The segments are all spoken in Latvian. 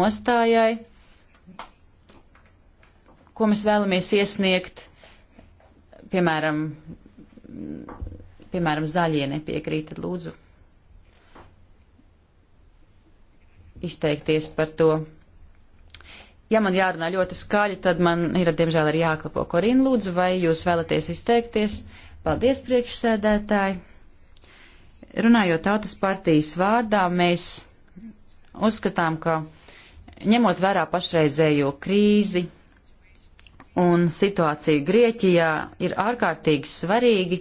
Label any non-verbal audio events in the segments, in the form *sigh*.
nostājai, ko mēs vēlamies iesniegt, piemēram, piemēram zaļie nepiekrīt, tad lūdzu izteikties par to. Ja man jārunā ļoti skaļi, tad man ir, diemžēl, arī jāklapo Korīna lūdzu, vai jūs vēlaties izteikties. Paldies, priekšsēdētāji. Runājot tautas partijas vārdā, mēs uzskatām, ka ņemot vērā pašreizējo krīzi un situāciju Grieķijā, ir ārkārtīgi svarīgi,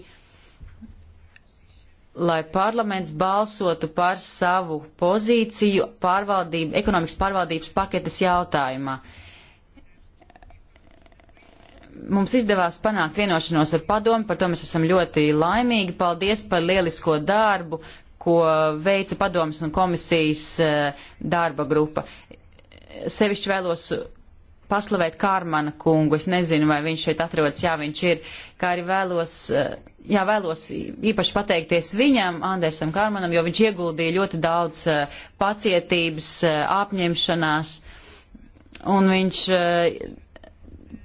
lai parlaments balsotu par savu pozīciju pārvaldību, ekonomikas pārvaldības paketes jautājumā. Mums izdevās panākt vienošanos ar padomu, par to mēs esam ļoti laimīgi. Paldies par lielisko darbu, ko veica padomas un komisijas eh, darba grupa sevišķi vēlos paslavēt Kārmana kungu. Es nezinu, vai viņš šeit atrodas, jā, viņš ir. Kā arī vēlos, eh, jā, vēlos īpaši pateikties viņam, Andersam Kārmanam, jo viņš ieguldīja ļoti daudz eh, pacietības, eh, apņemšanās. Un viņš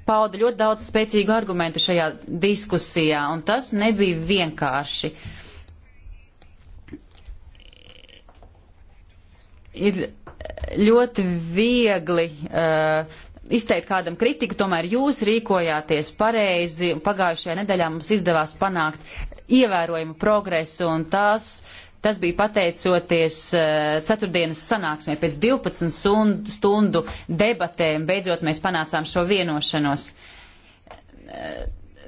pauda ļoti daudz spēcīgu argumentu šajā diskusijā, un tas nebija vienkārši. Ir ļoti viegli uh, izteikt kādam kritiku, tomēr jūs rīkojāties pareizi. Pagājušajā nedēļā mums izdevās panākt ievērojumu progresu un tās. Tas bija pateicoties uh, ceturtdienas sanāksmē. Pēc 12 stundu debatēm beidzot mēs panācām šo vienošanos. Uh,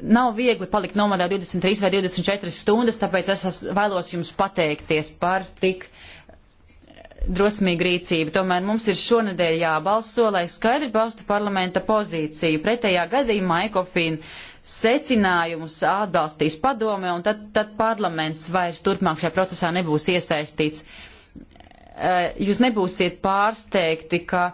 nav viegli palikt nomadā 23 vai 24 stundas, tāpēc es vēlos jums pateikties par tik uh, drosmīga rīcība. Tomēr mums ir šonadēļ jābalso, lai skaidri paustu parlamenta pozīciju. Pretējā gadījumā ECOFIN secinājumus atbalstīs padome, un tad, tad parlaments vairs turpmāk šajā procesā nebūs iesaistīts. Eh, jūs nebūsiet pārsteigti, ka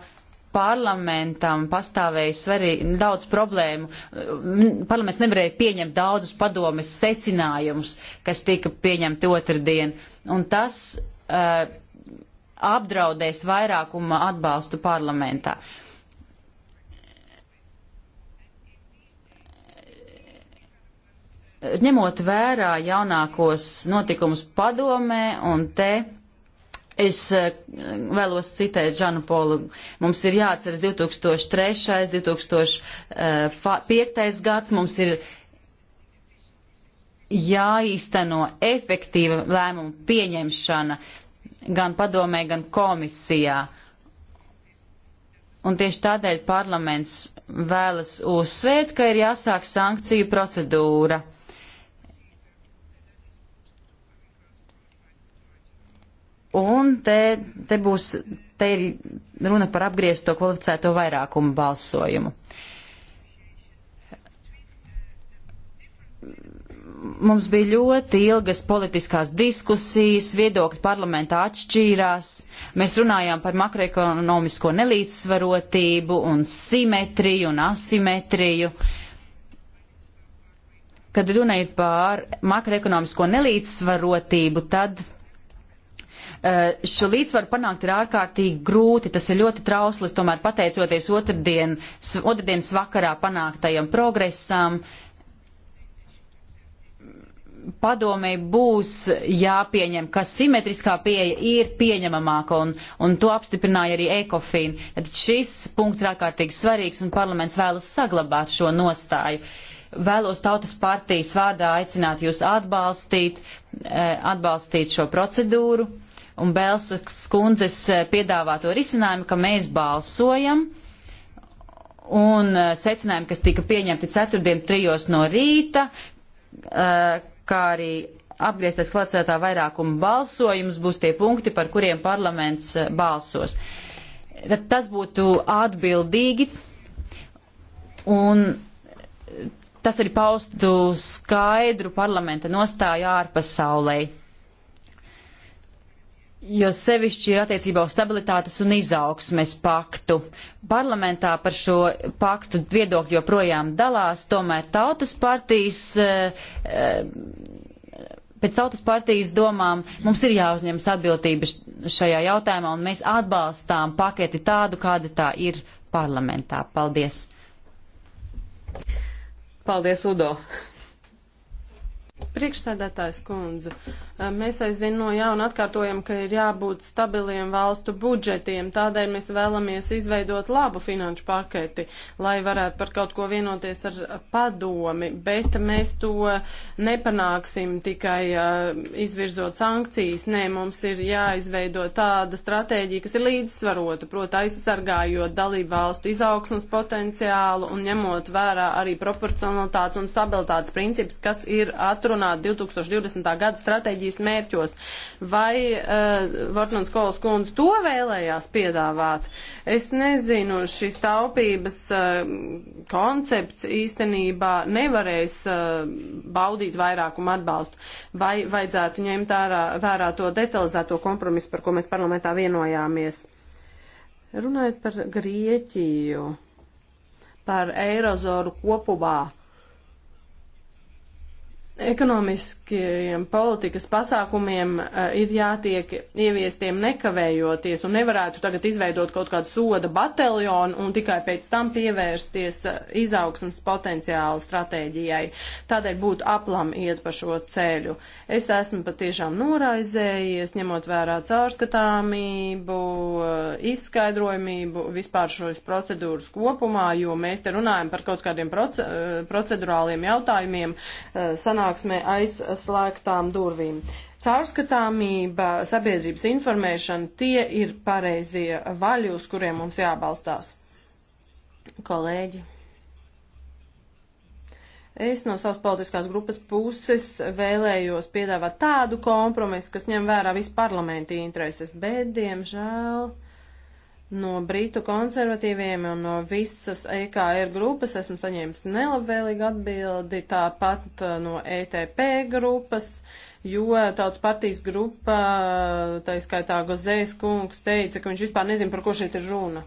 parlamentam pastāvēja svarīgi daudz problēmu. Eh, parlaments nevarēja pieņemt daudzus padomes secinājumus, kas tika pieņemti otrdien. Un tas uh, apdraudēs vairākuma atbalstu parlamentā. Ņemot vērā jaunākos notikumus padomē un te Es eh, vēlos citēt Žanu Polu. Mums ir jāatceras 2003. 2005. Eh, gads. Mums ir jāīsteno efektīva lēmuma pieņemšana gan padomē, gan komisijā. Un tieši tādēļ parlaments vēlas uzsvērt, ka ir jāsāk sankciju procedūra. Un te, te būs, te ir runa par apgriezto kvalificēto vairākumu balsojumu. Uh, mums bija ļoti ilgas politiskās diskusijas, viedokļi parlamentā atšķīrās. Mēs runājām par makroekonomisko nelīdzsvarotību un simetriju un asimetriju. Kad runa ir par makroekonomisko nelīdzsvarotību, tad eh, šo līdzsvaru panākt ir ārkārtīgi grūti. Tas ir ļoti trauslis, tomēr pateicoties otrdien, otrdienas vakarā panāktajam progresam. Uh, padomēji būs jāpieņem, ka simetriskā pieeja ir pieņemamāka, un, un to apstiprināja arī ECOFIN. Tad šis punkts ir ārkārtīgi svarīgs, un parlaments vēlas saglabāt šo nostāju. Vēlos tautas partijas vārdā aicināt jūs atbalstīt, eh, atbalstīt šo procedūru, un Belsas kundzes eh, piedāvāto risinājumu, ka mēs balsojam, un eh, secinājumi, kas tika pieņemti ceturtdien trijos no rīta, kā arī apgrieztais klātsētā vairākuma balsojums būs tie punkti, par kuriem parlaments eh, balsos. Tad tas būtu atbildīgi un eh, tas arī paustu skaidru parlamenta nostāju ārpasaulē jo sevišķi attiecībā uz stabilitātes un izaugsmes paktu. Parlamentā par šo paktu viedokļi joprojām dalās, tomēr tautas partijas. Eh, eh, pēc tautas partijas domām mums ir jāuzņemas atbildība šajā jautājumā, un mēs atbalstām paketi tādu, kāda tā ir parlamentā. Paldies! Paldies, Udo! Priekšstādātājs kundze, Mēs aizvien no jauna atkārtojam, ka ir jābūt stabiliem valstu budžetiem, tādēļ mēs vēlamies izveidot labu finanšu paketi, lai varētu par kaut ko vienoties ar padomi, bet mēs to nepanāksim tikai uh, izvirzot sankcijas. Nē, mums ir jāizveido tāda stratēģija, kas ir līdzsvarota, proti aizsargājot dalību valstu izaugsmas potenciālu un ņemot vērā arī proporcionalitātes un stabilitātes principus, kas ir atrunāti 2020. gada stratēģija stratēģijas mērķos. Vai uh, Vortmans Kols kundze to vēlējās piedāvāt? Es nezinu, šis taupības uh, koncepts īstenībā nevarēs uh, baudīt vairākumu atbalstu. Vai vajadzētu ņemt ārā, vērā to detalizēto kompromisu, par ko mēs parlamentā vienojāmies? Runājot par Grieķiju, par Eirozonu kopumā ekonomiskiem politikas pasākumiem eh, ir jātiek ieviestiem nekavējoties un nevarētu tagad izveidot kaut kādu soda bataljonu un tikai pēc tam pievērsties eh, izaugsmas potenciāla stratēģijai. Tādēļ būtu aplam iet pa šo ceļu. Es esmu patiešām noraizējies, ņemot vērā caurskatāmību, eh, izskaidrojumību vispār šos procedūras kopumā, jo mēs te runājam par kaut kādiem procedurāliem jautājumiem. Sanā sanāksmē aizslēgtām durvīm. Caurskatāmība, sabiedrības informēšana, tie ir pareizie vaļi, uz kuriem mums jābalstās. Kolēģi. Es no savas politiskās grupas puses vēlējos piedāvāt tādu kompromisu, kas ņem vērā visu parlamentu intereses, bet, diemžēl, uh, No brītu konservatīviem un no visas EKR grupas esmu saņēmis nelabvēlīgu atbildi, tāpat uh, no ETP grupas, jo tautas partijas grupa, uh, tā izskaitā Gozējs kungs, teica, ka viņš vispār nezina, par ko šeit ir runa.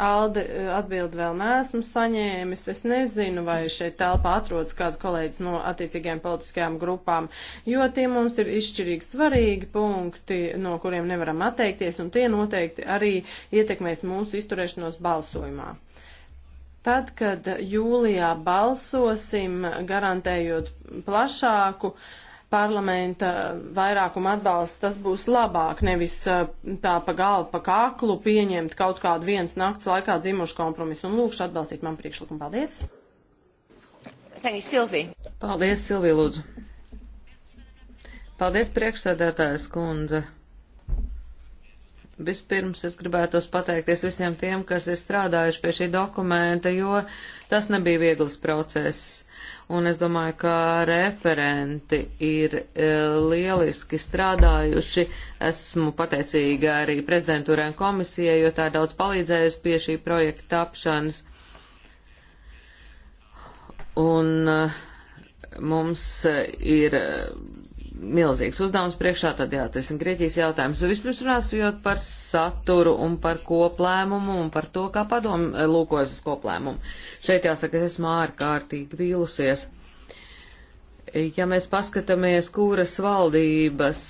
Alde eh, atbild vēl neesmu saņēmis. Es nezinu, vai šeit telpā atrodas kāds kolēģis no attiecīgajām politiskajām grupām, jo tie mums ir izšķirīgi svarīgi punkti, no kuriem nevaram atteikties, un tie noteikti arī ietekmēs mūsu izturēšanos balsojumā. Tad, kad jūlijā balsosim, garantējot plašāku uh, parlamenta vairākuma atbalsts, tas būs labāk, nevis uh, tā pa galvu, pa kaklu pieņemt kaut kādu vienas nakts laikā dzimušu kompromisu. Un lūkšu atbalstīt man priekšlikumu. Paldies! Thanks, Silvija. Paldies, Silvija, lūdzu. Paldies, priekšsēdētājas kundze. Vispirms es gribētos pateikties visiem tiem, kas ir strādājuši pie šī dokumenta, jo tas nebija viegls process un es domāju, ka referenti ir e, lieliski strādājuši. Esmu pateicīga arī prezidentūrai un komisijai, jo tā daudz palīdzējusi pie šī projekta tapšanas. Un e, mums ir e, milzīgs uzdevums priekšā, tad jāatrisina Grieķijas jautājums. Nu, Vispirms runāsot par saturu un par koplēmumu un par to, kā padomu eh, lūkojas uz koplēmumu. Šeit jāsaka, es esmu ārkārtīgi vīlusies. Ja mēs paskatāmies, kuras valdības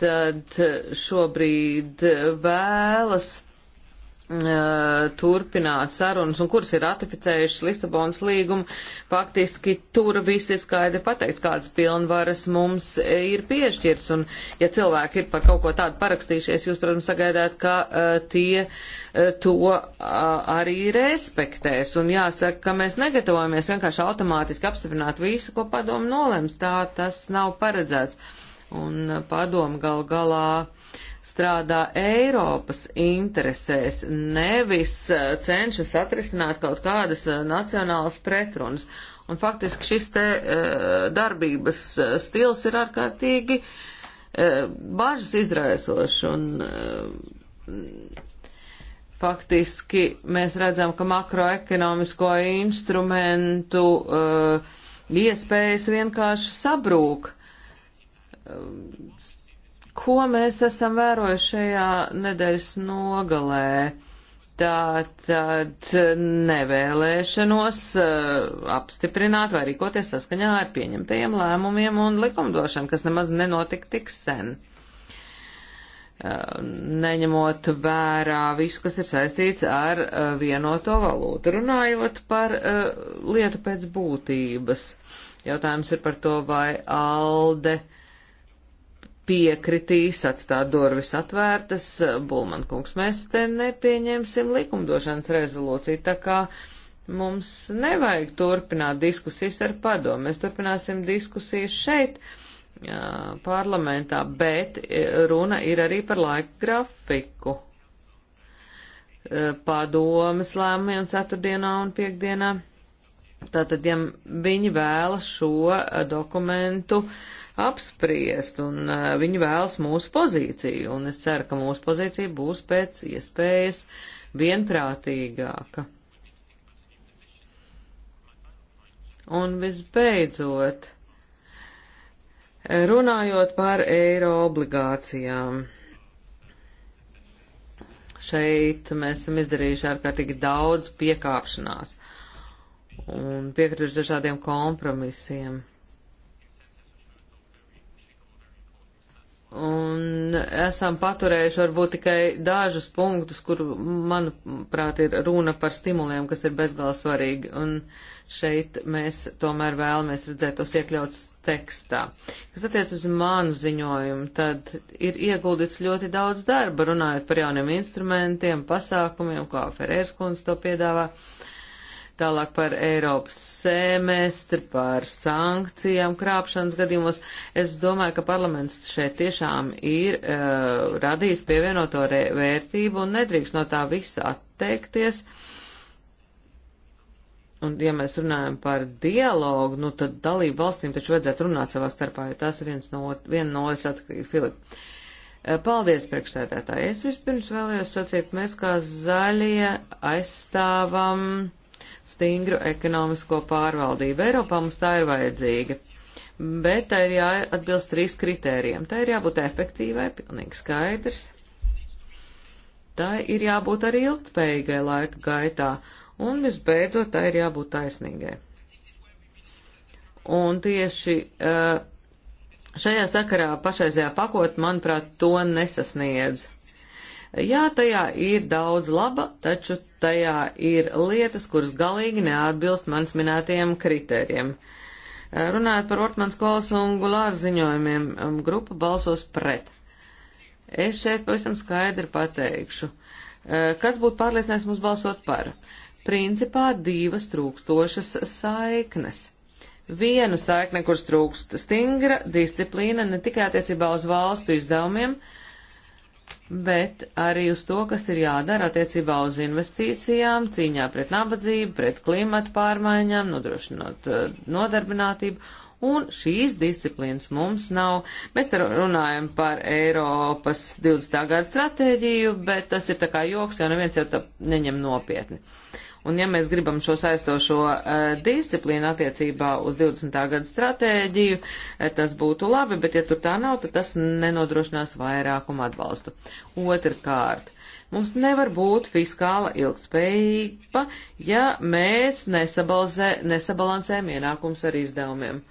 tad šobrīd eh, vēlas Uh, turpināt sarunas un kuras ir ratificējušas Lisabonas līgumu, faktiski tur viss ir skaidri pateikts, kādas pilnvaras mums ir piešķirts. Un, ja cilvēki ir par kaut ko tādu parakstījušies, jūs, protams, sagaidāt, ka uh, tie uh, to uh, arī respektēs. Un jāsaka, ka mēs negatavojamies vienkārši automātiski apstiprināt visu, ko padomu nolems. Tā tas nav paredzēts. Un uh, padomu gal galā strādā Eiropas interesēs, nevis eh, cenšas atrisināt kaut kādas eh, nacionālas pretrunas. Un faktiski šis te eh, darbības stils ir ārkārtīgi bažas izraisošs un faktiski mēs redzam, ka makroekonomisko instrumentu uh, iespējas vienkārši sabrūk. Uh, Ko mēs esam vērojuši šajā nedēļas nogalē? Tā tad nevēlēšanos uh, apstiprināt vai rīkoties saskaņā ar pieņemtajiem lēmumiem un likumdošanu, kas nemaz nenotika tik sen. Uh, neņemot vērā visu, kas ir saistīts ar uh, vienoto valūtu, runājot par lietu pēc būtības. Jautājums ir par to, vai ALDE uh, piekritīs atstāt durvis atvērtas. Bulman kungs, mēs te nepieņemsim likumdošanas rezolūciju, tā kā mums nevajag turpināt diskusijas ar padomu. Mēs turpināsim diskusijas šeit parlamentā, bet runa ir arī par laika grafiku. Padomas lēmumiem ceturtdienā un piekdienā. Tātad, ja viņi vēlas šo dokumentu uh, apspriest, un eh, viņi vēlas mūsu pozīciju, un es ceru, ka mūsu pozīcija būs pēc iespējas vienprātīgāka. Un visbeidzot, runājot par eiro obligācijām. Šeit mēs esam izdarījuši ārkārtīgi daudz piekāpšanās un piekrituši dažādiem kompromisiem. Un esam paturējuši varbūt tikai dažus punktus, kur, manuprāt, ir runa par stimuliem, kas ir bezgalīgi svarīgi. Un šeit mēs tomēr vēlamies redzēt tos iekļauts tekstā. Kas attiec uz manu ziņojumu, tad ir ieguldīts ļoti daudz darba, runājot par jauniem instrumentiem, pasākumiem, kā Ferērs kundze to piedāvā. Uh, Tālāk par Eiropas semestri, par sankcijām krāpšanas gadījumos. Es domāju, ka parlaments šeit tiešām ir uh, radījis pievienoto vērtību un nedrīkst no tā visa atteikties. Un, ja mēs runājam par dialogu, nu, tad dalību valstīm taču vajadzētu runāt savā starpā, jo tas ir viens no, viena no otras atkarīgi. Filip. Eh, paldies, priekšsēdētāji. Es vispirms vēlējos sacīt, mēs kā zaļie aizstāvam stingru ekonomisko pārvaldību. Eiropā mums tā ir vajadzīga, bet tā ir jāatbilst trīs kritērijiem. Tā ir jābūt efektīvai, pilnīgi skaidrs. Tā ir jābūt arī ilgspējīgai laika gaitā, un visbeidzot tā ir jābūt taisnīgai. Un tieši eh, šajā sakarā pašreizējā pakot, manuprāt, to nesasniedz. Jā, tajā ir daudz laba, taču tajā ir lietas, kuras galīgi neatbilst manis minētajiem kritērijiem. Runājot par Ortmans kolas un Gulāru ziņojumiem, um, grupa balsos pret. Es šeit pavisam skaidri pateikšu, uh, kas būtu pārliecinājis mums balsot par. Principā divas trūkstošas saiknes. Viena saikne, kuras trūkst stingra disciplīna ne tikai attiecībā uz valstu izdevumiem, uh, bet arī uz to, kas ir jādara attiecībā uz investīcijām, cīņā pret nabadzību, pret klimatu pārmaiņām, nodrošinot eh, nodarbinātību. Un šīs disciplīnas mums nav. Mēs te runājam par Eiropas 20. gada stratēģiju, bet tas ir tā kā joks, jo neviens jau to neņem nopietni. Un ja mēs gribam šo saistošo eh, disciplīnu attiecībā uz 20. gada stratēģiju, eh, tas būtu labi, bet ja tur tā nav, tad tas nenodrošinās vairākumu atbalstu. Otrkārt, mums nevar būt fiskāla ilgspējība, ja mēs nesabalansējam ienākums ar izdevumiem.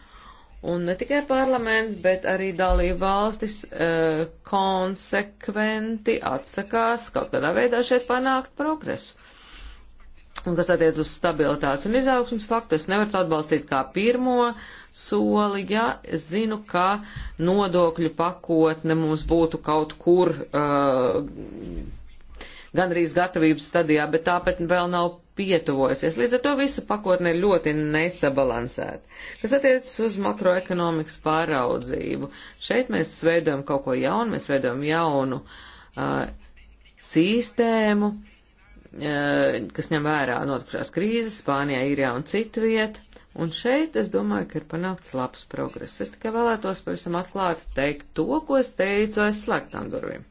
Un ne tikai parlaments, bet arī dalība valstis uh, konsekventi atsakās kaut kādā veidā šeit panākt progresu un kas attiec uz stabilitātes un izaugsmas faktu, es nevaru to atbalstīt kā pirmo soli, ja es zinu, ka nodokļu pakotne mums būtu kaut kur uh, gandrīz gatavības stadijā, bet tāpēc vēl nav pietuvojusies. Līdz ar to visa pakotne ir ļoti nesabalansēta. Kas attiecas uz makroekonomikas pāraudzību, šeit mēs veidojam kaut ko jaunu, mēs veidojam jaunu uh, sistēmu, uh, Eh, kas ņem vērā notikušās krīzes Spānijā, Īrijā un citu vietu. Un šeit es domāju, ka ir panākts labs progress. Es tikai vēlētos pavisam atklāti teikt to, ko es teicu aiz slēgtām durvīm.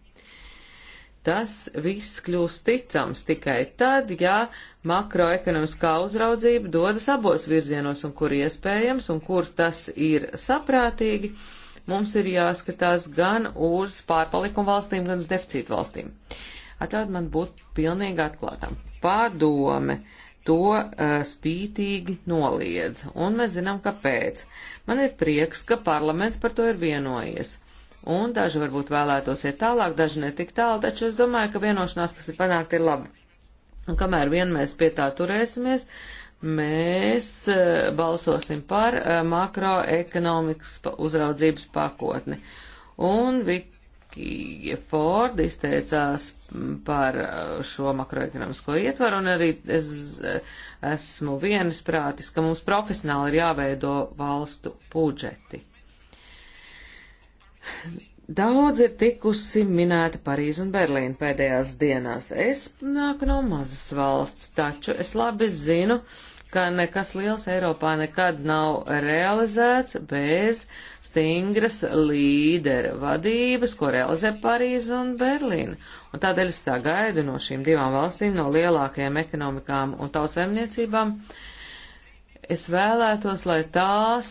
Tas viss kļūst ticams tikai tad, ja makroekonomiskā uzraudzība dodas abos virzienos un kur iespējams un kur tas ir saprātīgi. Mums ir jāskatās gan uz pārpalikumu valstīm, gan uz deficītu valstīm. Uh, Atļaut man būt pilnīgi atklātam. Padome to uh, spītīgi noliedz, un mēs zinām, kāpēc. Man ir prieks, ka parlaments par to ir vienojies. Un daži varbūt vēlētos iet tālāk, daži ne tik tālu, taču es domāju, ka vienošanās, kas ir panākta, ir laba. Un kamēr vien mēs pie tā turēsimies, mēs uh, balsosim par uh, makroekonomikas uzraudzības pakotni. Un Vik ja Ford izteicās par eh, šo makroekonomisko ietvaru, un arī es eh, esmu vienisprātis, ka mums profesionāli ir jāveido valstu budžeti. Daudz ir tikusi minēta Parīze un Berlīna pēdējās dienās. Es nāku no mazas valsts, taču es labi zinu, uh, ka nekas liels Eiropā nekad nav realizēts bez stingras līdera vadības, ko realizē Parīze un Berlīna. Un tādēļ es sagaidu no šīm divām valstīm, no lielākajām ekonomikām un tautsēmniecībām, es vēlētos, lai tās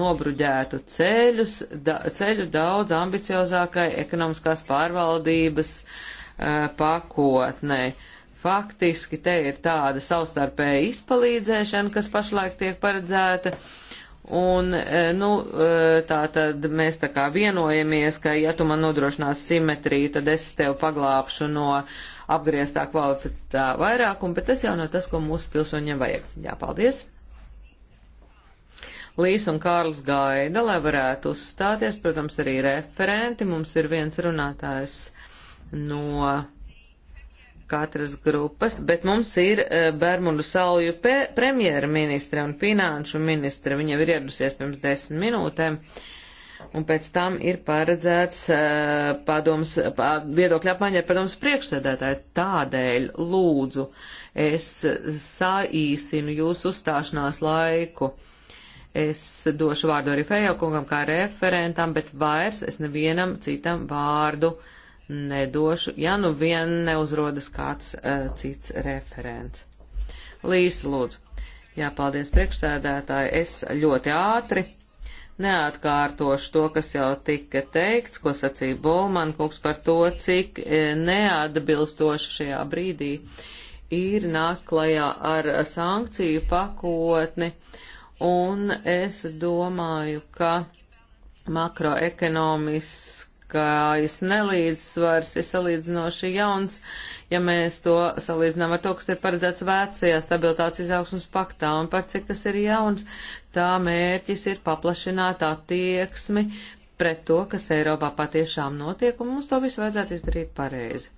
nobruģētu ceļus, da, ceļu daudz ambiciozākai ekonomiskās pārvaldības uh, pakotnei Faktiski te ir tāda savstarpēja izpalīdzēšana, kas pašlaik tiek paredzēta. Un, e, nu, e, tā tad mēs tā kā vienojamies, ka ja tu man nodrošinās simetriju, tad es tev paglāpšu no apgrieztā kvalificētā vairākuma, bet tas jau nav tas, ko mūsu pilsoņiem vajag. Jā, paldies! Līs un Kārls gaida, lai varētu uzstāties, protams, arī referenti. Mums ir viens runātājs no katras grupas, bet mums ir e, Bermudu salju premjerministra un finanšu ministra. Viņa ir ieradusies pirms desmit minūtēm, un pēc tam ir paredzēts e, padoms, viedokļa apmaiņa ar padoms priekšsēdētāju. Tādēļ lūdzu, es saīsinu jūsu uzstāšanās laiku. Es došu vārdu arī Fejokungam kā referentam, bet vairs es nevienam citam vārdu uh, nedošu, ja nu vien neuzrodas kāds uh, cits referents. Līsa, lūdzu. Jā, paldies priekšsēdētāji. Es ļoti ātri neatkārtošu to, kas jau tika teikts, ko sacīja Bolman kungs par to, cik e, neatbilstoši šajā brīdī ir nākt klajā ar sankciju pakotni. Un es domāju, ka makroekonomiski gājis nelīdzsvars, ir salīdzinoši jauns, ja mēs to salīdzinām ar to, kas ir paredzēts vecajā stabilitātes izaugsmas paktā, un par cik tas ir jauns, tā mērķis ir paplašināt attieksmi pret to, kas Eiropā patiešām notiek, un mums to visu vajadzētu izdarīt pareizi.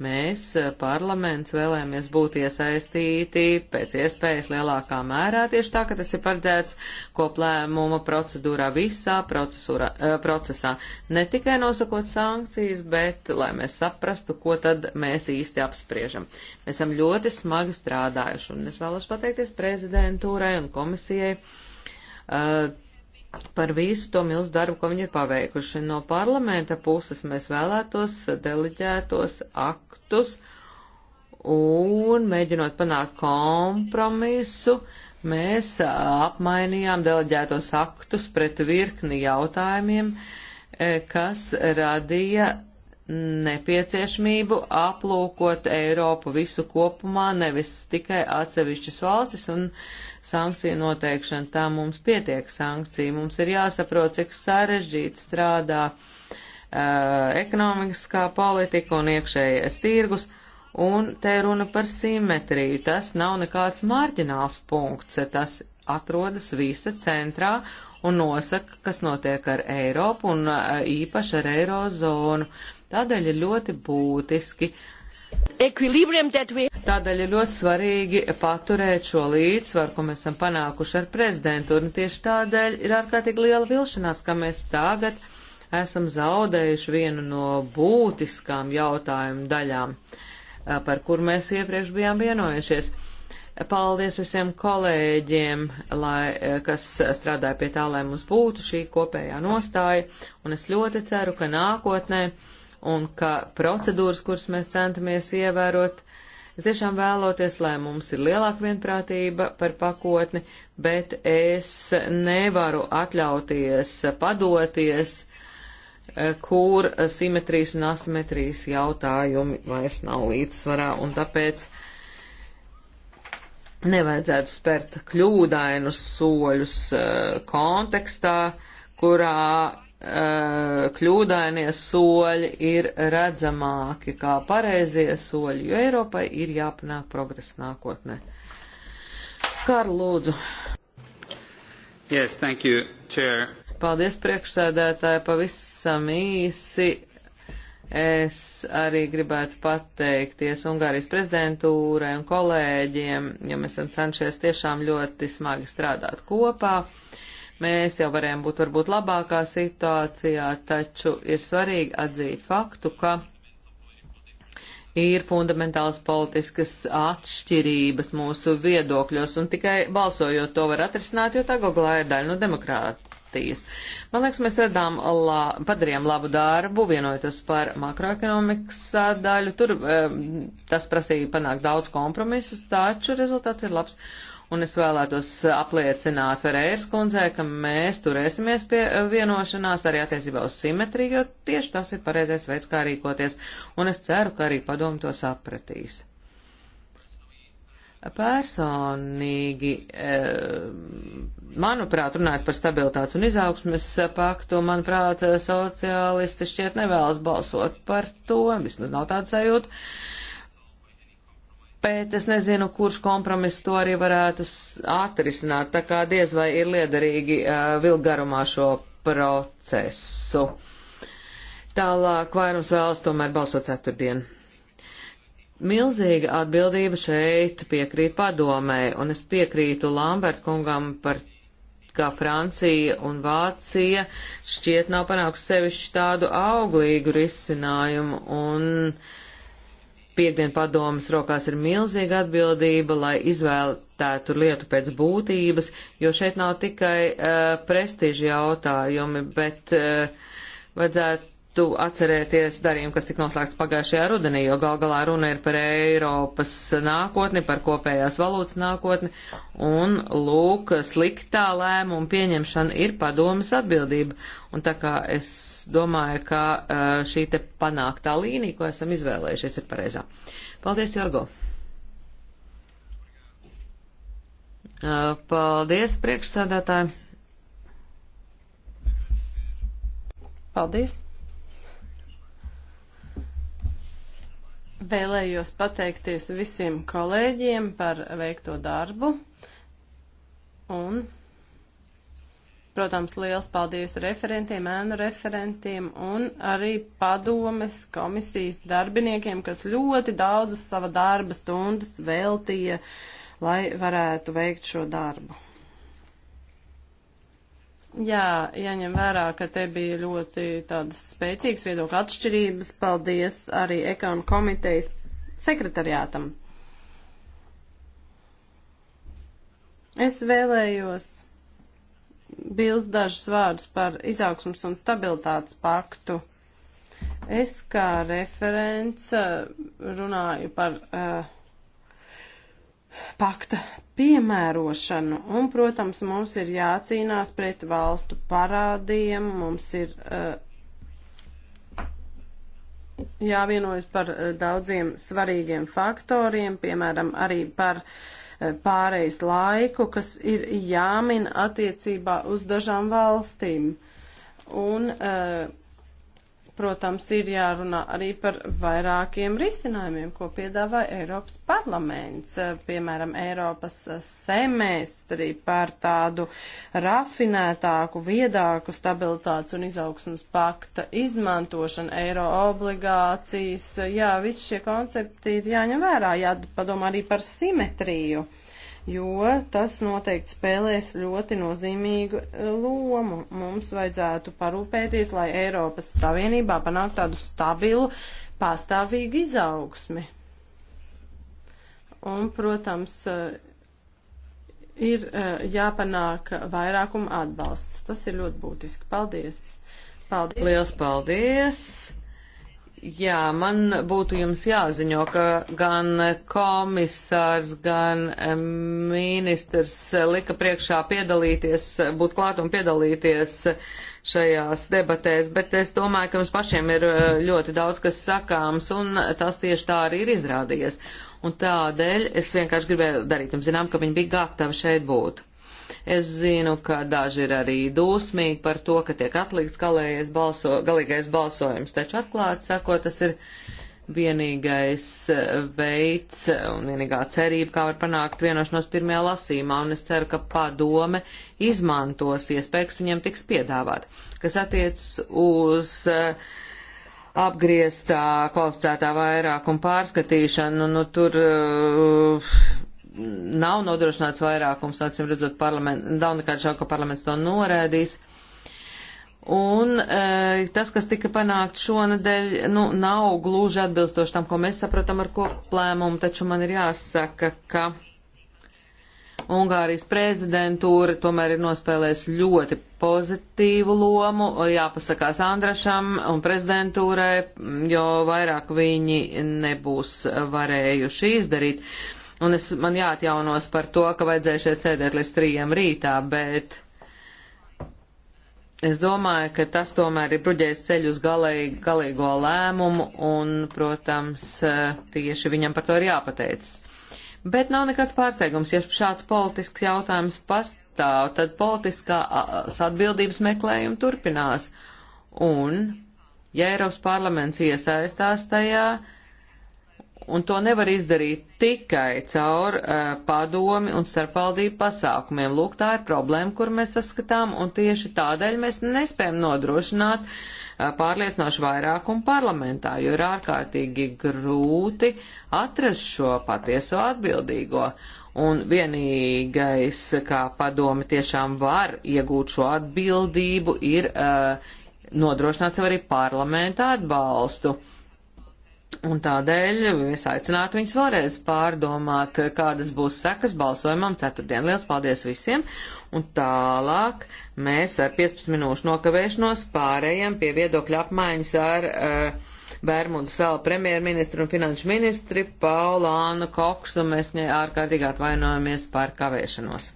Mēs, eh, parlaments, vēlamies būt iesaistīti pēc iespējas lielākā mērā, tieši tā, ka tas ir paredzēts koplēmuma procedūrā visā eh, procesā. Ne tikai nosakot sankcijas, bet lai mēs saprastu, ko tad mēs īsti apspriežam. Mēs esam ļoti smagi strādājuši, un es vēlos pateikties prezidentūrai un komisijai. Uh, par visu to milzu darbu, ko viņi ir paveikuši. No parlamenta puses mēs vēlētos deleģētos ak faktus un mēģinot panākt kompromisu, mēs apmainījām deleģētos aktus pret virkni jautājumiem, kas radīja nepieciešamību aplūkot Eiropu visu kopumā, nevis tikai atsevišķas valstis un sankciju noteikšana. Tā mums pietiek sankcija. Mums ir jāsaprot, cik sarežģīti strādā uh, Eh, ekonomiskā politika un iekšējais tirgus, un te runa par simetriju. Tas nav nekāds marģināls punkts, tas atrodas visa centrā un nosaka, kas notiek ar Eiropu un eh, īpaši ar Eirozonu. Tādēļ ir ļoti būtiski. Tādēļ ir ļoti svarīgi paturēt šo līdzsvaru, ko mēs esam panākuši ar prezidentūru, un tieši tādēļ ir ārkārtīgi liela vilšanās, ka mēs tagad uh, esam zaudējuši vienu no būtiskām jautājumu daļām, eh, par kur mēs iepriekš bijām vienojušies. Paldies visiem kolēģiem, lai, eh, kas strādāja pie tā, lai mums būtu šī kopējā nostāja, un es ļoti ceru, ka nākotnē un ka procedūras, kuras mēs centamies ievērot, es tiešām vēloties, lai mums ir lielāka vienprātība par pakotni, bet es nevaru atļauties padoties kur simetrijas un asimetrijas jautājumi vairs nav līdzsvarā, un tāpēc nevajadzētu spērt kļūdainus soļus eh, kontekstā, kurā eh, kļūdainie soļi ir redzamāki kā pareizie soļi, jo Eiropai ir jāpanāk progresa nākotnē. Karl, lūdzu. Yes, thank you, Chair. Paldies priekšsēdētāji pavisam īsi. Es arī gribētu pateikties Ungārijas prezidentūrai un kolēģiem, jo ja mēs esam cenšies tiešām ļoti smagi strādāt kopā. Mēs jau varējām būt varbūt labākā situācijā, taču ir svarīgi atzīt faktu, ka ir fundamentāls politiskas atšķirības mūsu viedokļos, un tikai balsojot to var atrisināt, jo tā galā ir daļa no demokrāt, partijas. Man liekas, mēs radām, la, padarījām labu darbu, vienojoties par makroekonomikas daļu. Tur tas prasīja panākt daudz kompromisus, taču rezultāts ir labs. Un es vēlētos apliecināt Ferēras kundzē, ka mēs turēsimies pie vienošanās arī attiecībā uz simetriju, jo tieši tas ir pareizais veids, kā rīkoties. Un es ceru, ka arī padomu to sapratīs. Personīgi, eh, manuprāt, runājot par stabilitātes un izaugsmes paktu, manuprāt, sociālisti šķiet nevēlas balsot par to, vismaz nav tāds sajūta, bet es nezinu, kurš kompromiss to arī varētu atrisināt, tā kā diez vai ir liederīgi eh, vilgarumā šo procesu. Tālāk vairums vēlas tomēr balsot ceturtdien. Milzīga atbildība šeit piekrīt padomē, un es piekrītu Lambert kungam par kā Francija un Vācija šķiet nav panākusi sevišķi tādu auglīgu risinājumu, un piekdien padomas rokās ir milzīga atbildība, lai izvēlētētu lietu pēc būtības, jo šeit nav tikai uh, prestiži jautājumi, bet uh, vajadzētu vajadzētu atcerēties darījumu, kas tika noslēgts pagājušajā rudenī, jo gal galā runa ir par Eiropas nākotni, par kopējās valūtas nākotni, un lūk, sliktā lēmuma pieņemšana ir padomas atbildība. Un tā kā es domāju, ka eh, šī te panāktā līnija, ko esam izvēlējušies, ir pareizā. Paldies, Jorgo! Eh, paldies, priekšsādātāji! Paldies! Vēlējos pateikties visiem kolēģiem par veikto darbu un, protams, liels paldies referentiem, ēnu referentiem un arī padomes komisijas darbiniekiem, kas ļoti daudzas sava darba stundas veltīja, lai varētu veikt šo darbu. Jā, jaņem vērā, ka te bija ļoti tādas spēcīgas viedokļa atšķirības. Paldies arī ekonomikas komitejas sekretariātam. Es vēlējos bilst dažus vārdus par izaugsmus un stabilitātes paktu. Es kā referents eh, runāju par uh, pakta piemērošanu. Un, protams, mums ir jācīnās pret valstu parādiem, mums ir uh, jāvienojas par uh, daudziem svarīgiem faktoriem, piemēram, arī par uh, pārejas laiku, kas ir jāmin attiecībā uz dažām valstīm. Un, uh, protams, ir jārunā arī par vairākiem risinājumiem, ko piedāvā Eiropas parlaments, piemēram, Eiropas semestri par tādu rafinētāku, viedāku stabilitātes un izaugsmas pakta izmantošanu, eiro obligācijas. Jā, visi šie koncepti ir jāņem vērā, jāpadomā arī par simetriju. Uh, jo tas noteikti spēlēs ļoti nozīmīgu e, lomu. Mums vajadzētu parūpēties, lai Eiropas Savienībā panāk tādu stabilu, pastāvīgu izaugsmi. Un, protams, e, ir e, jāpanāk vairākuma atbalsts. Tas ir ļoti būtiski. Paldies! Paldies! Liels paldies! Jā, man būtu jums jāziņo, ka gan komisārs, gan ministrs lika priekšā piedalīties, būt klāt un piedalīties šajās debatēs, bet es domāju, ka mums pašiem ir eh, ļoti daudz kas sakāms, un tas tieši tā arī ir izrādījies. Un tādēļ es vienkārši gribēju darīt jums zinām, ka viņi bija gatavi šeit būt. Es zinu, ka daži ir arī dūsmīgi par to, ka tiek atlikts balso, galīgais balsojums, taču atklāti sakot, tas ir vienīgais e, veids un vienīgā cerība, kā var panākt vienošanos pirmajā lasīmā, un es ceru, ka padome izmantos iespējas viņiem tiks piedāvāt. Kas attiec uz e, apgrieztā kvalificētā vairākuma pārskatīšanu, nu, nu tur e, nav nodrošināts vairākums, acīm redzot, parlament, nav nekāda šauka parlaments to norēdīs. Un e, tas, kas tika panākt šonadēļ, nu, nav gluži atbilstoši tam, ko mēs saprotam ar koplēmumu, taču man ir jāsaka, ka Ungārijas prezidentūra tomēr ir nospēlējusi ļoti pozitīvu lomu, jāpasakās Andrašam un prezidentūrai, jo vairāk viņi nebūs varējuši izdarīt. E, un es, man jāatjaunos par to, ka vajadzēja šeit sēdēt līdz trījiem rītā, bet es domāju, ka tas tomēr ir bruģējis ceļu uz galīgi, galīgo lēmumu, un, protams, tieši viņam par to ir jāpateicas. Bet nav nekāds pārsteigums, ja šāds politisks jautājums pastāv, tad politiskās atbildības meklējumi turpinās. Un, ja Eiropas parlaments iesaistās tajā, uh, un to nevar izdarīt tikai caur uh, padomi un starpvaldību pasākumiem. Lūk, tā ir problēma, kur mēs saskatām, un tieši tādēļ mēs nespējam nodrošināt uh, pārliecinošu vairākumu parlamentā, jo ir ārkārtīgi grūti atrast šo patieso atbildīgo. Un vienīgais, kā padomi tiešām var iegūt šo atbildību, ir uh, nodrošināt sev arī parlamentu atbalstu. Uh, Un tādēļ es aicinātu viņus vēlreiz pārdomāt, kādas būs sekas balsojumam ceturtdien. Liels paldies visiem! Un tālāk mēs ar 15 minūšu nokavēšanos pārējām pie viedokļa apmaiņas ar uh, eh, Bermudu salu premjerministru un finanšu ministri Paulānu Koksu. Mēs viņai ārkārtīgi atvainojamies par kavēšanos.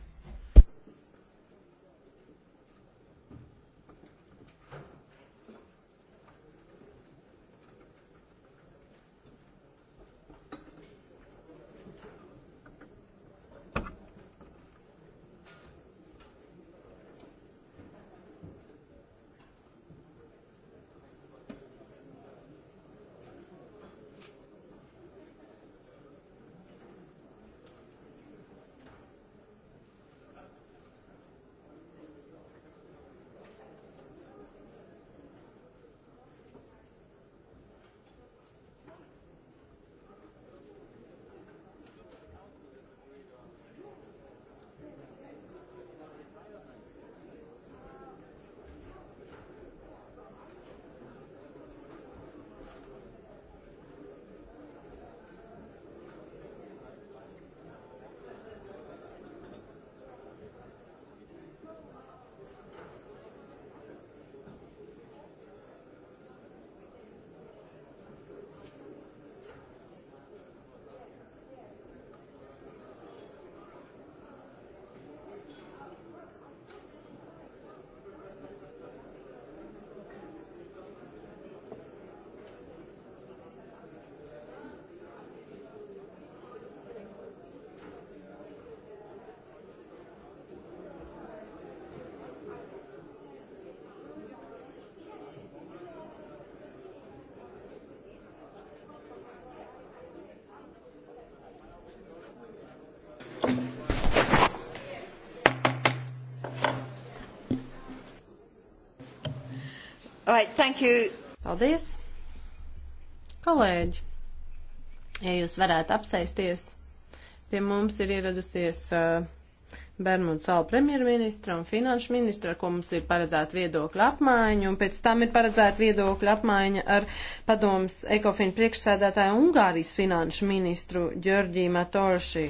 Right, thank you. Paldies. Kolēģi, ja jūs varētu apsēsties, pie mums ir ieradusies uh, Bermudu salu premjerministra un finanšu ministra, ar ko mums ir paredzēta viedokļa apmaiņa, un pēc tam ir paredzēta viedokļa apmaiņa ar padomus Ekofin priekšsēdētāju Ungārijas finanšu ministru Ģorģī Matorši.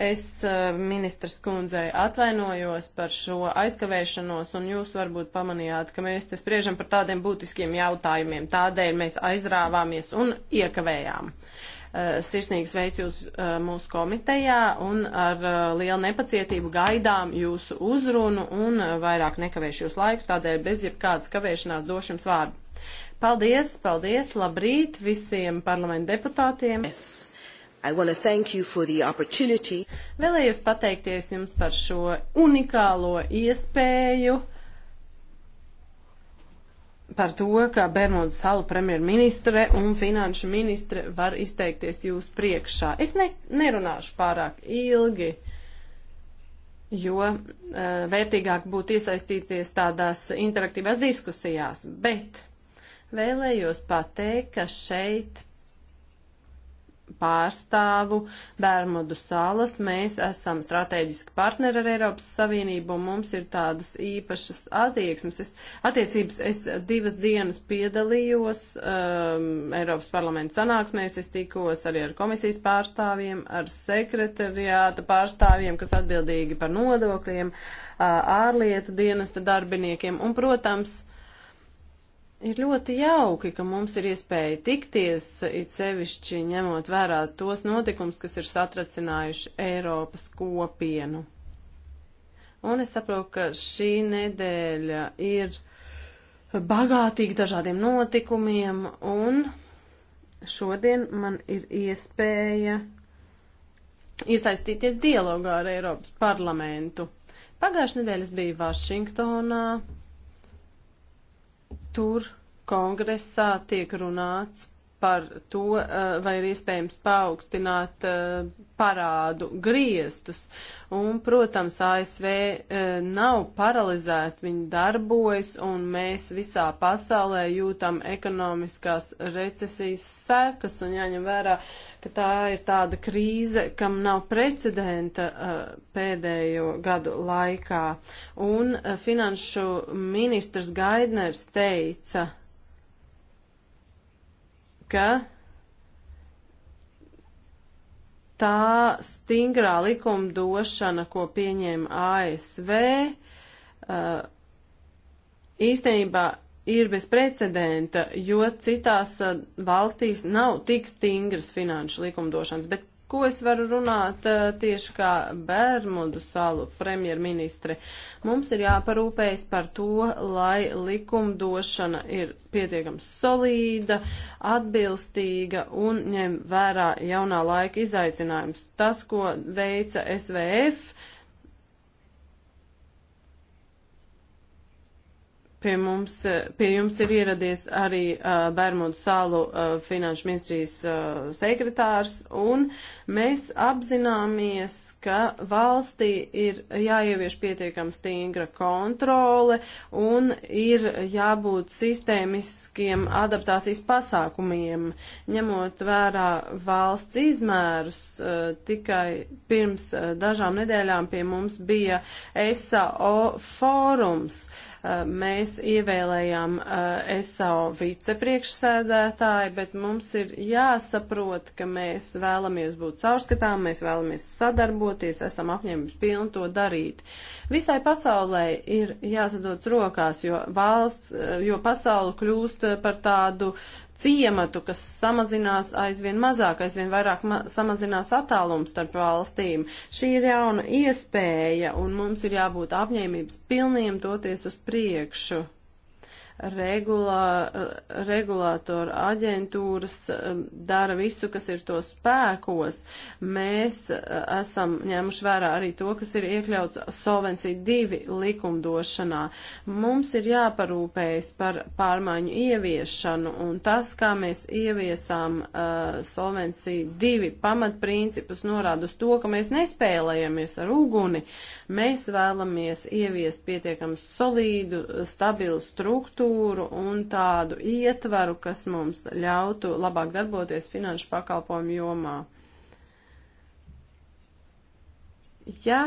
Es eh, ministras kundzei atvainojos par šo aizkavēšanos, un jūs varbūt pamanījāt, ka mēs te spriežam par tādiem būtiskiem jautājumiem. Tādēļ mēs aizrāvāmies un iekavējām. Eh, sirsnīgi sveicu jūs eh, mūsu komitejā un ar lielu nepacietību gaidām jūsu uzrunu un vairāk nekavēšu jūs laiku, tādēļ bez jebkādas kavēšanās došu jums vārdu. Paldies, paldies, labrīt visiem parlamentu deputātiem. Yes. Vēlējos pateikties jums par šo unikālo iespēju, par to, ka Bermudu salu premjerministre un finanšu ministre var izteikties jūs priekšā. Es ne, nerunāšu pārāk ilgi jo uh, vērtīgāk būtu iesaistīties tādās interaktīvās diskusijās. Bet vēlējos pateikt, ka šeit pārstāvu Bermudu salas. Mēs esam strateģiski partneri ar Eiropas Savienību un mums ir tādas īpašas attieksmes. Es, attiecības es divas dienas piedalījos um, Eiropas parlamenta sanāksmēs, es tikos arī ar komisijas pārstāvjiem, ar sekretariāta pārstāvjiem, kas atbildīgi par nodokļiem, ārlietu dienesta darbiniekiem un, protams, uh, Ir ļoti jauki, ka mums ir iespēja tikties, it sevišķi ņemot vērā tos notikums, kas ir satracinājuši Eiropas kopienu. Un es saprotu, ka šī nedēļa ir bagātīga dažādiem notikumiem, un šodien man ir iespēja iesaistīties dialogā ar Eiropas parlamentu. Pagājušajā nedēļā es biju Vašingtonā, Tur kongresā tiek runāts par to, eh, vai ir iespējams paaugstināt eh, parādu griestus. Un, protams, ASV eh, nav paralizēta, viņi darbojas, un mēs visā pasaulē jūtam ekonomiskās recesijas sekas, un jāņem vērā, ka tā ir tāda krīze, kam nav precedenta pēdējo gadu laikā. Un finanšu ministrs Gaidners teica, ka tā stingrā likumdošana, ko pieņēma ASV, uh, īstenībā ir bez precedenta, jo citās uh, valstīs nav tik stingras finanšu likumdošanas, bet Ko es varu runāt eh, tieši kā Bermudu salu premjerministre? Mums ir jāparūpējas par to, lai likumdošana ir pietiekams solīda, atbilstīga un ņem vērā jaunā laika izaicinājums. Tas, ko veica SVF, Pie, mums, pie jums ir ieradies arī uh, Bermudu salu uh, finanšu ministrijas uh, sekretārs, un mēs apzināmies, ka valstī ir jāievieš pietiekami stingra kontrole un ir jābūt sistēmiskiem adaptācijas pasākumiem. Ņemot vērā valsts izmērus, eh, tikai pirms eh, dažām nedēļām pie mums bija SAO fórums. Eh, mēs ievēlējām SAO vicepriekšsēdētāju, bet mums ir jāsaprot, ka mēs vēlamies būt caurskatām, mēs vēlamies sadarboties darboties, esam apņēmības pilni to darīt. Visai pasaulē ir jāsadodas rokās, jo valsts, eh, jo pasauli kļūst eh, par tādu ciematu, kas samazinās aizvien mazāk, aizvien vairāk ma samazinās attālums starp valstīm. Šī ir jauna iespēja, un mums ir jābūt apņēmības pilniem toties uz priekšu regulā, regulātora aģentūras eh, dara visu, kas ir to spēkos. Mēs eh, esam ņēmuši vērā arī to, kas ir iekļauts Solvency 2 likumdošanā. Mums ir jāparūpējas par pārmaiņu ieviešanu un tas, kā mēs ieviesām uh, Solvency 2 pamatprincipus, norāda uz to, ka mēs nespēlējamies ar uguni. Mēs vēlamies ieviest pietiekami solīdu, stabilu struktūru, struktūru un tādu ietvaru, kas mums ļautu labāk darboties finanšu pakalpojumu jomā. Ja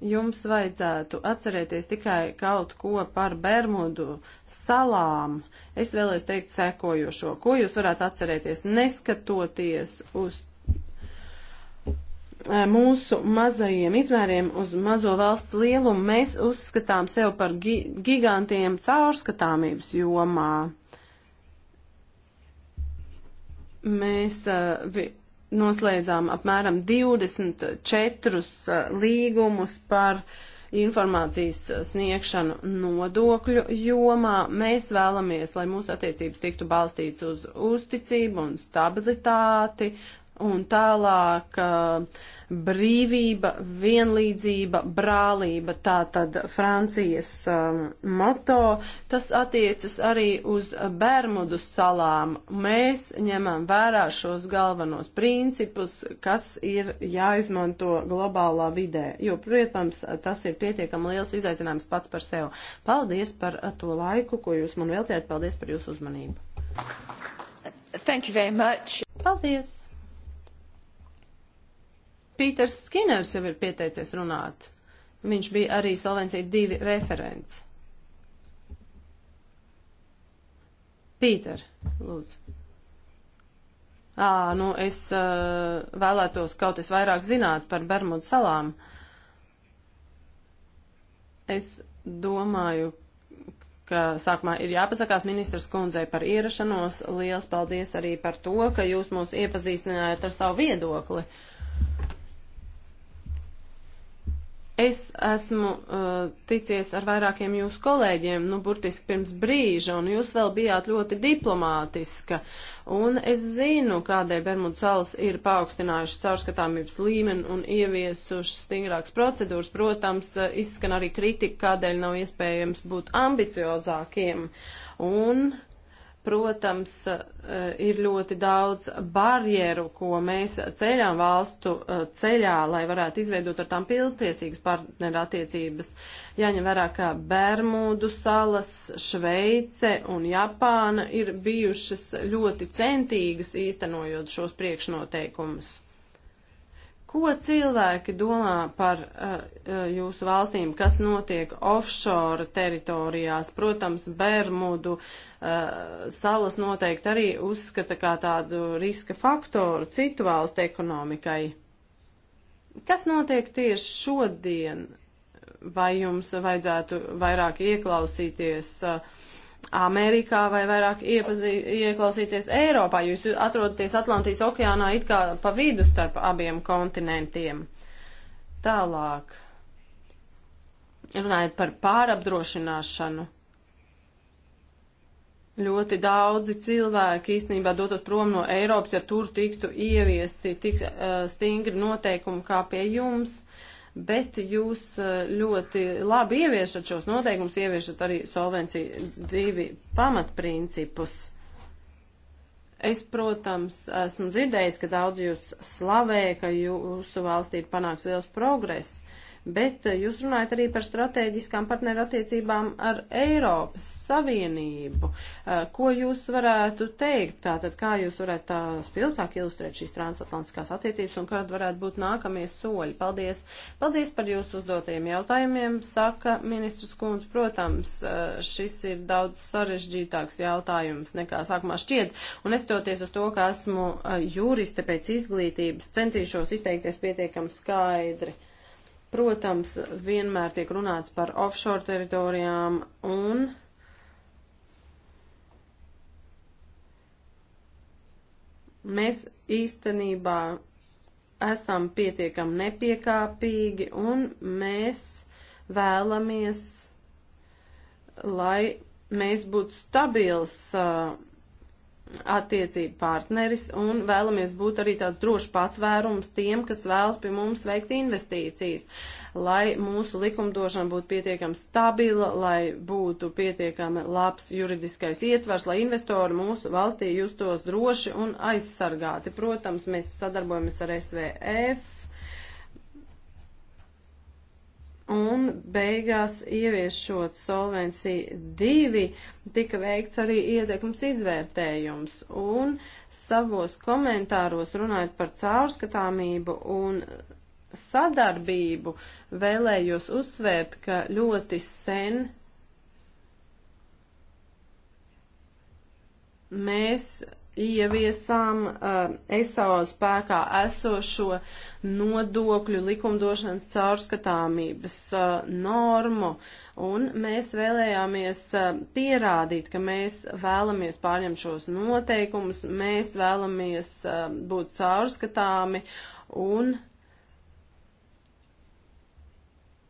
jums vajadzētu atcerēties tikai kaut ko par Bermudu salām, es vēlēšu teikt sekojošo. Ko jūs varētu atcerēties, neskatoties uz Eh, mūsu mazajiem izmēriem uz mazo valsts lielumu mēs uzskatām sev par gi gigantiem caurskatāmības jomā. Mēs uh, noslēdzām apmēram 24 uh, eh, līgumus par informācijas sniegšanu nodokļu jomā. Mēs vēlamies, lai mūsu attiecības tiktu balstītas uz uzticību un stabilitāti un tālāk brīvība, vienlīdzība, brālība, tā tad Francijas um, moto, tas attiecas arī uz Bermudu salām. Mēs ņemam vērā šos galvenos principus, kas ir jāizmanto globālā vidē, jo, protams, tas ir pietiekami liels izaicinājums pats par sevi. Paldies par to laiku, ko jūs man veltījāt, paldies par jūsu uzmanību. Thank you very much. Paldies. Pīters Skiners jau ir pieteicies runāt. Viņš bija arī Solvencija divi referents. Pīter, lūdzu. À, nu es uh, vēlētos kaut es vairāk zināt par Bermudu salām. Es domāju, ka sākumā ir jāpasakās ministras kundzei par ierašanos. Liels paldies arī par to, ka jūs mūs iepazīstinājāt ar savu viedokli. Uh, Es esmu uh, ticies ar vairākiem jūsu kolēģiem, nu, burtiski pirms brīža, un jūs vēl bijāt ļoti diplomātiska. Un es zinu, kādēļ Bermudu salas ir paaugstinājušas caurskatāmības līmeni un ieviesušas stingrākas procedūras. Protams, uh, izskan arī kritika, kādēļ nav iespējams būt ambiciozākiem. Un uh, Protams, eh, ir ļoti daudz barjeru, ko mēs ceļām valstu eh, ceļā, lai varētu izveidot ar tām pilntiesīgas partnerattiecības. Jāņem vērā, ka Bermudu salas, Šveice un Japāna ir bijušas ļoti centīgas īstenojot šos priekšnoteikumus. Ko cilvēki domā par uh, jūsu valstīm, kas notiek offshore teritorijās? Protams, Bermudu uh, salas noteikti arī uzskata kā tādu riska faktoru citu valstu ekonomikai. Kas notiek tieši šodien? Vai jums vajadzētu vairāk ieklausīties? Uh, Amerikā vai vairāk iepazī, ieklausīties Eiropā. Jūs atrodaties Atlantijas okeānā it kā pa vidu starp abiem kontinentiem. Tālāk. Runājot par pārapdrošināšanu. Ļoti daudzi cilvēki īstenībā dotos prom no Eiropas, ja tur tiktu ieviesti tik uh, stingri noteikumi kā pie jums. Uh, bet jūs eh, ļoti labi ieviešat šos noteikumus, ieviešat arī solvenciju divi pamatprincipus. Es, protams, esmu dzirdējis, ka daudz jūs slavē, ka jūsu valstī ir panāks liels progress, bet eh, jūs runājat arī par strateģiskām partnerattiecībām ar Eiropas Savienību. Eh, ko jūs varētu teikt? Tātad, kā jūs varētu tā spilgtāk ilustrēt šīs transatlantiskās attiecības un kāda varētu būt nākamie soļi? Paldies! Paldies par jūsu uzdotajiem jautājumiem, saka ministrs Kunds. Protams, eh, šis ir daudz sarežģītāks jautājums nekā sākumā šķiet, un estoties uz to, ka esmu juriste pēc izglītības, centīšos izteikties pietiekami skaidri. Protams, vienmēr tiek runāts par offshore teritorijām un mēs īstenībā esam pietiekami nepiekāpīgi un mēs vēlamies, lai mēs būtu stabils uh, attiecību partneris un vēlamies būt arī tāds drošs patvērums tiem, kas vēlas pie mums veikt investīcijas, lai mūsu likumdošana būtu pietiekami stabila, lai būtu pietiekami labs juridiskais ietvars, lai investori mūsu valstī justos droši un aizsargāti. Protams, mēs sadarbojamies ar SVF Un beigās ieviešot Solvency 2 tika veikts arī ietekmes izvērtējums. Un savos komentāros runājot par caurskatāmību un sadarbību vēlējos uzsvērt, ka ļoti sen mēs ieviesām uh, eh, ESO spēkā esošo nodokļu likumdošanas caurskatāmības uh, normu, un mēs vēlējāmies uh, pierādīt, ka mēs vēlamies pārņemt šos noteikumus, mēs vēlamies uh, būt caurskatāmi un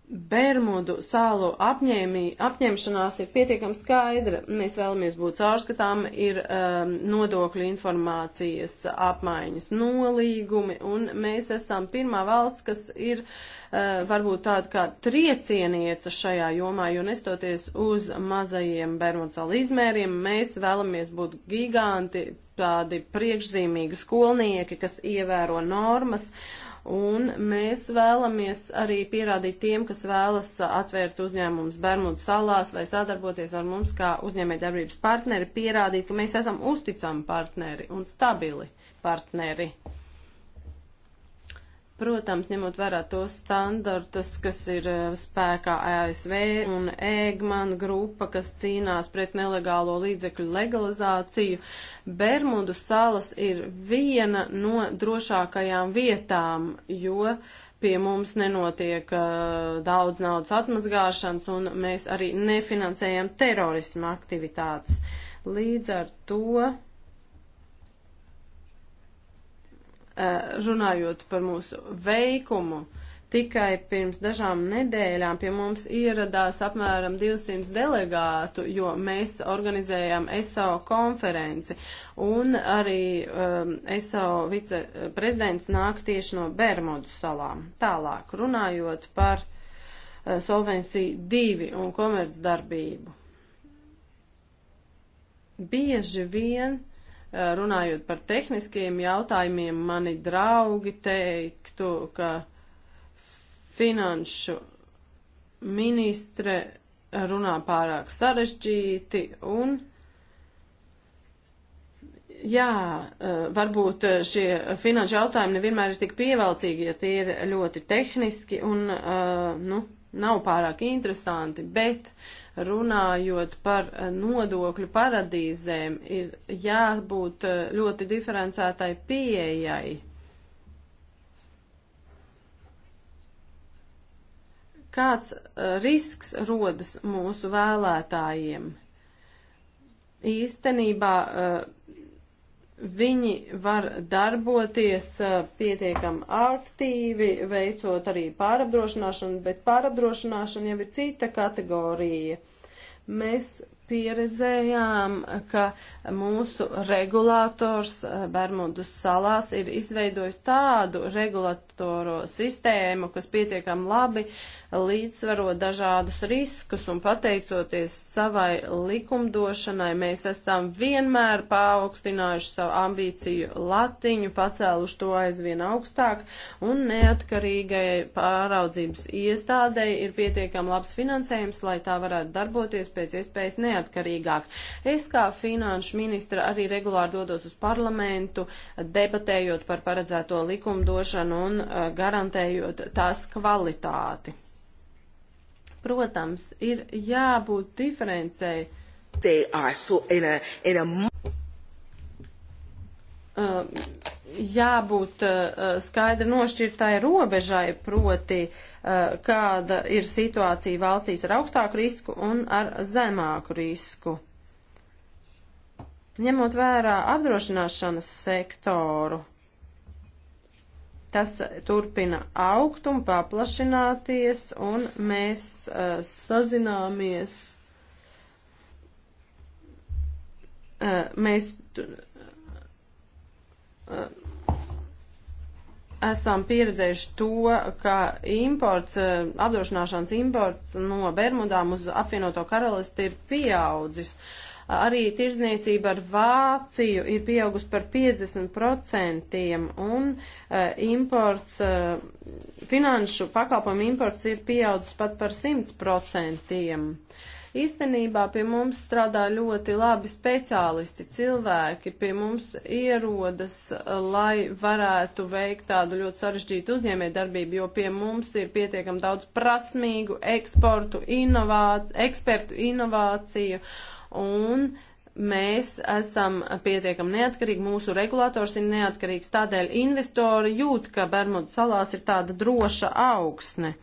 Bermudu salu apņēmī, apņemšanās ir pietiekami skaidra. Mēs vēlamies būt caurskatām, ir um, nodokļu informācijas apmaiņas nolīgumi, un mēs esam pirmā valsts, kas ir uh, varbūt tāda kā triecienieca šajā jomā, jo nestoties uz mazajiem Bermudu salu izmēriem, mēs vēlamies būt giganti, tādi priekšzīmīgi skolnieki, kas ievēro normas Un mēs vēlamies arī pierādīt tiem, kas vēlas atvērt uzņēmumus Bermudu salās vai sadarboties ar mums kā uzņēmējdarbības partneri, pierādīt, ka mēs esam uzticami partneri un stabili partneri. Protams, ņemot vērā tos standartus, kas ir eh, spēkā ASV un Ēgman grupa, kas cīnās pret nelegālo līdzekļu legalizāciju, Bermudu salas ir viena no drošākajām vietām, jo pie mums nenotiek uh, daudz naudas atmazgāšanas un mēs arī nefinansējam terorismu aktivitātes. Līdz ar to Eh, runājot par mūsu veikumu, tikai pirms dažām nedēļām pie mums ieradās apmēram 200 delegātu, jo mēs organizējām ESO konferenci. Un arī um, ehm, ESO viceprezidents nāk tieši no Bermudu salām. Tālāk runājot par uh, Solvency 2 un komercdarbību. Bieži vien uh, runājot par tehniskiem jautājumiem, mani draugi teiktu, ka finanšu ministre runā pārāk sarežģīti un jā, eh, varbūt šie finanšu jautājumi nevienmēr ir tik pievilcīgi, ja tie ir ļoti tehniski un, eh, nu, nav pārāk interesanti, bet runājot par eh, nodokļu paradīzēm, ir jābūt eh, ļoti diferencētai pieejai. Kāds eh, risks rodas mūsu vēlētājiem? Īstenībā uh, Viņi var darboties pietiekam aktīvi, veicot arī pārapdrošināšanu, bet pārapdrošināšana jau ir cita kategorija. Mēs pieredzējām, ka mūsu regulators Bermudas salās ir izveidojis tādu regulatoro sistēmu, kas pietiekam labi uh, līdzsvarot dažādus riskus un pateicoties savai likumdošanai, mēs esam vienmēr paaugstinājuši savu ambīciju latiņu, pacēluši to aizvien augstāk un neatkarīgai pāraudzības iestādei ir pietiekam labs finansējums, lai tā varētu darboties pēc iespējas neatkarīgāk. Es kā finanšu ministra arī regulāri dodos uz parlamentu, debatējot par paredzēto likumdošanu un uh, garantējot tās kvalitāti. Protams, ir jābūt diferencei. So in a, in a... Uh, jābūt uh, uh, skaidri nošķirtai robežai, proti, uh, kāda ir situācija valstīs ar augstāku risku un ar zemāku risku. Ņemot vērā apdrošināšanas sektoru, Tas turpina augt un paplašināties, un mēs uh, sazināmies. Uh, mēs uh, esam pieredzējuši to, ka imports, apdrošināšanas imports no Bermudām uz apvienoto karalisti ir pieaudzis. Uh, Arī tirzniecība ar Vāciju ir pieaugusi par 50% un e, imports, e, finanšu pakalpojumu imports ir pieaudzis pat par 100%. Īstenībā pie mums strādā ļoti labi speciālisti, cilvēki pie mums ierodas, e, lai varētu veikt tādu ļoti sarežģītu uzņēmē darbību, jo pie mums ir pietiekam daudz prasmīgu eksportu, inovāciju, ekspertu inovāciju un mēs esam pietiekami neatkarīgi, mūsu regulators ir neatkarīgs, tādēļ investori jūt, ka Bermudu salās ir tāda droša augsne.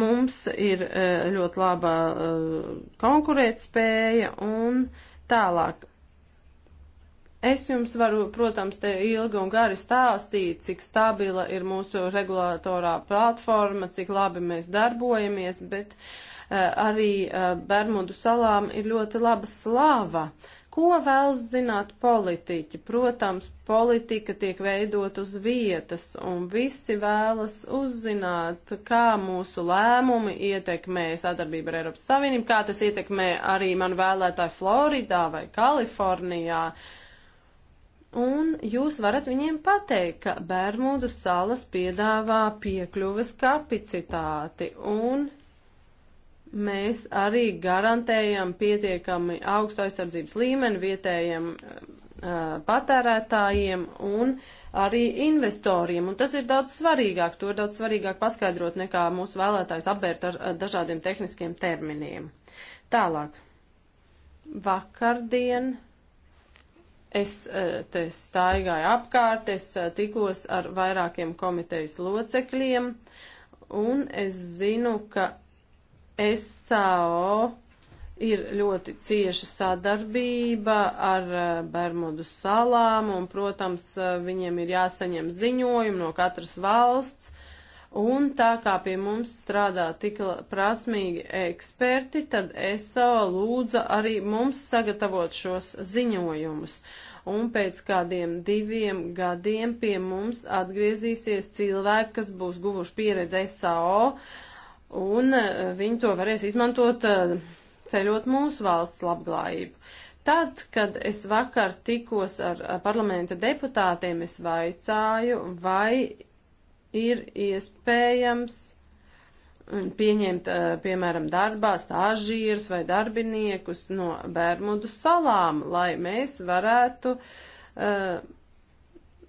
Mums ir e, ļoti laba e, konkurētspēja un tālāk. Es jums varu, protams, te ilgi un gari stāstīt, cik stabila ir mūsu regulātorā platforma, cik labi mēs darbojamies, bet uh, Eh, arī eh, Bermudu salām ir ļoti laba slava. Ko vēlas zināt politiķi? Protams, politika tiek veidot uz vietas, un visi vēlas uzzināt, kā mūsu lēmumi ietekmē sadarbību ar Eiropas Savienību, kā tas ietekmē arī man vēlētāju Floridā vai Kalifornijā. Un jūs varat viņiem pateikt, ka Bermudu salas piedāvā piekļuves kapacitāti un mēs arī garantējam pietiekami augstu aizsardzības līmeni vietējiem eh, patērētājiem un arī investoriem. Un tas ir daudz svarīgāk, to ir daudz svarīgāk paskaidrot nekā mūsu vēlētājs apbērt ar eh, dažādiem tehniskiem terminiem. Tālāk. Vakardien es eh, te staigāju apkārt, es tikos ar vairākiem komitejas locekļiem, un es zinu, ka SAO ir ļoti cieša sadarbība ar eh, Bermudu salām, un, protams, eh, viņiem ir jāsaņem ziņojumi no katras valsts. Un tā kā pie mums strādā tik prasmīgi eksperti, tad ESO lūdza arī mums sagatavot šos ziņojumus. Un pēc kādiem diviem gadiem pie mums atgriezīsies cilvēki, kas būs guvuši pieredzi SAO, uh, un eh, viņi to varēs izmantot eh, ceļot mūsu valsts labklājību. Tad, kad es vakar tikos ar parlamenta deputātiem, es vaicāju, vai ir iespējams mm, pieņemt, eh, piemēram, darbā stāžīrus vai darbiniekus no Bermudu salām, lai mēs varētu uh,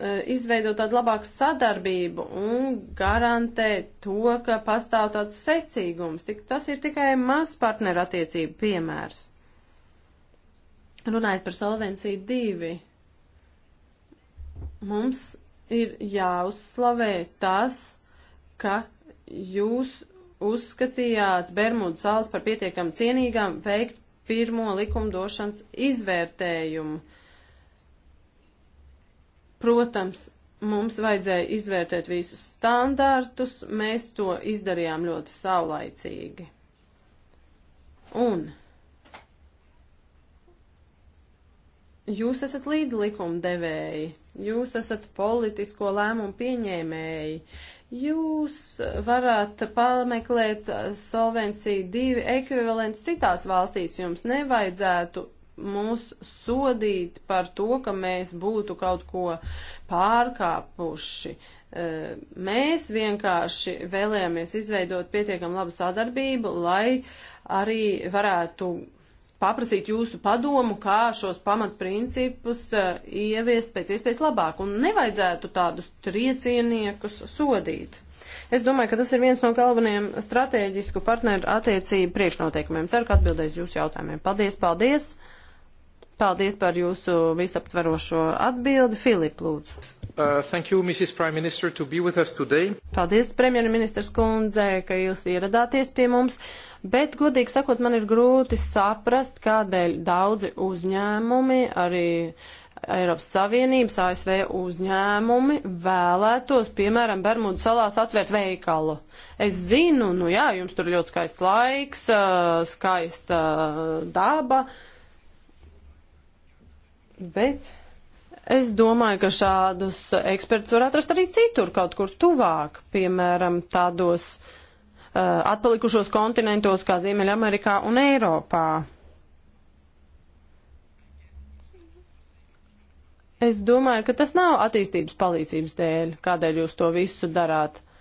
E, izveidot tādu labāku sadarbību un garantēt to, ka pastāv tāds secīgums. Tik, tas ir tikai maz partnerattiecību piemērs. Runājot par solvenciju divi, mums ir jāuzslavē tas, ka jūs uzskatījāt Bermudu salas par pietiekam cienīgām veikt pirmo likumdošanas izvērtējumu. Uh, Protams, mums vajadzēja izvērtēt visus standartus, mēs to izdarījām ļoti saulaicīgi. Un jūs esat līdzlikumdevēji, jūs esat politisko lēmumu pieņēmēji, jūs varat pameklēt Solvency 2 ekvivalents citās valstīs, jums nevajadzētu mūs sodīt par to, ka mēs būtu kaut ko pārkāpuši. E, mēs vienkārši vēlējāmies izveidot pietiekam labu sadarbību, lai arī varētu paprasīt jūsu padomu, kā šos pamatprincipus e, ieviest pēc iespējas labāk un nevajadzētu tādus triecieniekus sodīt. Es domāju, ka tas ir viens no galvenajiem strateģisku partneru attiecību priekšnoteikumiem. Ceru, ka atbildēs jūsu jautājumiem. Paldies, paldies! Paldies par jūsu visaptverošo atbildi. Filip, lūdzu. Uh, thank you, Mrs. Prime Minister, to be with us today. Paldies, premjerministrs kundze, ka jūs ieradāties pie mums, bet, godīgi sakot, man ir grūti saprast, kādēļ daudzi uzņēmumi, arī Eiropas Savienības, ASV uzņēmumi vēlētos, piemēram, Bermudu salās atvērt veikalu. Es zinu, nu jā, jums tur ļoti skaists laiks, uh, skaista uh, daba. Uh, Bet es domāju, ka šādus ekspertus var atrast arī citur, kaut kur tuvāk, piemēram, tādos uh, atpalikušos kontinentos kā Ziemeļamerikā un Eiropā. Es domāju, ka tas nav attīstības palīdzības dēļ, kādēļ jūs to visu darāt. Uh,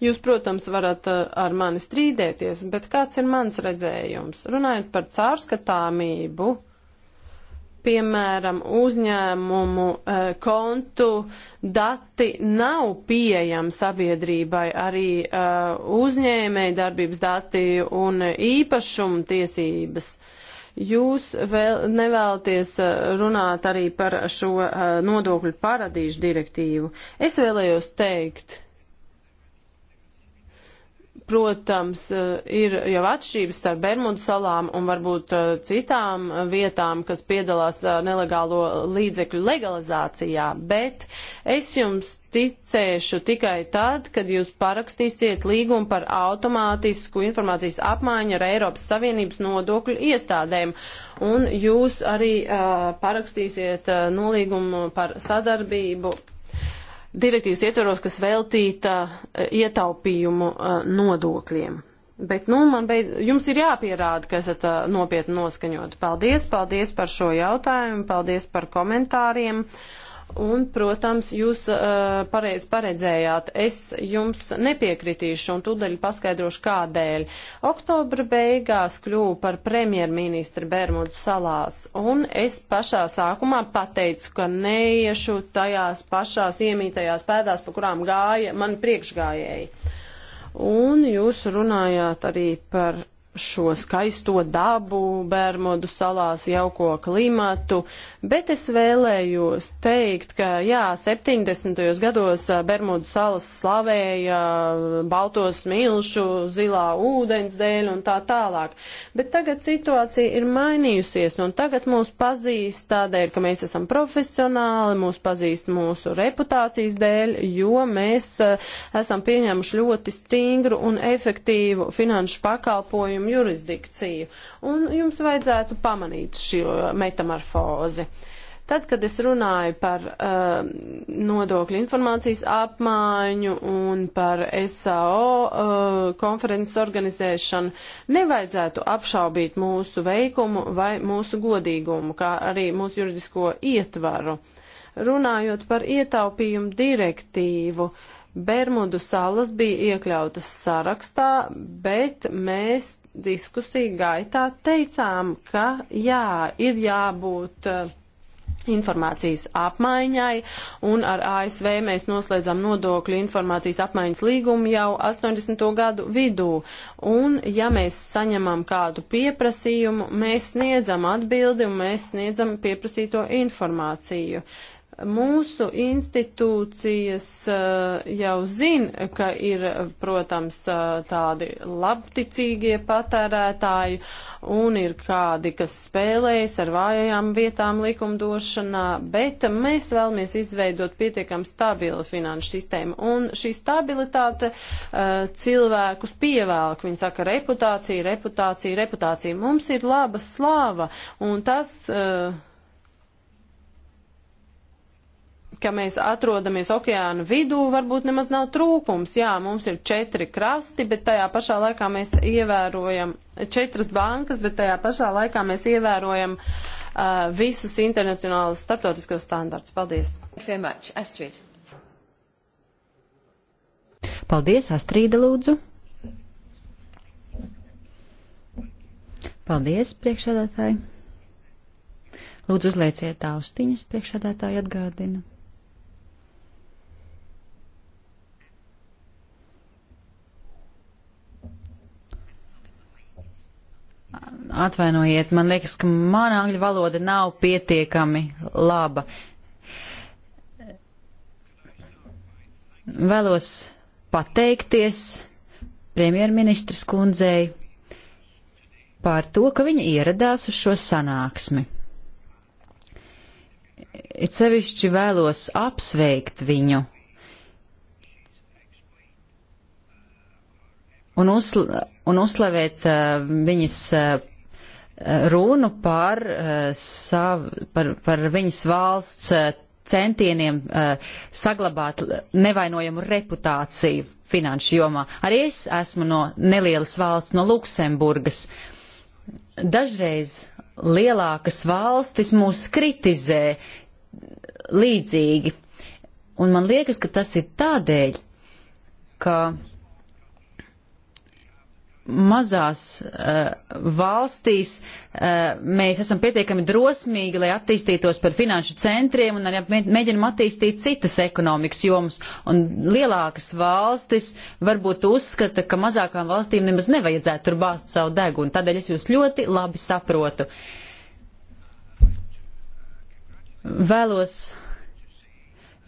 Jūs, protams, varat eh, ar mani strīdēties, bet kāds ir mans redzējums? Runājot par caurskatāmību, piemēram, uzņēmumu eh, kontu dati nav pieejami sabiedrībai, arī eh, uzņēmēji darbības dati un īpašuma tiesības. Jūs vēl nevēlaties runāt arī par šo nodokļu paradīžu direktīvu. Es vēlējos teikt, Protams, eh, ir jau atšķirības starp Bermudu salām un varbūt eh, citām vietām, kas piedalās eh, nelegālo līdzekļu legalizācijā, bet es jums ticēšu tikai tad, kad jūs parakstīsiet līgumu par automātisku informācijas apmaiņu ar Eiropas Savienības nodokļu iestādēm, un jūs arī uh, parakstīsiet uh, nolīgumu par sadarbību direktīvas ietvaros, kas veltīta e, ietaupījumu e, nodokļiem. Bet, nu, man beid, jums ir jāpierāda, ka esat uh, nopietni noskaņot. Paldies, paldies par šo jautājumu, paldies par komentāriem. Uh, Un, protams, jūs uh, pareizi paredzējāt, es jums nepiekritīšu un tūdaļ paskaidrošu, kādēļ. Oktobra beigās kļuvu par premjerministru Bermudu salās, un es pašā sākumā pateicu, ka neiešu tajās pašās iemītajās pēdās, pa kurām gāja mani priekšgājēji. Un jūs runājāt arī par šo skaisto dabu Bermudu salās, jauko klimatu, bet es vēlējos teikt, ka jā, 70. gados Bermudu salas slavēja baltos milšu, zilā ūdens dēļ un tā tālāk. Bet tagad situācija ir mainījusies un tagad mūs pazīst tādēļ, ka mēs esam profesionāli, mūs pazīst mūsu reputācijas dēļ, jo mēs esam pieņēmuši ļoti stingru un efektīvu finanšu pakalpojumu uzņēmumu jurisdikciju, un jums vajadzētu pamanīt šo metamorfozi. Tad, kad es runāju par uh, nodokļu informācijas apmaiņu un par SAO uh, konferences organizēšanu, nevajadzētu apšaubīt mūsu veikumu vai mūsu godīgumu, kā arī mūsu juridisko ietvaru. Runājot par ietaupījumu direktīvu, uh, Bermudu salas bija iekļautas sarakstā, bet mēs diskusiju gaitā teicām, ka jā, ir jābūt uh, informācijas apmaiņai, un ar ASV mēs noslēdzam nodokļu informācijas apmaiņas līgumu jau 80. gadu vidū, un ja mēs saņemam kādu pieprasījumu, mēs sniedzam atbildi un mēs sniedzam pieprasīto informāciju. Uh, Mūsu institūcijas eh, jau zina, ka ir, protams, eh, tādi labticīgie patērētāji un ir kādi, kas spēlējas ar vājām vietām likumdošanā, bet mēs vēlamies izveidot pietiekam stabilu finanšu sistēmu. Un šī stabilitāte eh, cilvēkus pievēlk. Viņi saka reputācija, reputācija, reputācija. Mums ir laba slāva un tas. Uh, ka mēs atrodamies okeāna vidū, varbūt nemaz nav trūkums. Jā, mums ir četri krasti, bet tajā pašā laikā mēs ievērojam četras bankas, bet tajā pašā laikā mēs ievērojam uh, visus internacionālus starptautiskos standartus. Paldies! Astrid. Paldies, Astrīda lūdzu! Paldies, priekšsēdētāji! Lūdzu, uzlieciet austiņas, priekšsēdētāji atgādina. Atvainojiet, man liekas, ka mana angļu valoda nav pietiekami laba. Vēlos pateikties premjerministras kundzei par to, ka viņa ieradās uz šo sanāksmi. It sevišķi vēlos apsveikt viņu un, uzsla, un uzslavēt uh, viņas uh, runu par, uh, eh, savu, par, par viņas valsts uh, centieniem uh, saglabāt nevainojamu reputāciju finanšu jomā. Arī es esmu no nelielas valsts, no Luksemburgas. Dažreiz lielākas valstis mūs kritizē līdzīgi. Un man liekas, ka tas ir tādēļ, ka mazās uh, valstīs uh, mēs esam pietiekami drosmīgi, lai attīstītos par finanšu centriem un arī mēģinam attīstīt citas ekonomikas jomas. Un lielākas valstis varbūt uzskata, ka mazākām valstīm nemaz nevajadzētu tur bāzt savu degunu. Tādēļ es jūs ļoti labi saprotu. Vēlos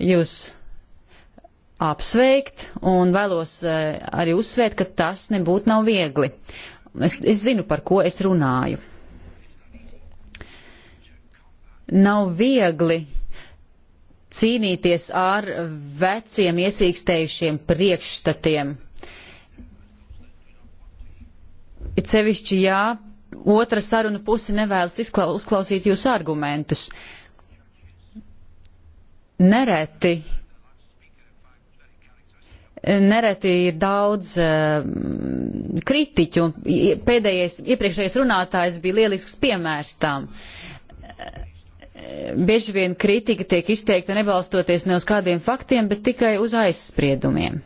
jūs apsveikt un vēlos eh, arī uzsvērt, ka tas nebūtu nav viegli. Es, es zinu, par ko es runāju. Nav viegli cīnīties ar veciem iesīkstējušiem priekšstatiem. It sevišķi, jā, otra saruna puse nevēlas uzklausīt jūsu argumentus. Nereti nereti ir daudz uh, kritiķu. Pēdējais, iepriekšējais runātājs bija lielisks piemērs tam. Eh, bieži vien kritika tiek izteikta nebalstoties ne uz kādiem faktiem, bet tikai uz aizspriedumiem.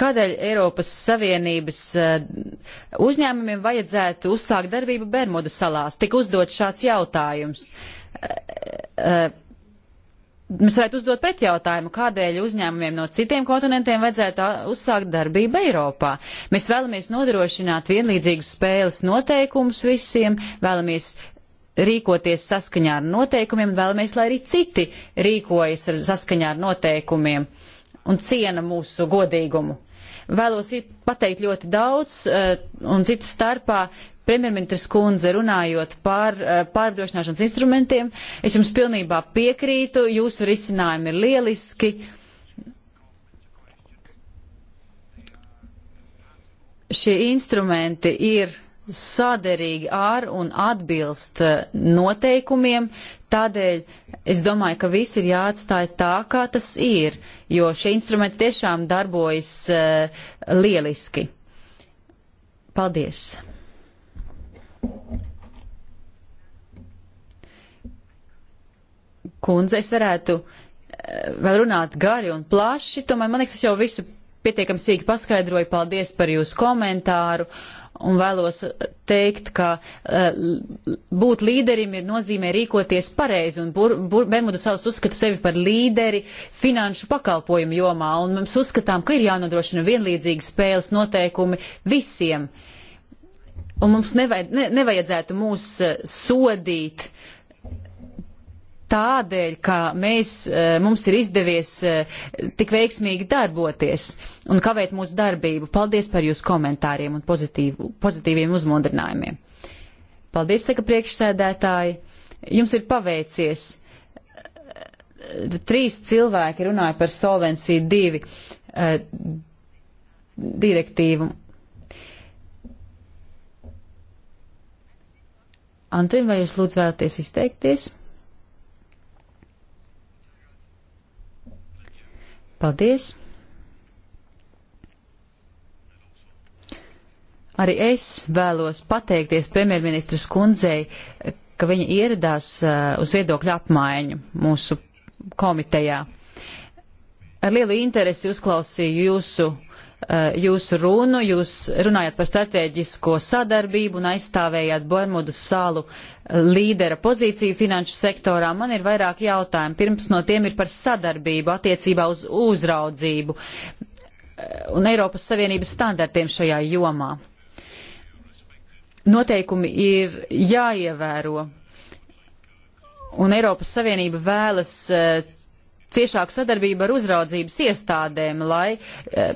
Kādēļ Eiropas Savienības eh, uzņēmumiem vajadzētu uzsākt darbību Bermudu salās? Tik uzdot šāds jautājums. Eh, eh, mēs varētu uzdot pretjautājumu, kādēļ uzņēmumiem no citiem kontinentiem vajadzētu uzsākt darbību Eiropā. Mēs vēlamies nodrošināt vienlīdzīgus spēles noteikumus visiem, vēlamies rīkoties saskaņā ar noteikumiem, vēlamies, lai arī citi rīkojas ar saskaņā ar noteikumiem. Uh, un ciena mūsu godīgumu. Vēlos pateikt ļoti daudz, eh, un citas starpā premjerministrs kundze runājot par eh, pārbrošināšanas instrumentiem. Es jums pilnībā piekrītu, jūsu risinājumi ir lieliski. Šie instrumenti ir saderīgi ar un atbilst eh, noteikumiem, tādēļ es domāju, ka viss ir jāatstāja tā, kā tas ir, jo šie instrumenti tiešām darbojas uh, lieliski. Paldies! Kundze, es varētu uh, vēl runāt gari un plaši, tomēr man liekas, es jau visu pietiekami sīki paskaidroju. Paldies par jūsu komentāru. Uh, un vēlos teikt, ka uh, būt līderim ir nozīmē rīkoties pareizi, un bur, bur, Bermudu salas uzskata sevi par līderi finanšu pakalpojumu jomā, un mums uzskatām, ka ir jānodrošina vienlīdzīgi spēles noteikumi visiem. Un mums nevajad, ne, nevajadzētu mūs eh, sodīt tādēļ, ka mēs, eh, mums ir izdevies eh, tik veiksmīgi darboties un kavēt mūsu darbību. Paldies par jūsu komentāriem un pozitīvu, pozitīviem uzmundrinājumiem. Paldies, saka priekšsēdētāji. Jums ir paveicies. Trīs cilvēki runāja par Solvency 2 eh, direktīvu. Antrim, vai jūs lūdzu vēlaties izteikties? Paldies! Arī es vēlos pateikties premjerministras kundzei, ka viņa ieradās eh, uz viedokļu apmaiņu mūsu komitejā. Ar lielu interesi uzklausīju jūsu uh, Eh, jūsu runu. Jūs runājat par strateģisko sadarbību un aizstāvējāt Bermudu salu eh, līdera pozīciju finanšu sektorā. Man ir vairāk jautājumu. Pirms no tiem ir par sadarbību attiecībā uz uzraudzību eh, un Eiropas Savienības standartiem šajā jomā. Noteikumi ir jāievēro, un Eiropas Savienība vēlas ciešāku sadarbību ar uzraudzības iestādēm, lai e,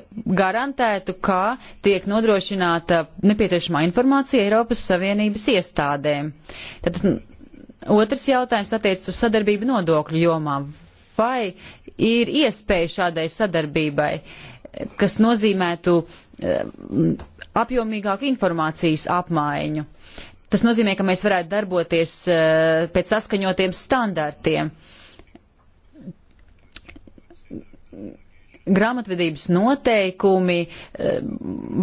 garantētu, ka tiek nodrošināta nepieciešamā informācija Eiropas Savienības iestādēm. Tad otrs jautājums attiecas uz sadarbību nodokļu jomā. Vai ir iespēja šādai sadarbībai, kas nozīmētu e, apjomīgāku informācijas apmaiņu? Tas nozīmē, ka mēs varētu darboties e, pēc saskaņotiem standartiem. Uh, grāmatvedības noteikumi eh,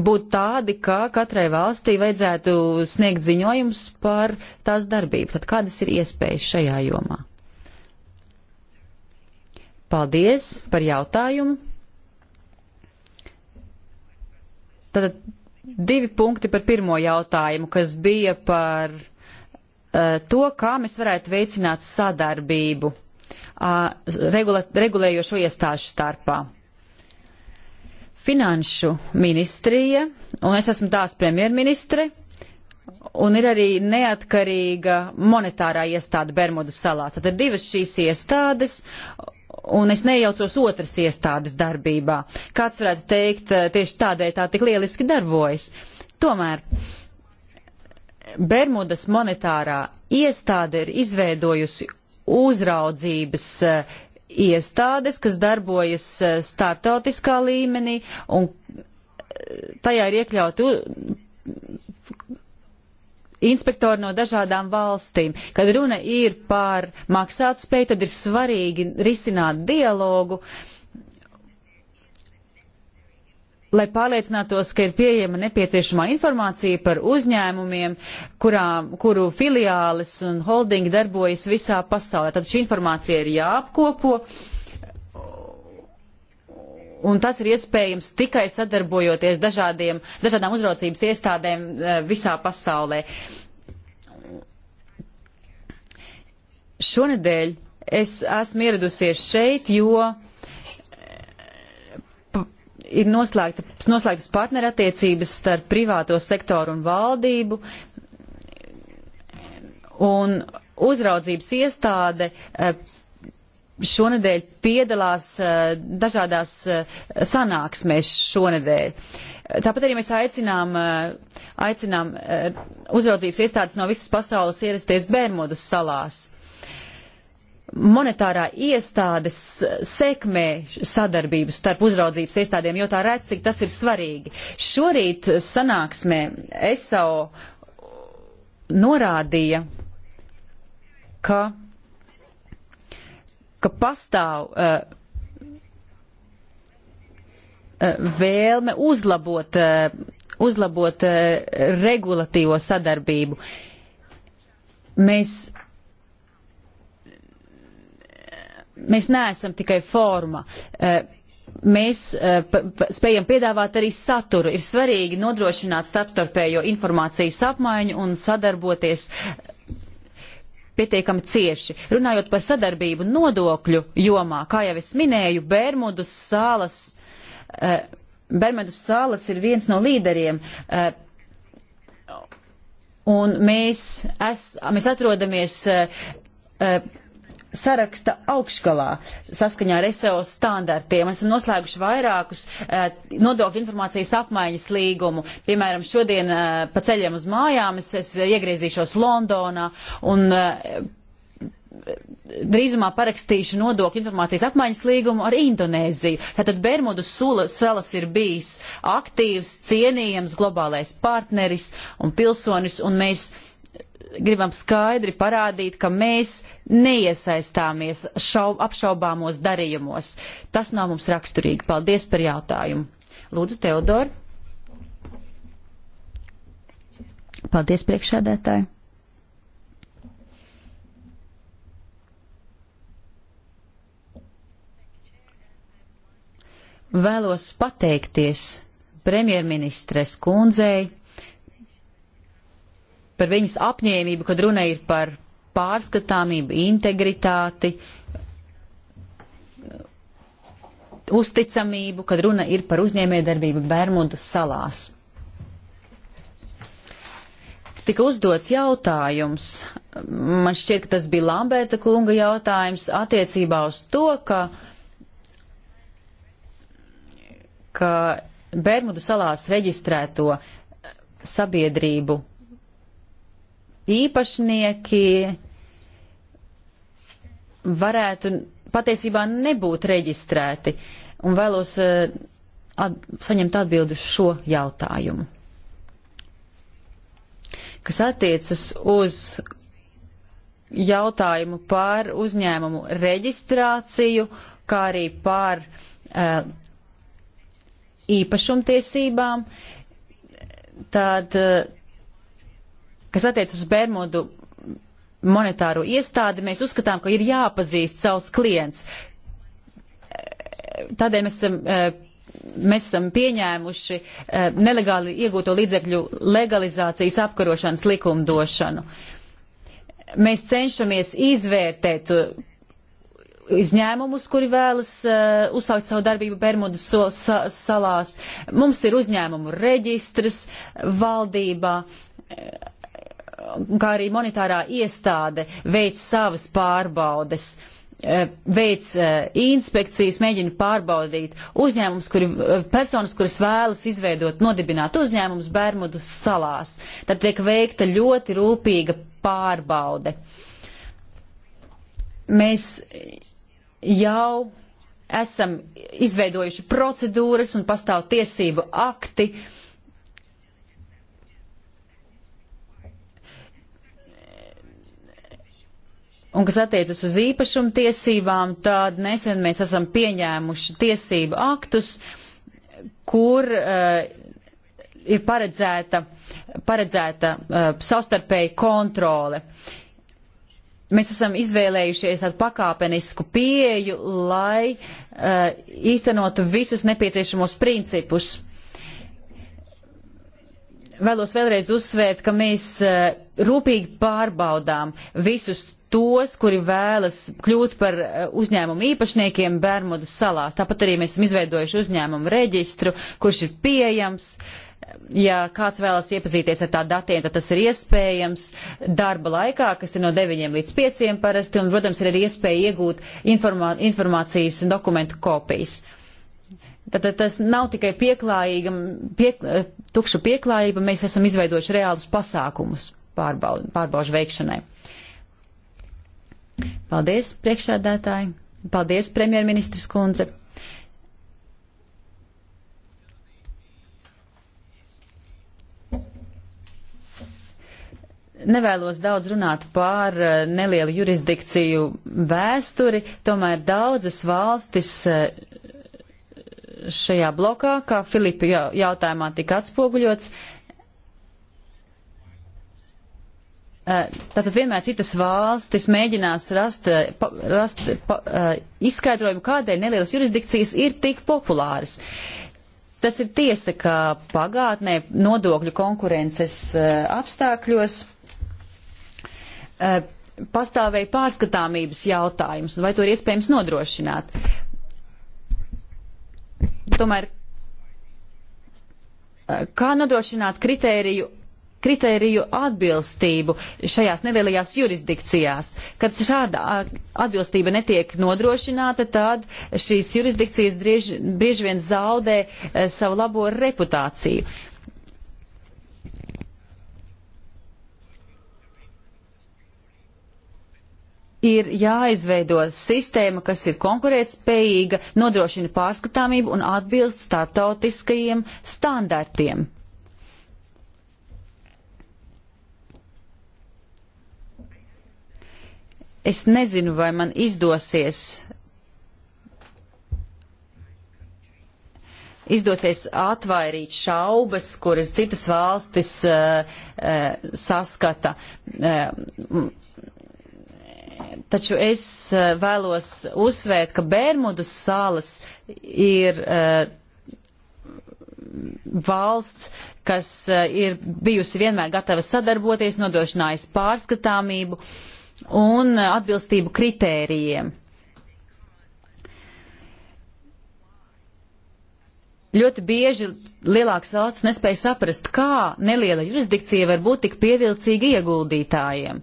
būtu tādi, ka katrai valstī vajadzētu sniegt ziņojums par tās darbību. Tad kādas ir iespējas šajā jomā? Paldies par jautājumu. Tad divi punkti par pirmo jautājumu, kas bija par uh, to, kā mēs varētu veicināt sadarbību uh, regulē, regulējošo iestāžu starpā finanšu ministrija, un es esmu tās premjerministre, un ir arī neatkarīga monetārā iestāde Bermudu salā. Tad ir divas šīs iestādes. Un es nejaucos otras iestādes darbībā. Kāds varētu teikt, eh, tieši tādēļ tā tik lieliski darbojas. Tomēr Bermudas monetārā iestāde ir izveidojusi uzraudzības uh, iestādes, kas darbojas eh, startautiskā līmenī, un eh, tajā ir iekļauti inspektori no dažādām valstīm. Kad runa ir par maksātspēju, tad ir svarīgi risināt dialogu. Uh, lai pārliecinātos, ka ir pieejama nepieciešamā informācija par uzņēmumiem, kurā, kuru filiālis un holdingi darbojas visā pasaulē. Tad šī informācija ir jāapkopo. Un tas ir iespējams tikai sadarbojoties dažādiem, dažādām uzraucības iestādēm eh, visā pasaulē. Šonedēļ es esmu ieradusies šeit, jo uh, ir noslēgta, noslēgtas partnerattiecības starp privāto sektoru un valdību, un uzraudzības iestāde eh, šonadēļ piedalās eh, dažādās eh, sanāksmēs šonadēļ. Tāpat arī mēs aicinām, aicinām uzraudzības iestādes no visas pasaules ierasties Bermudas salās monetārā iestādes sekmē sadarbību starp uzraudzības iestādēm, jo tā redz, cik tas ir svarīgi. Šorīt sanāksmē ESO norādīja, ka, ka pastāv uh, vēlme uzlabot, uh, uzlabot uh, regulatīvo sadarbību. Mēs mēs neesam tikai forma. Eh, mēs eh, spējam piedāvāt arī saturu. Ir svarīgi nodrošināt starpstarpējo informācijas apmaiņu un sadarboties pietiekami cieši. Runājot par sadarbību nodokļu jomā, kā jau es minēju, Bermudus salas, eh, Bermudus salas ir viens no līderiem. Un mēs, es, mēs atrodamies saraksta augšgalā saskaņā ar SEO standartiem. Esam noslēguši vairākus uh, nodokļu informācijas apmaiņas līgumu. Piemēram, šodien uh, pa ceļiem uz mājām es, es iegriezīšos Londonā un uh, drīzumā parakstīšu nodokļu informācijas apmaiņas līgumu ar Indonēziju. Tātad Bermudu salas ir bijis aktīvs, cienījams globālais partneris un pilsonis, un mēs gribam skaidri parādīt, ka mēs neiesaistāmies šau, apšaubāmos darījumos. Tas nav mums raksturīgi. Paldies par jautājumu. Lūdzu, Teodor. Paldies, priekšsēdētāji. Vēlos pateikties premjerministres kundzei par viņas apņēmību, kad runa ir par pārskatāmību, integritāti, uzticamību, kad runa ir par uzņēmējdarbību Bermudu salās. Tika uzdots jautājums, man šķiet, ka tas bija Lamberta kunga jautājums attiecībā uz to, ka, ka Bermudu salās reģistrēto sabiedrību īpašnieki varētu patiesībā nebūt reģistrēti. Un vēlos eh, at, saņemt atbildi uz šo jautājumu. Kas attiecas uz jautājumu par uzņēmumu reģistrāciju, kā arī par uh, īpašumtiesībām, tad uh, Kas attiec uz Bermudu monetāro iestādi, mēs uzskatām, ka ir jāpazīst savs klients. Tādēļ mēs esam, eh, mēs esam pieņēmuši eh, nelegāli iegūto līdzekļu legalizācijas apkarošanas likumdošanu. Mēs cenšamies izvērtēt uzņēmumus, eh, kuri vēlas uh, uzsākt savu darbību Bermudu so, sa, salās. Mums ir uzņēmumu reģistrs valdībā. Uh, kā arī monetārā iestāde veic savas pārbaudes e, veic e, inspekcijas, mēģina pārbaudīt uzņēmumus, kuri, e, personas, kuras vēlas izveidot, nodibināt uzņēmumus Bermudu salās. Tad tiek veikta ļoti rūpīga pārbaude. Mēs jau esam izveidojuši procedūras un pastāv tiesību akti, uh, Un kas attiecas uz īpašumtiesībām, tad nesen mēs esam pieņēmuši tiesību aktus, kur uh, ir paredzēta, paredzēta uh, eh, savstarpēja kontrole. Mēs esam izvēlējušies tādu pakāpenisku pieju, lai uh, īstenotu visus nepieciešamos principus. Vēlos vēlreiz uzsvērt, ka mēs uh, rūpīgi pārbaudām visus tos, kuri vēlas kļūt par eh, uzņēmumu īpašniekiem Bermudu salās. Tāpat arī mēs esam izveidojuši uzņēmumu reģistru, kurš ir pieejams. Ja kāds vēlas iepazīties ar tādiem datiem, tad tas ir iespējams darba laikā, kas ir no 9 līdz 5 parasti, un, protams, ir arī iespēja iegūt informā informācijas dokumentu kopijas. Tātad tas nav tikai pieklājīga, pie, eh, tukša pieklājība, mēs esam izveidojuši reālus pasākumus pārbaud, pārbaužu veikšanai. Uh, Paldies, priekšsēdētāji. Paldies, premjerministrs kundze. nevēlos daudz runāt par eh, nelielu jurisdikciju vēsturi, tomēr daudzas valstis eh, šajā blokā, kā Filipa jautājumā tika atspoguļots, Eh, tātad vienmēr citas valstis mēģinās rast, eh, pa, rast pa, eh, izskaidrojumu, kādēļ nelielas jurisdikcijas ir tik populāras. Tas ir tiesa, ka pagātnē nodokļu konkurences apstākļos pastāvēja pārskatāmības jautājums, vai to ir iespējams nodrošināt. Tomēr, kā nodrošināt kritēriju kritēriju atbilstību šajās nelielajās jurisdikcijās. Kad šāda atbilstība netiek nodrošināta, tad šīs jurisdikcijas drieži, bieži vien zaudē e, savu labo reputāciju. ir jāizveido sistēma, kas ir konkurētspējīga, nodrošina pārskatāmību un atbilst starptautiskajiem standartiem. Es nezinu, vai man izdosies. Izdosies atvairīt šaubas, kuras citas valstis uh, uh, saskata. Uh, taču es vēlos uzsvērt, ka Bermudu salas ir valsts, kas ir bijusi vienmēr gatava sadarboties, nodrošinājusi pārskatāmību. Uh, un atbilstību kritērijiem. Ļoti bieži lielākas valsts nespēja saprast, kā neliela jurisdikcija var būt tik pievilcīga ieguldītājiem.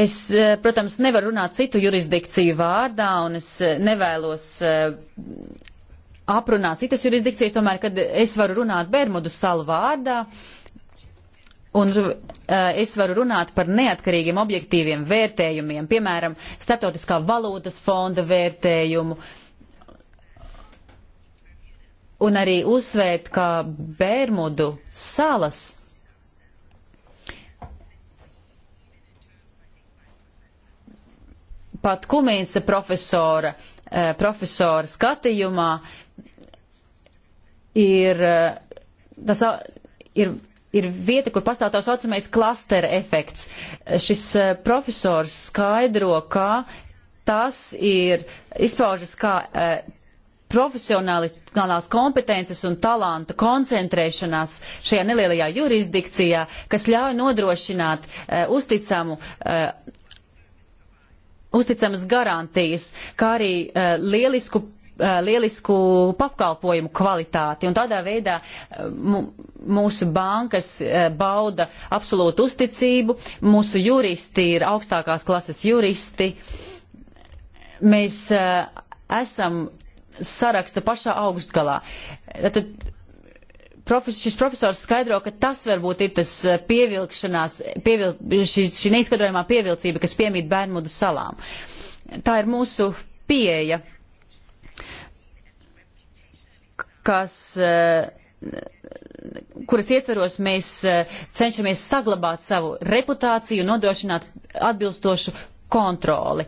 Es, eh, protams, nevaru runāt citu jurisdikciju vārdā, un es eh, nevēlos eh, aprunāt citas jurisdikcijas, tomēr, kad es varu runāt Bermudu salu vārdā, uh, Un uh, es varu runāt par neatkarīgiem objektīviem vērtējumiem, piemēram, Startautiskā valūtas fonda vērtējumu. Un arī uzsvērt, ka Bermudu salas pat Kumīnsa profesora, uh, profesora skatījumā ir, uh, tas, uh, ir ir vieta, kur pastāv tā saucamais klastera efekts. Šis eh, profesors skaidro, ka tas ir izpaužas kā eh, profesionālās kompetences un talanta koncentrēšanās šajā nelielajā jurisdikcijā, kas ļauj nodrošināt uh, uzticamu uh, uzticamas garantijas, kā arī uh, lielisku Uh, lielisku pakalpojumu kvalitāti. Un tādā veidā uh, mūsu bankas uh, bauda absolūtu uzticību, mūsu juristi ir augstākās klases juristi. Mēs esam saraksta pašā augstgalā. Tad profes, šis profesors skaidro, ka tas varbūt ir tas pievilkšanās, pievil, šī, šī neizskaidrojumā pievilcība, kas piemīt Bērmudu salām. Tā ir mūsu pieeja kas eh, kuras ietveros mēs eh, cenšamies saglabāt savu reputāciju un nodrošināt atbilstošu kontroli.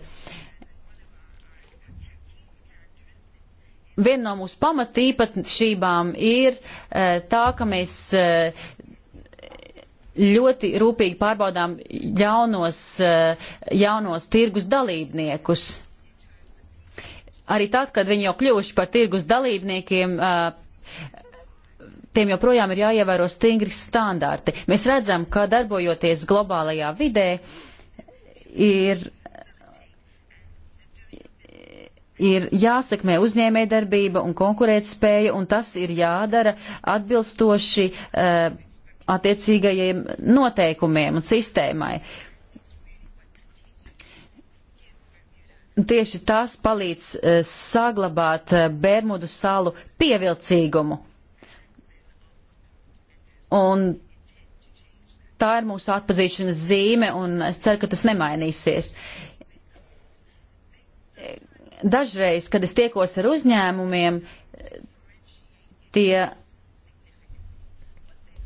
Viena no mūsu pamatīpašībām ir eh, tā, ka mēs ļoti rūpīgi pārbaudām jaunos, jaunos tirgus dalībniekus arī tad, kad viņi jau kļuvuši par tirgus dalībniekiem, tiem joprojām ir jāievēro stingri standarti. Mēs redzam, ka darbojoties globālajā vidē, ir ir jāsekmē uzņēmējdarbība un konkurētspēja, un tas ir jādara atbilstoši uh, attiecīgajiem noteikumiem un sistēmai. Uh, tieši tas palīdz eh, saglabāt eh, Bermudu salu pievilcīgumu. Un tā ir mūsu atpazīšanas zīme, un es ceru, ka tas nemainīsies. Dažreiz, kad es tiekos ar uzņēmumiem, tie,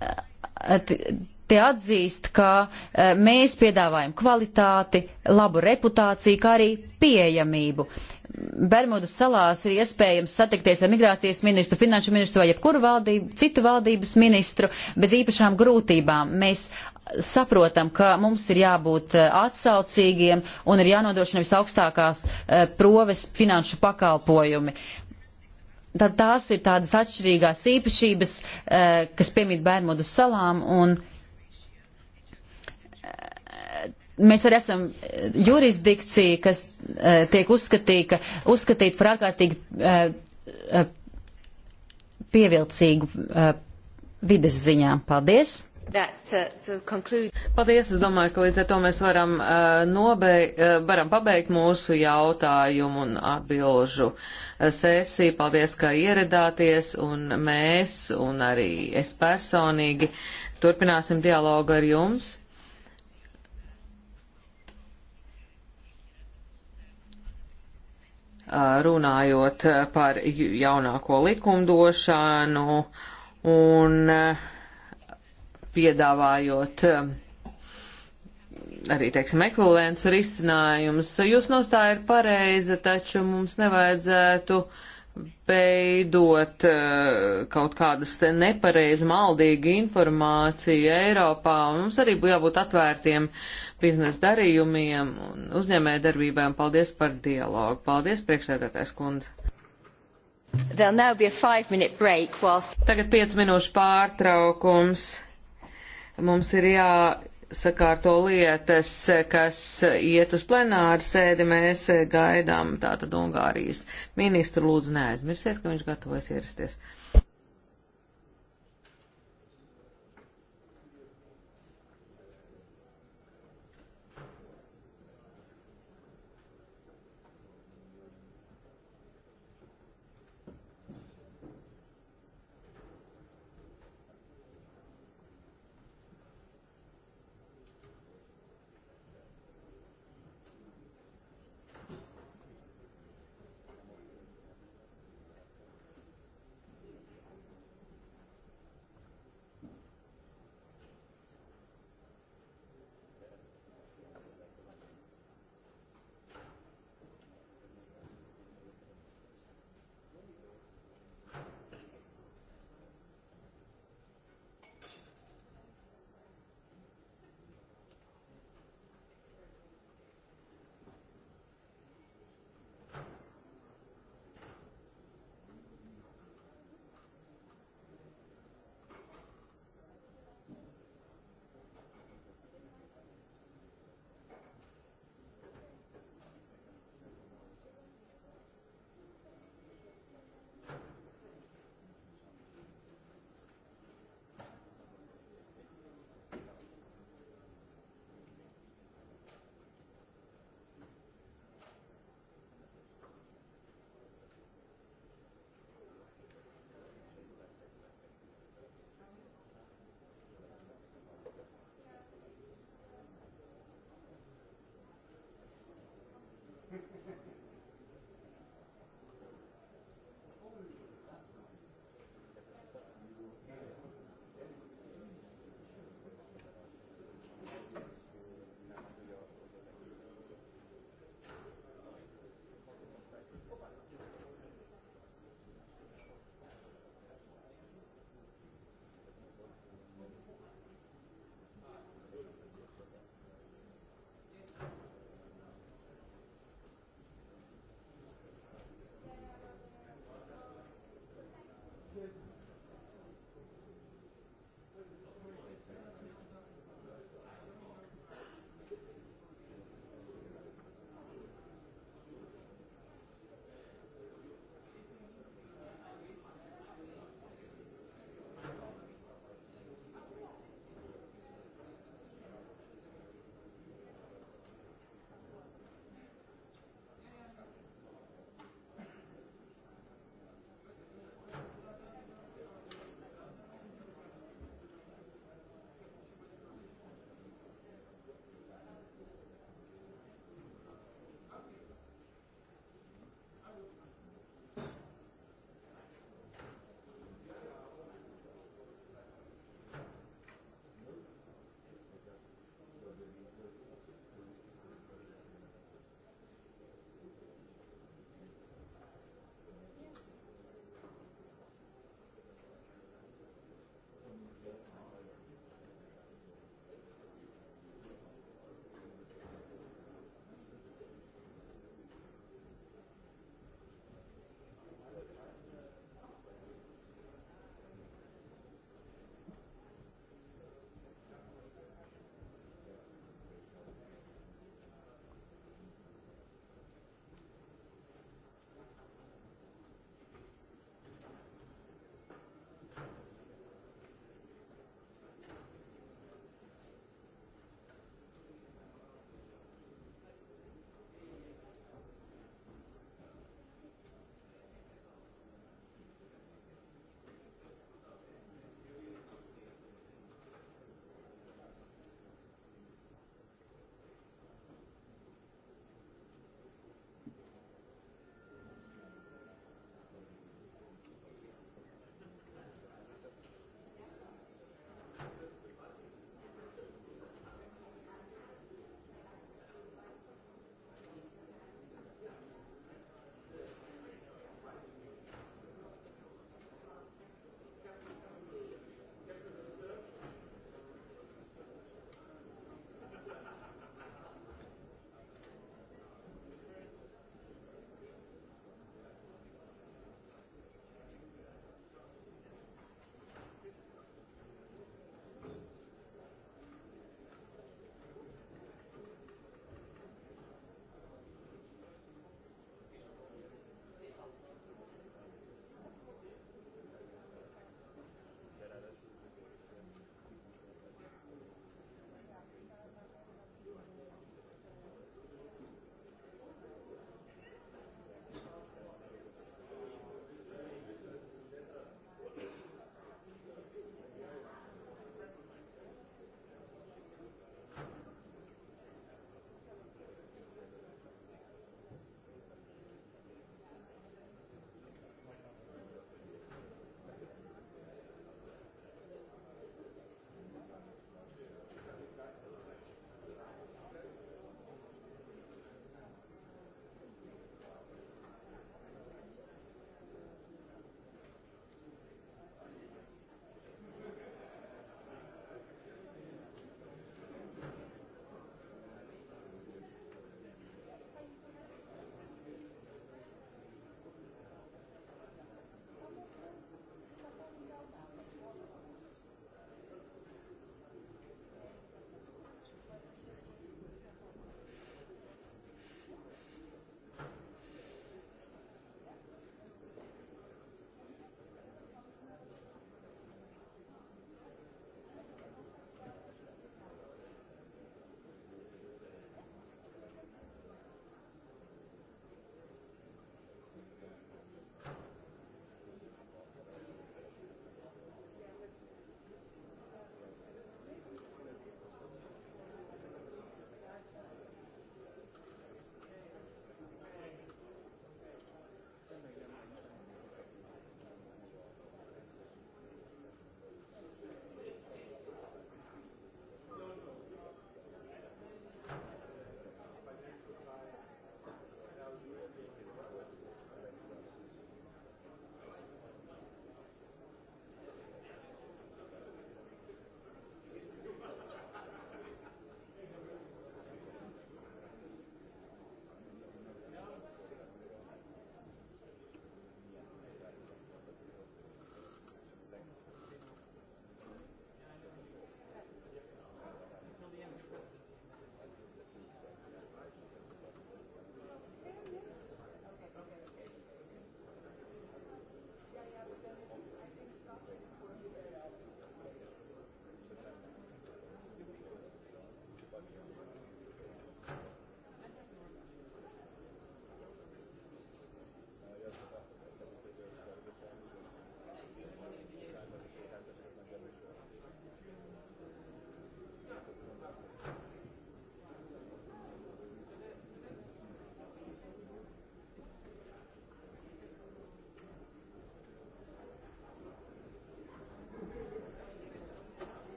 eh, Tie atzīst, ka e, mēs piedāvājam kvalitāti, labu reputāciju, kā arī pieejamību. Bermudu salās ir iespējams satikties ar migrācijas ministru, finanšu ministru vai jebkuru valdību, citu valdības ministru bez īpašām grūtībām. Mēs saprotam, ka mums ir jābūt eh, atsaucīgiem un ir jānodrošina visaugstākās e, proves finanšu pakalpojumi tad tās ir tādas atšķirīgās īpašības, kas piemīt Bermudu salām, un mēs arī esam eh, jurisdikcija, kas uh, tiek uzskatīta, uzskatīta par ārkārtīgi uh, pievilcīgu uh, vides ziņā. Paldies! That, uh, conclude... Paldies, es domāju, ka līdz ar to mēs varam, uh, nobeig, uh, varam pabeigt mūsu jautājumu un atbilžu sesiju. Paldies, ka ieradāties un mēs un arī es personīgi turpināsim dialogu ar jums. runājot par jaunāko likumdošanu un piedāvājot arī, teiksim, ekvivalents risinājumus. Jūs nostāja ir pareiza, taču mums nevajadzētu uh, beidot eh, kaut kādas nepareizi maldīgi informācija Eiropā, un mums arī bija jābūt atvērtiem biznesa darījumiem un uzņēmē darbībām. Paldies par dialogu. Paldies, priekšsēdētājs kundze. Whilst... Tagad 5 minūšu pārtraukums. Mums ir jā sakārto lietas, kas iet uz plenāru sēdi, mēs gaidām tātad Ungārijas ministru. Lūdzu, neaizmirsiet, ka viņš gatavojas ierasties.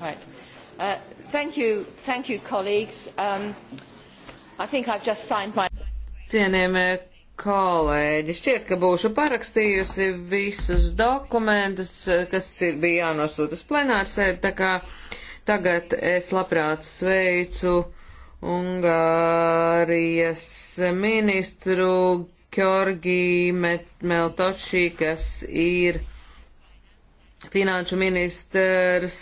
Right. Uh, thank you, thank you, colleagues. Um, I think I've just signed my. Cienījamie kolēģi, šķiet, ka būšu parakstījusi visus dokumentus, kas ir bija jānosūta uz plenārsēdi, tā kā tagad es labprāt sveicu Ungārijas ministru Georgi Meltoči, kas ir finanšu ministrs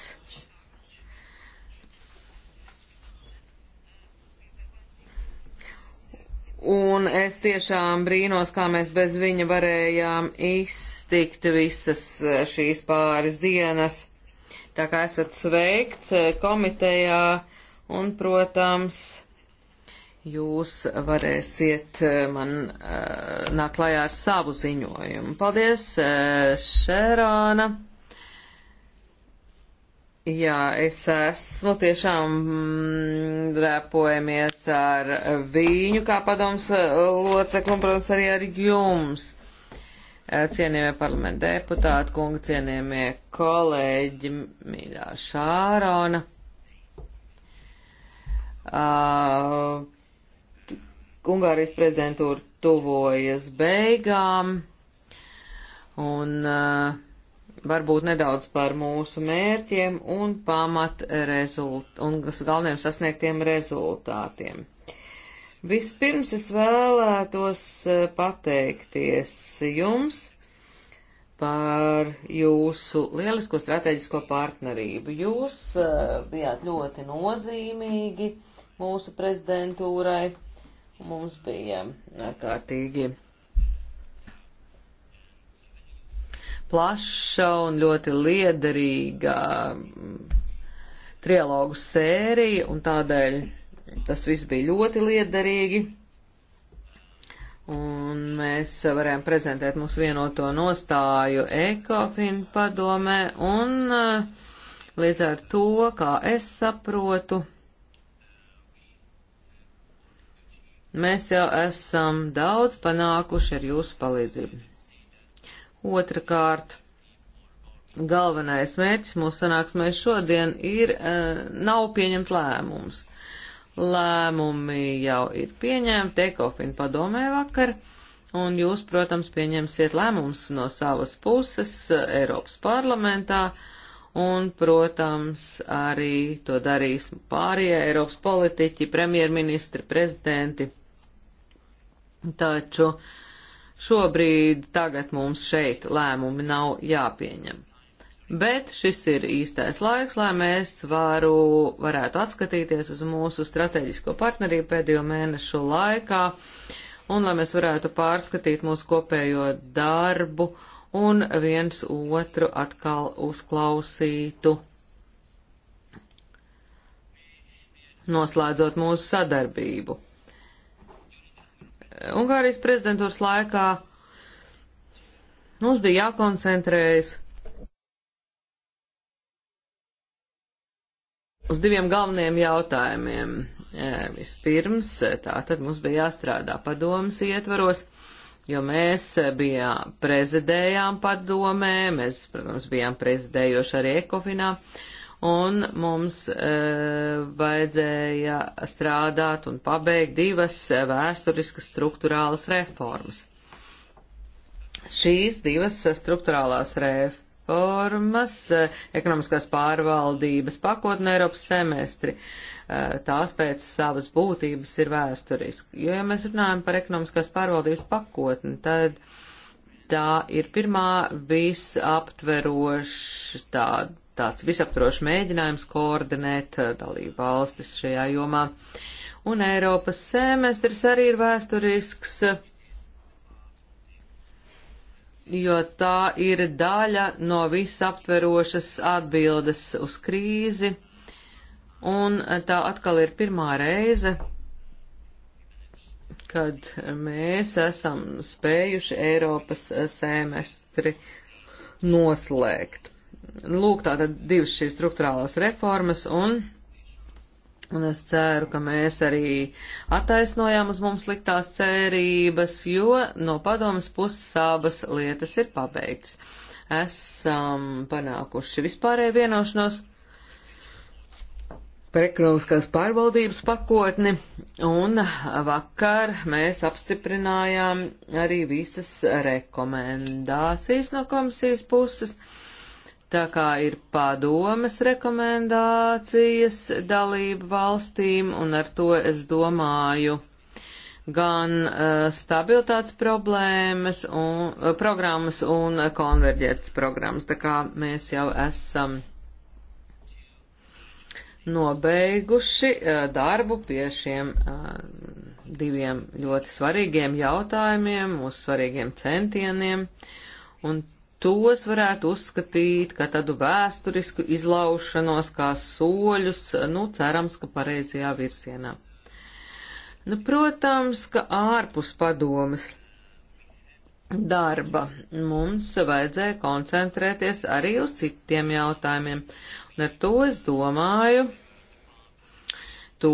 un es tiešām brīnos, kā mēs bez viņa varējām iztikt visas e, šīs pāris dienas. Tā kā esat sveikts e, komitejā un, protams, jūs varēsiet e, man uh, nākt klajā ar savu ziņojumu. Paldies, uh, Šerāna! Jā, es esmu tiešām mm, repojamies ar viņu kā padoms eh, locekli un, protams, arī ar jums. Eh, cienījamie parlamenta deputāti, kunga cienījamie kolēģi, mīļā Šārona. Uh, Ungārijas prezidentūra tuvojas beigām. Un uh, varbūt nedaudz par mūsu mērķiem un pamat rezult un galveniem sasniegtiem rezultātiem. Vispirms es vēlētos e, pateikties jums par jūsu lielisko strateģisko partnerību. Jūs e, bijāt ļoti nozīmīgi mūsu prezidentūrai. Mums bija ārkārtīgi plaša un ļoti liederīga mm, trialogu sērija, un tādēļ tas viss bija ļoti liederīgi. Un mēs varējām prezentēt mūsu vienoto nostāju ECOFIN padomē, un eh, līdz ar to, kā es saprotu, mēs jau esam daudz panākuši ar jūsu palīdzību. Otrakārt, galvenais mērķis mūsu sanāksmē šodien ir, e, nav pieņemt lēmums. Lēmumi jau ir pieņemti Ekofin padomē vakar, un jūs, protams, pieņemsiet lēmumus no savas puses e, Eiropas parlamentā, un, protams, arī to darīs pārējie Eiropas politiķi, premjerministri, prezidenti. Taču uh, Šobrīd tagad mums šeit lēmumi nav jāpieņem. Bet šis ir īstais laiks, lai mēs varu, varētu atskatīties uz mūsu strateģisko partnerību pēdējo mēnešu laikā un lai mēs varētu pārskatīt mūsu kopējo darbu un viens otru atkal uzklausītu, noslēdzot mūsu sadarbību. Ungārijas prezidentūras laikā mums bija jākoncentrējas uz diviem galveniem jautājumiem. E, vispirms, e, tā tad mums bija jāstrādā padomas ietvaros, jo mēs e, bijām prezidējām padomē, mēs, protams, bijām prezidējoši arī ekofinā, un mums e, vajadzēja strādāt un pabeigt divas e, vēsturiskas struktūrālas reformas. Šīs divas struktūrālās reformas, e, ekonomiskās pārvaldības pakotne Eiropas semestri, e, tās pēc savas būtības ir vēsturiski. Jo, ja mēs runājam par ekonomiskās pārvaldības pakotni, tad tā ir pirmā visaptveroša tāda tāds visaptrošs mēģinājums koordinēt eh, dalību valstis šajā jomā. Un Eiropas semestris arī ir vēsturisks, jo tā ir daļa no visaptverošas atbildes uz krīzi. Un tā atkal ir pirmā reize, kad mēs esam spējuši Eiropas semestri noslēgt. Lūk, tātad divas šīs struktūrālās reformas un, un es ceru, ka mēs arī attaisnojām uz mums liktās cerības, jo no padomas puses abas lietas ir pabeigts. Esam panākuši vispārēju vienošanos par ekonomiskās pārvaldības pakotni, un vakar mēs apstiprinājām arī visas rekomendācijas no komisijas puses. Uh, Tā kā ir padomas rekomendācijas dalību valstīm, un ar to es domāju gan uh, stabilitātes problēmas un uh, programmas un konverģētas programmas. Tā kā mēs jau esam nobeiguši uh, darbu pie šiem uh, diviem ļoti svarīgiem jautājumiem, mūsu svarīgiem centieniem. Un tos varētu uzskatīt kā tādu vēsturisku izlaušanos, kā soļus, nu, cerams, ka pareizajā virsienā. Nu, protams, ka ārpus padomas darba mums vajadzēja koncentrēties arī uz citiem jautājumiem, un ar to es domāju to,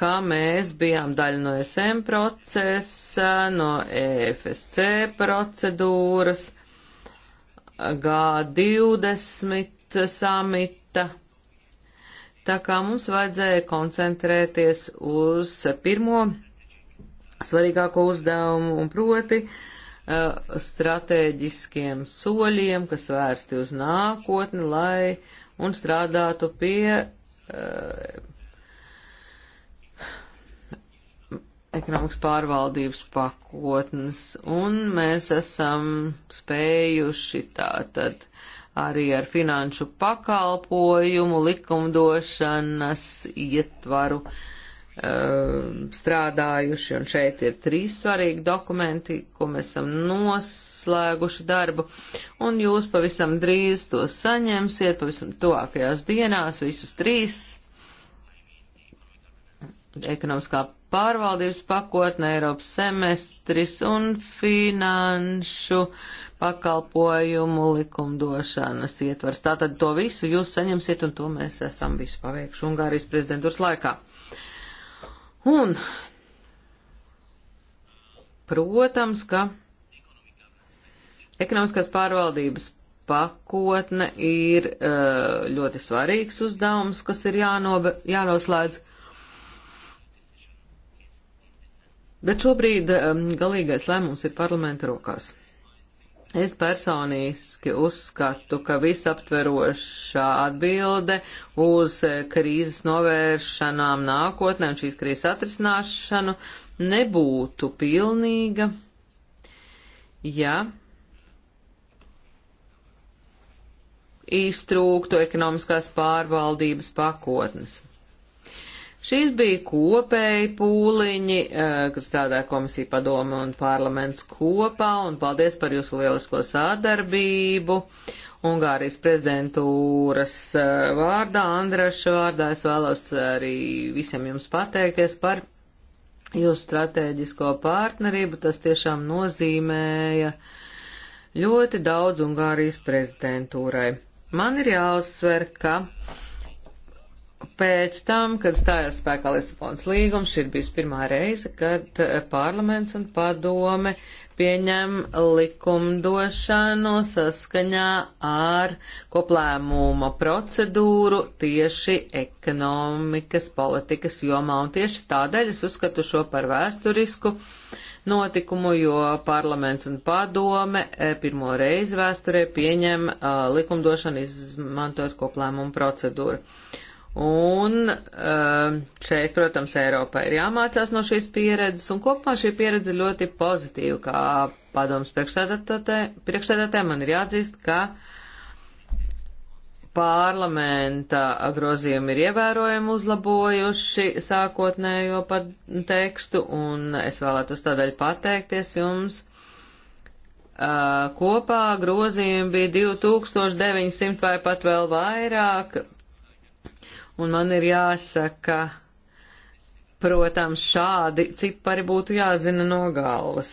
ka mēs bijām daļa no SM procesa, no EFSC procedūras, G20 samita. Tā kā mums vajadzēja koncentrēties uz pirmo svarīgāko uzdevumu un proti uh, eh, stratēģiskiem soļiem, kas vērsti uz nākotni, lai un strādātu pie uh, ekonomikas pārvaldības pakotnes, un mēs esam spējuši tātad arī ar finanšu pakalpojumu likumdošanas ietvaru um, strādājuši, un šeit ir trīs svarīgi dokumenti, ko mēs esam noslēguši darbu, un jūs pavisam drīz to saņemsiet, pavisam tuvākajās dienās, visus trīs ekonomiskā pārvaldības pakotne, Eiropas semestris un finanšu pakalpojumu likumdošanas ietvars. Tātad to visu jūs saņemsiet un to mēs esam visu paveikuši Ungārijas prezidentūras laikā. Un, protams, ka ekonomiskās pārvaldības pakotne ir eh, ļoti svarīgs uzdevums, kas ir jānobe, jānoslēdz Bet šobrīd um, galīgais lēmums ir parlamenta rokās. Es personiski uzskatu, ka visaptverošā atbilde uz eh, krīzes novēršanām nākotnē un šīs krīzes atrisināšanu nebūtu pilnīga, ja iztrūktu ekonomiskās pārvaldības pakotnes. Šīs bija kopēji pūliņi, eh, kur strādāja komisija padome un parlaments kopā, un paldies par jūsu lielisko sadarbību. Ungārijas prezidentūras eh, vārdā, Andraša vārdā, es vēlos arī visiem jums pateikties par jūsu strateģisko partnerību. Tas tiešām nozīmēja ļoti daudz Ungārijas prezidentūrai. Man ir jāuzsver, ka Pēc tam, kad stājās spēkā Lisabonas līgums, šī ir bijusi pirmā reize, kad eh, parlaments un padome pieņem likumdošanu saskaņā ar koplēmuma procedūru tieši ekonomikas politikas jomā. Un tieši tādēļ es uzskatu šo par vēsturisku notikumu, jo parlaments un padome eh, pirmo reizi vēsturē pieņem eh, likumdošanu izmantojot koplēmuma procedūru. Un ehm, šeit, protams, Eiropai ir jāmācās no šīs pieredzes, un kopumā šī pieredze ļoti pozitīva, kā padoms priekšsēdētē man ir jāatzīst, ka parlamenta grozījumi ir ievērojami uzlabojuši sākotnējo tekstu, un es vēlētos tādēļ pateikties jums. Uh, kopā grozījumi bija 2900 vai pat vēl vairāk, Un man ir jāsaka, protams, šādi cipari būtu jāzina no galvas.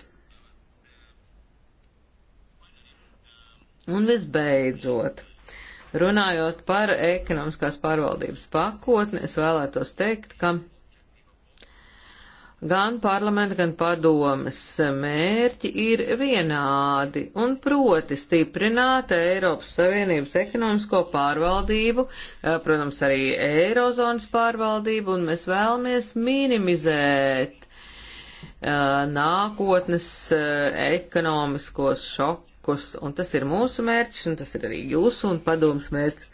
Un visbeidzot, runājot par ekonomiskās pārvaldības pakotni, es vēlētos teikt, ka gan parlamenta, gan padomas mērķi ir vienādi un proti stiprināt Eiropas Savienības ekonomisko pārvaldību, eh, protams, arī Eirozonas pārvaldību, un mēs vēlamies minimizēt uh, nākotnes uh, ekonomiskos šokus, un tas ir mūsu mērķis, un tas ir arī jūsu un padomas mērķis.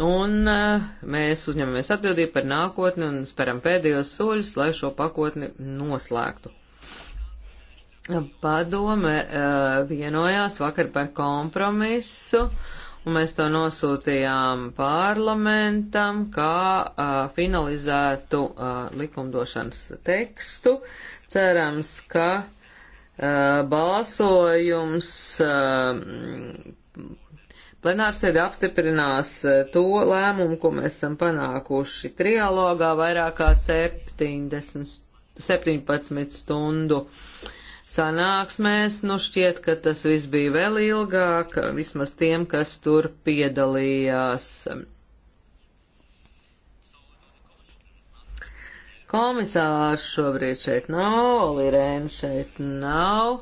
Un eh, mēs uzņemamies atbildību par nākotni un speram pēdējos soļus, lai šo pakotni noslēgtu. Padome eh, vienojās vakar par kompromisu, un mēs to nosūtījām parlamentam, kā eh, finalizētu likumdošanas tekstu. Cerams, ka balsojums Plenārsēde apstiprinās eh, to lēmumu, ko mēs esam panākuši trialogā vairāk kā 70, 17 stundu sanāksmēs. Nu šķiet, ka tas viss bija vēl ilgāk, vismaz tiem, kas tur piedalījās. Komisārs šobrīd šeit nav, Olirēna šeit nav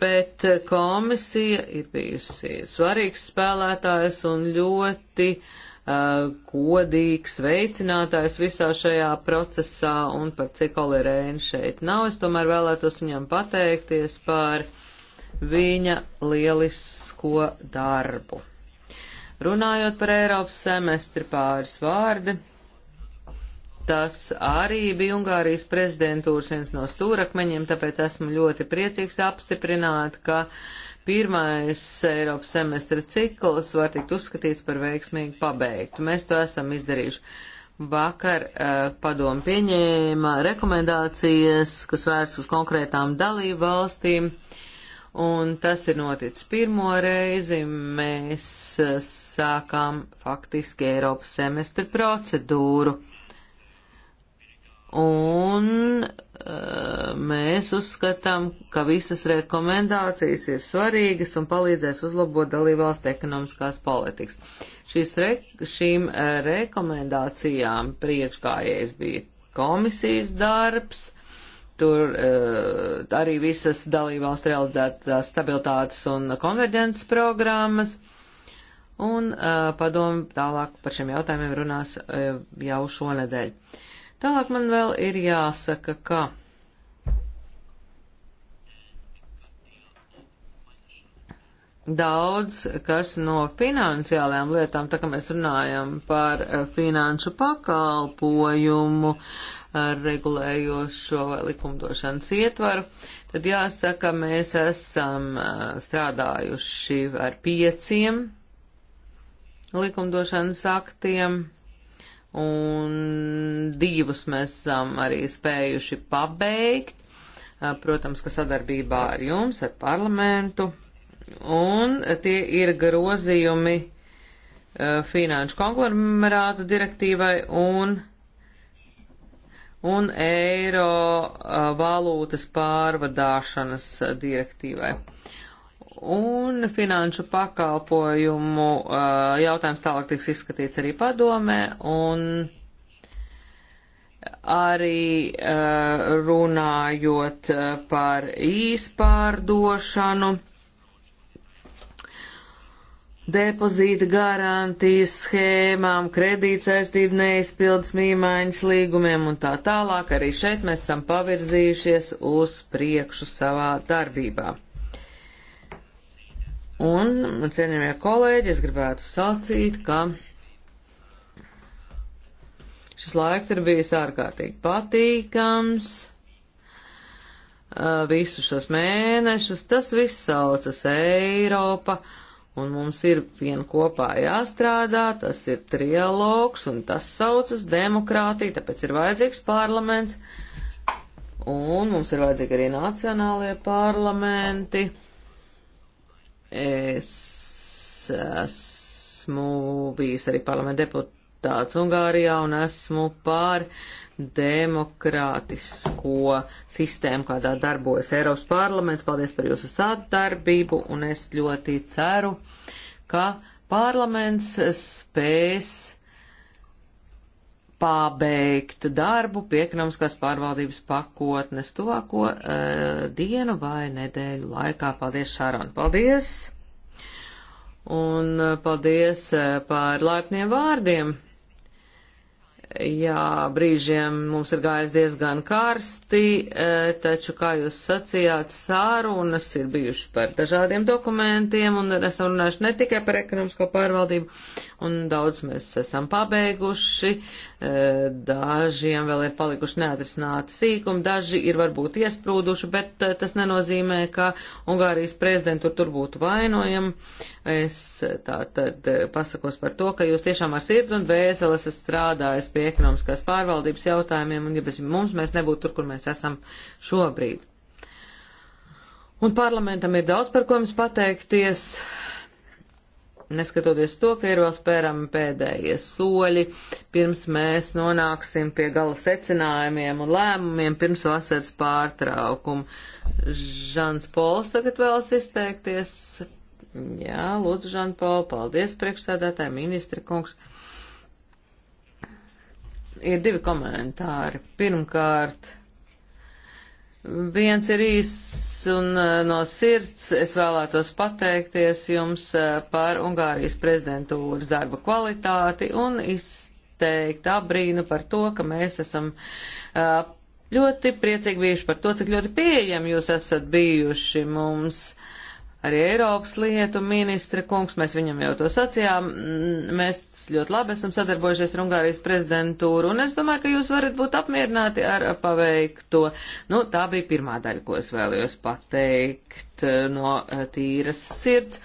bet eh, komisija ir bijusi svarīgs spēlētājs un ļoti uh, godīgs veicinātājs visā šajā procesā un par cik olerēnu šeit nav. Es tomēr vēlētos viņam pateikties par viņa lielisko darbu. Runājot par Eiropas semestri pāris vārdi, tas arī bija Ungārijas prezidentūras viens no stūrakmeņiem, tāpēc esmu ļoti priecīgs apstiprināt, ka pirmais Eiropas semestra cikls var tikt uzskatīts par veiksmīgi pabeigtu. Mēs to esam izdarījuši. Vakar eh, padomu pieņēma rekomendācijas, kas vērsts uz konkrētām dalību valstīm, un tas ir noticis pirmo reizi. Mēs eh, sākām faktiski Eiropas semestra procedūru. Un eh, mēs uzskatām, ka visas rekomendācijas ir svarīgas un palīdzēs uzlabot dalībvalstu ekonomiskās politikas. Šis re, šīm eh, rekomendācijām priekšgājējs bija komisijas darbs, tur eh, arī visas dalībvalstu realizētās stabilitātes un konverģences programmas. Un padomu tālāk par šiem jautājumiem runās jau šonedēļ. Tālāk man vēl ir jāsaka, ka daudz kas no finansiālajām lietām, tā kā mēs runājam par eh, finanšu pakalpojumu, eh, regulējošo vai likumdošanas ietvaru, tad jāsaka, mēs esam eh, strādājuši ar pieciem likumdošanas aktiem un divus mēs esam arī spējuši pabeigt, protams, ka sadarbībā ar jums, ar parlamentu, un tie ir grozījumi finanšu konglomerātu direktīvai un, un eiro valūtas pārvadāšanas direktīvai. Un finanšu pakalpojumu uh, jautājums tālāk tiks izskatīts arī padomē, un arī uh, runājot uh, par īspārdošanu, depozīta garantijas schēmām, kredītsaistību neizpildes mīmaiņas līgumiem un tā tālāk. Arī šeit mēs esam pavirzījušies uz priekšu savā darbībā. Un, cienījamie kolēģi, es gribētu sacīt, ka šis laiks ir bijis ārkārtīgi patīkams. Visu šos mēnešus tas viss saucas Eiropa, un mums ir vien kopā jāstrādā, tas ir trialogs, un tas saucas demokrātija, tāpēc ir vajadzīgs parlaments, un mums ir vajadzīgi arī nacionālie parlamenti. Oh Es esmu bijis arī parlamenta deputāts Ungārijā un esmu pār demokrātisko sistēmu, kādā darbojas Eiropas parlaments. Paldies par jūsu sadarbību un es ļoti ceru, ka parlaments spēs pabeigt darbu pie ekonomiskās pārvaldības pakotnes tuvāko uh, dienu vai nedēļu laikā. Paldies, Šāron! Paldies! Un eh, paldies eh, par laipniem vārdiem! Jā, brīžiem mums ir gājis diezgan karsti, taču, kā jūs sacījāt, sārunas ir bijušas par dažādiem dokumentiem un esam runājuši ne tikai par ekonomisko pārvaldību, un daudz mēs esam pabeiguši, eh, dažiem vēl ir palikuši neatrisināti sīkumi, daži ir varbūt iesprūduši, bet eh, tas nenozīmē, ka Ungārijas prezidentu tur būtu vainojami. Es eh, tā tad pasakos par to, ka jūs tiešām ar sirdi un vēzeli esat strādājis pie ekonomiskās pārvaldības jautājumiem, un ja bez mums mēs nebūtu tur, kur mēs esam šobrīd. Un parlamentam ir daudz par ko jums pateikties neskatoties to, ka ir vēl spērami pēdējie soļi, pirms mēs nonāksim pie gala secinājumiem un lēmumiem pirms vasaras pārtraukuma. Žans Pols tagad vēlas izteikties. Jā, lūdzu, Žan Pola, paldies priekšsēdētāji, ministri kungs. Ir divi komentāri. Pirmkārt, Viens ir īss un e, no sirds. Es vēlētos pateikties jums e, par Ungārijas prezidentūras darba kvalitāti un izteikt apbrīnu par to, ka mēs esam e, ļoti priecīgi bijuši par to, cik ļoti pieejami jūs esat bijuši mums arī Eiropas lietu ministra kungs, mēs viņam jau to sacījām, mēs ļoti labi esam sadarbojušies ar Ungārijas prezidentūru, un es domāju, ka jūs varat būt apmierināti ar paveikto. Nu, tā bija pirmā daļa, ko es vēlējos pateikt eh, no eh, tīras sirds.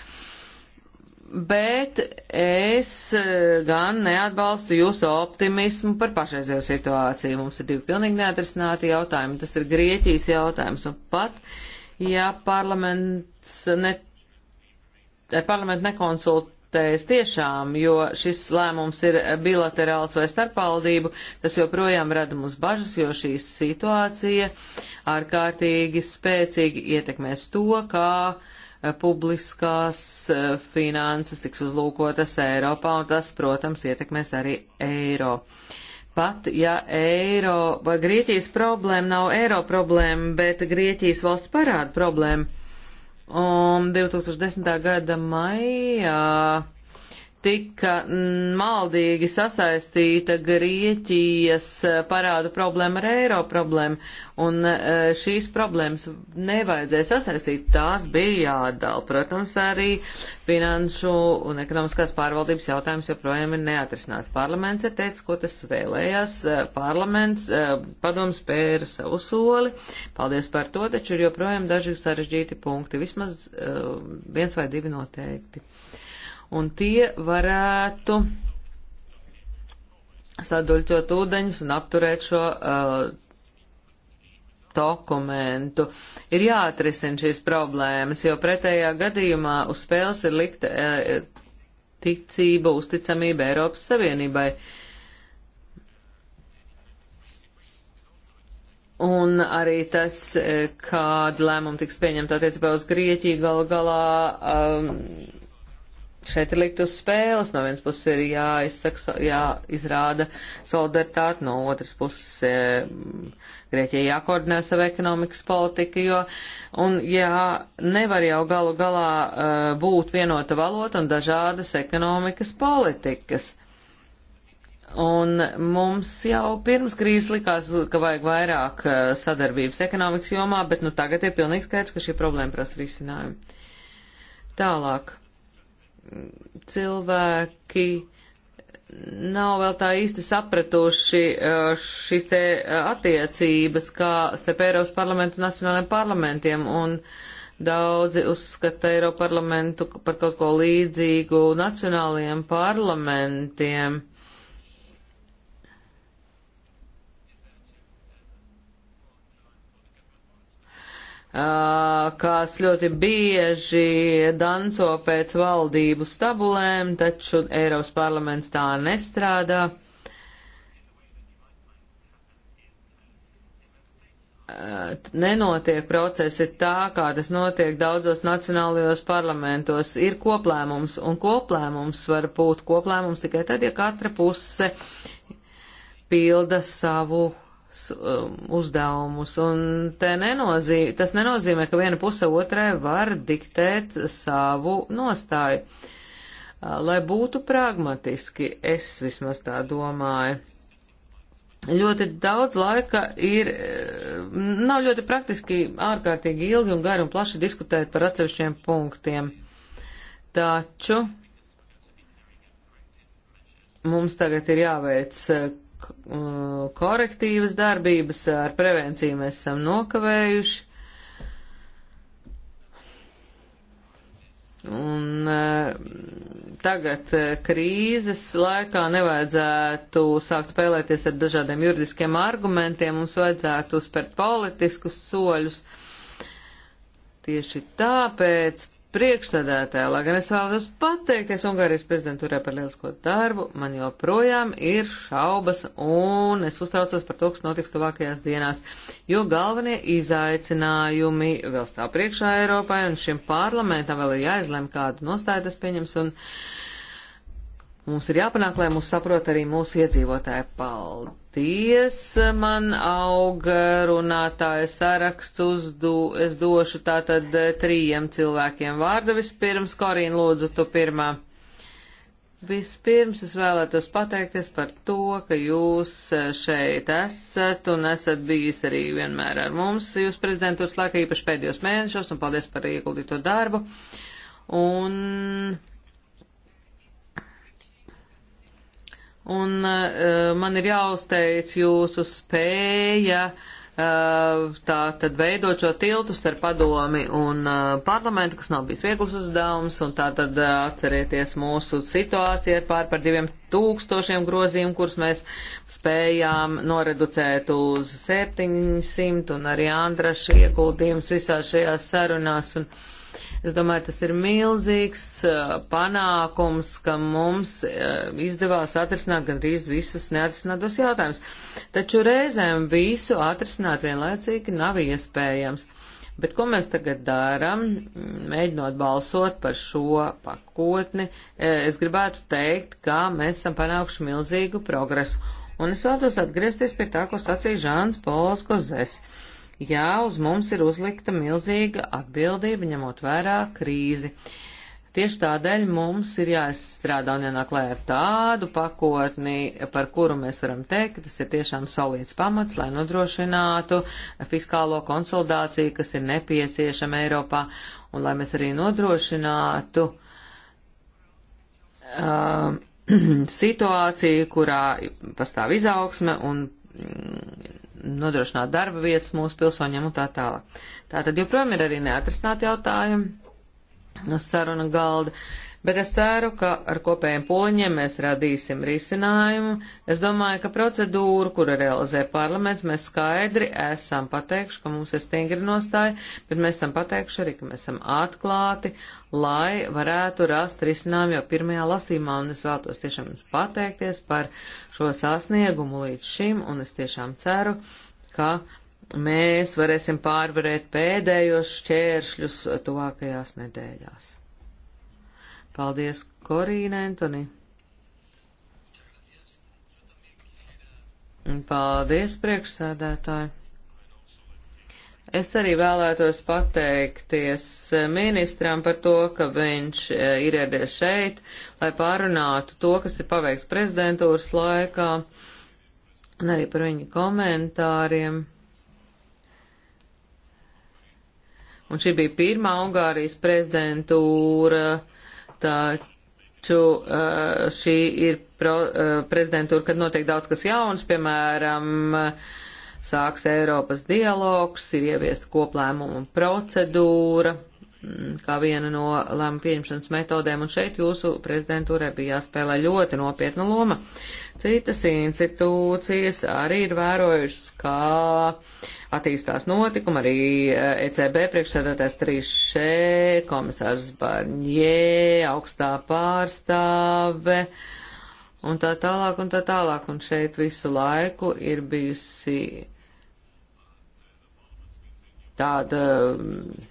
Bet es eh, gan neatbalstu jūsu optimismu par pašreizējo situāciju. Mums ir divi pilnīgi neatrisināti jautājumi. Tas ir Grieķijas jautājums un pat uh, ja parlaments ne, parlament nekonsultēs tiešām, jo šis lēmums ir bilaterāls vai starpvaldību, tas joprojām rada mums bažas, jo šī situācija ārkārtīgi spēcīgi ietekmēs to, kā eh, publiskās eh, finanses tiks uzlūkotas Eiropā, un tas, protams, ietekmēs arī eiro. Uh, Pat ja eiro, Grieķijas problēma nav eiro problēma, bet Grieķijas valsts parāda problēma. Un 2010. gada maijā tika maldīgi sasaistīta Grieķijas eh, parādu problēma ar eiro problēmu, un eh, šīs problēmas nevajadzēja sasaistīt, tās bija jāatdala. Protams, arī finanšu un ekonomiskās pārvaldības jautājums joprojām ir neatrisināts. Parlaments ir teicis, ko tas vēlējās, eh, parlaments padoms spēra savu soli, paldies par to, taču ir joprojām daži sarežģīti punkti, vismaz viens vai divi noteikti un tie varētu saduļķot ūdeņus un apturēt šo uh, dokumentu. Ir jāatrisina šīs problēmas, jo pretējā gadījumā uz spēles ir likta uh, ticība, uzticamība Eiropas Savienībai. Un arī tas, uh, kāda lēmuma tiks pieņemta attiecībā uz Grieķiju, gal galā um, šeit ir likt uz spēles. No vienas puses ir jāizsaka, jāizrāda solidaritāte, no otras puses e, Grieķija jākoordinē savu ekonomikas politiku, jo, un jā, nevar jau galu galā e, būt vienota valota un dažādas ekonomikas politikas. Un mums jau pirms krīzes likās, ka vajag vairāk eh, sadarbības ekonomikas jomā, bet nu tagad ir pilnīgi skaidrs, ka šī problēma prasa risinājumu. Tālāk cilvēki nav vēl tā īsti sapratuši uh, šīs te uh, attiecības, kā starp Eiropas parlamentu un nacionālajiem parlamentiem, un daudzi uzskata Eiropas parlamentu par kaut ko līdzīgu nacionālajiem parlamentiem. kas ļoti bieži danco pēc valdību stabulēm, taču Eiropas parlaments tā nestrādā. Nenotiek procesi tā, kā tas notiek daudzos nacionālajos parlamentos. Ir koplēmums, un koplēmums var būt koplēmums tikai tad, ja katra puse pilda savu Um, uzdevumus, un nenozī, tas nenozīmē, ka viena puse otrai var diktēt savu nostāju. Uh, lai būtu pragmatiski, es vismaz tā domāju ļoti daudz laika ir, uh, nav ļoti praktiski ārkārtīgi ilgi un gari un plaši diskutēt par atsevišķiem punktiem. Taču mums tagad ir jāveic uh, Uh, korektīvas darbības, ar prevenciju mēs esam nokavējuši. Un uh, tagad uh, krīzes laikā nevajadzētu sākt spēlēties ar dažādiem juridiskiem argumentiem, mums vajadzētu uzspērt politiskus soļus. Tieši tāpēc priekšsēdētāja, lai gan es vēlos pateikties Ungārijas prezidentūrē par lielisko darbu, man joprojām ir šaubas un es uztraucos par to, kas notiks tuvākajās dienās, jo galvenie izaicinājumi vēl stāv priekšā Eiropai un šim parlamentam vēl ir jāizlem, kādu nostāju tas pieņems un mums ir jāpanāk, lai mūs saprot arī mūsu iedzīvotāji. Paldies! Paldies, man auga runātāja saraksts uzdu, es došu tātad eh, trījiem cilvēkiem vārdu vispirms. Korīna, lūdzu, tu pirmā. Vispirms es vēlētos pateikties par to, ka jūs eh, šeit esat un esat bijis arī vienmēr ar mums. Jūs prezidentūras laikā īpaši pēdējos mēnešos un paldies par ieguldīto darbu. Un un uh, man ir jāuzteic jūsu spēja uh, tā tad veidot šo tiltu starp padomi un uh, parlamentu, kas nav bijis viegls uzdevums, un tā tad uh, atcerieties mūsu situāciju ar pār par diviem tūkstošiem grozījumu, kurus mēs spējām noreducēt uz 700, un arī Andraša ieguldījums visās šajās sarunās. Un, uh, Es domāju, tas ir milzīgs panākums, ka mums izdevās atrisināt gandrīz visus neatrisinātos jautājumus. Taču reizēm visu atrisināt vienlaicīgi nav iespējams. Bet ko mēs tagad dārām, mēģinot balsot par šo pakotni, es gribētu teikt, ka mēs esam panākuši milzīgu progresu. Un es vēlos atgriezties pie tā, ko sacīja Žāns Pols Kozes. Uh, Jā, uz mums ir uzlikta milzīga atbildība, ņemot vērā krīzi. Tieši tādēļ mums ir jāizstrādā un jānāk lē ar tādu pakotni, par kuru mēs varam teikt, ka tas ir tiešām solīts pamats, lai nodrošinātu fiskālo konsolidāciju, kas ir nepieciešama Eiropā, un lai mēs arī nodrošinātu uh, *clears throat* situāciju, kurā pastāv izaugsme un mm, nodrošināt darba vietas mūsu pilsoņiem un tā tālāk. Tā tad joprojām ir arī neatrisināt jautājumu uz sarunu galda. Uh, bet es ceru, ka ar kopējiem puliņiem mēs radīsim risinājumu. Es domāju, ka procedūru, kuru realizē parlaments, mēs skaidri esam pateikuši, ka mums ir stingri nostāja, bet mēs esam pateikuši arī, ka mēs esam atklāti, lai varētu rast risinājumu jau pirmajā lasīmā, un es vēlos tiešām jums pateikties par šo sasniegumu līdz šim, un es tiešām ceru, ka mēs varēsim pārvarēt pēdējos šķēršļus tuvākajās nedēļās. Paldies, Korīna Antoni. Paldies, priekšsēdētāji. Es arī vēlētos pateikties ministram par to, ka viņš e, ir ieradies šeit, lai pārunātu to, kas ir paveikts prezidentūras laikā, un arī par viņa komentāriem. Un šī bija pirmā Ungārijas prezidentūra Taču eh, šī ir eh, prezidentūra, kad notiek daudz kas jauns, piemēram, sāks Eiropas dialogs, ir ieviesta koplēmuma procedūra mm, kā viena no lēma pieņemšanas metodēm, un šeit jūsu prezidentūrai bija jāspēlē ļoti nopietna loma. Citas institūcijas arī ir vērojušas, kā attīstās notikumi, arī ECB eh, e priekšsēdētājs Trišē, komisārs Barņē, augstā pārstāve un tā tālāk un tā tālāk. Un šeit visu laiku ir bijusi tāda mm,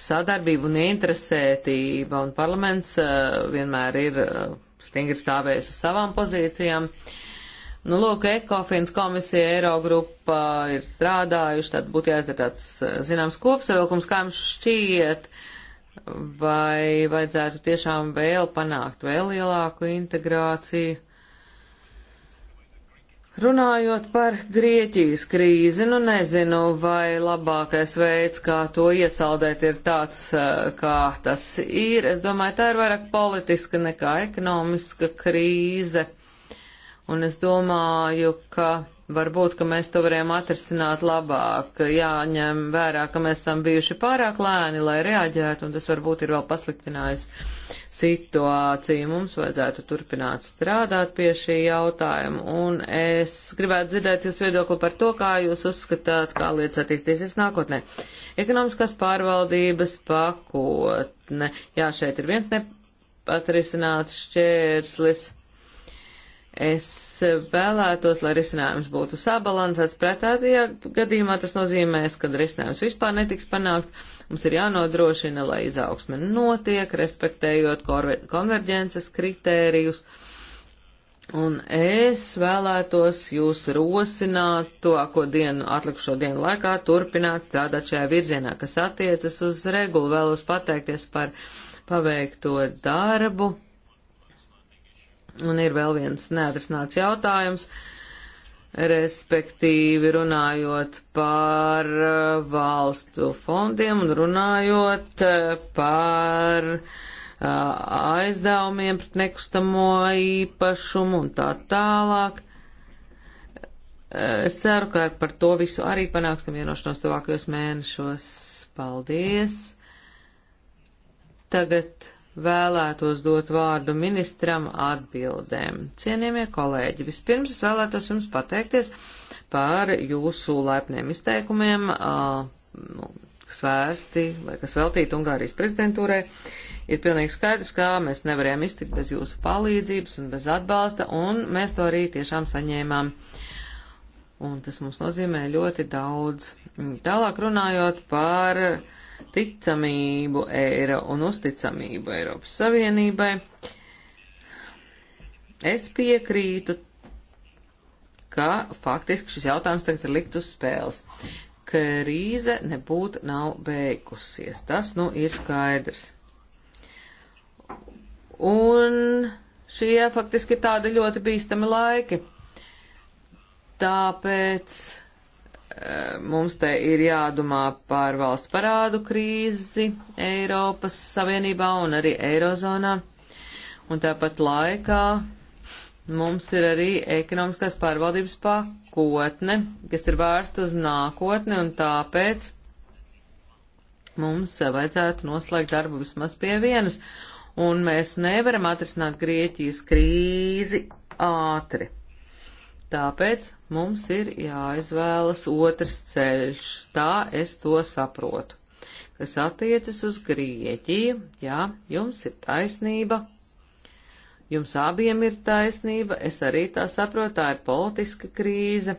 sadarbība un interesētība, un parlaments eh, vienmēr ir eh, stingri stāvējis uz savām pozīcijām. Uh, Nu, lūk, Ekofins komisija Eirogrupā ir strādājuši, tad būtu jāizdara tāds, eh, zināms, kopsavilkums, kā jums šķiet, vai vajadzētu tiešām vēl panākt vēl lielāku integrāciju. Runājot par Grieķijas krīzi, nu nezinu, vai labākais veids, kā to iesaldēt, ir tāds, eh, kā tas ir. Es domāju, tā ir vairāk politiska nekā ekonomiska krīze. Un es domāju, ka varbūt, ka mēs to varējām atrisināt labāk. Jāņem vērā, ka mēs esam bijuši pārāk lēni, lai reaģētu, un tas varbūt ir vēl pasliktinājis situāciju. Mums vajadzētu turpināt strādāt pie šī jautājuma, un es gribētu dzirdēt jūs viedokli par to, kā jūs uzskatāt, kā lietas attīstīsies nākotnē. Ekonomiskās pārvaldības pakotne. Jā, šeit ir viens nepatrisināts šķērslis Es vēlētos, lai risinājums būtu sabalansēts pretētajā gadījumā. Tas nozīmēs, ka risinājums vispār netiks panākts. Mums ir jānodrošina, lai izaugsme notiek, respektējot konverģences kritērijus. Un es vēlētos jūs rosināt tuvāko dienu, atlikušo dienu laikā, turpināt strādāt šajā virzienā, kas attiecas uz regulu. Vēlos pateikties par paveikto darbu Un ir vēl viens neatrisināts jautājums, respektīvi runājot par uh, valstu fondiem un runājot uh, par uh, aizdevumiem pret nekustamo īpašumu un tā tālāk. Es ceru, ka par to visu arī panāksim vienošanos tuvākajos mēnešos. Paldies! Tagad vēlētos dot vārdu ministram atbildēm. Cienījamie kolēģi, vispirms es vēlētos jums pateikties par jūsu laipniem izteikumiem, nu, kas vērsti vai kas veltīti Ungārijas prezidentūrai. Ir pilnīgi skaidrs, ka mēs nevarējām iztikt bez jūsu palīdzības un bez atbalsta, un mēs to arī tiešām saņēmām. Un tas mums nozīmē ļoti daudz. Tālāk runājot par uh, ticamību eiro un uzticamību Eiropas Savienībai. Es piekrītu, ka faktiski šis jautājums tagad ir likt uz spēles. Krīze nebūtu nav beigusies. Tas nu ir skaidrs. Un šie faktiski tādi ļoti bīstami laiki. Tāpēc mums te ir jādomā par valsts parādu krīzi Eiropas Savienībā un arī Eirozonā. Un tāpat laikā mums ir arī ekonomiskās pārvaldības pakotne, kas ir vērsta uz nākotni, un tāpēc mums vajadzētu noslēgt darbu vismaz pie vienas, un mēs nevaram atrisināt Grieķijas krīzi ātri. Tāpēc mums ir jāizvēlas otrs ceļš, tā es to saprotu. Kas attiecas uz Grieķiju, jā, jums ir taisnība, jums abiem ir taisnība, es arī tā saprotu, tā ir politiska krīze.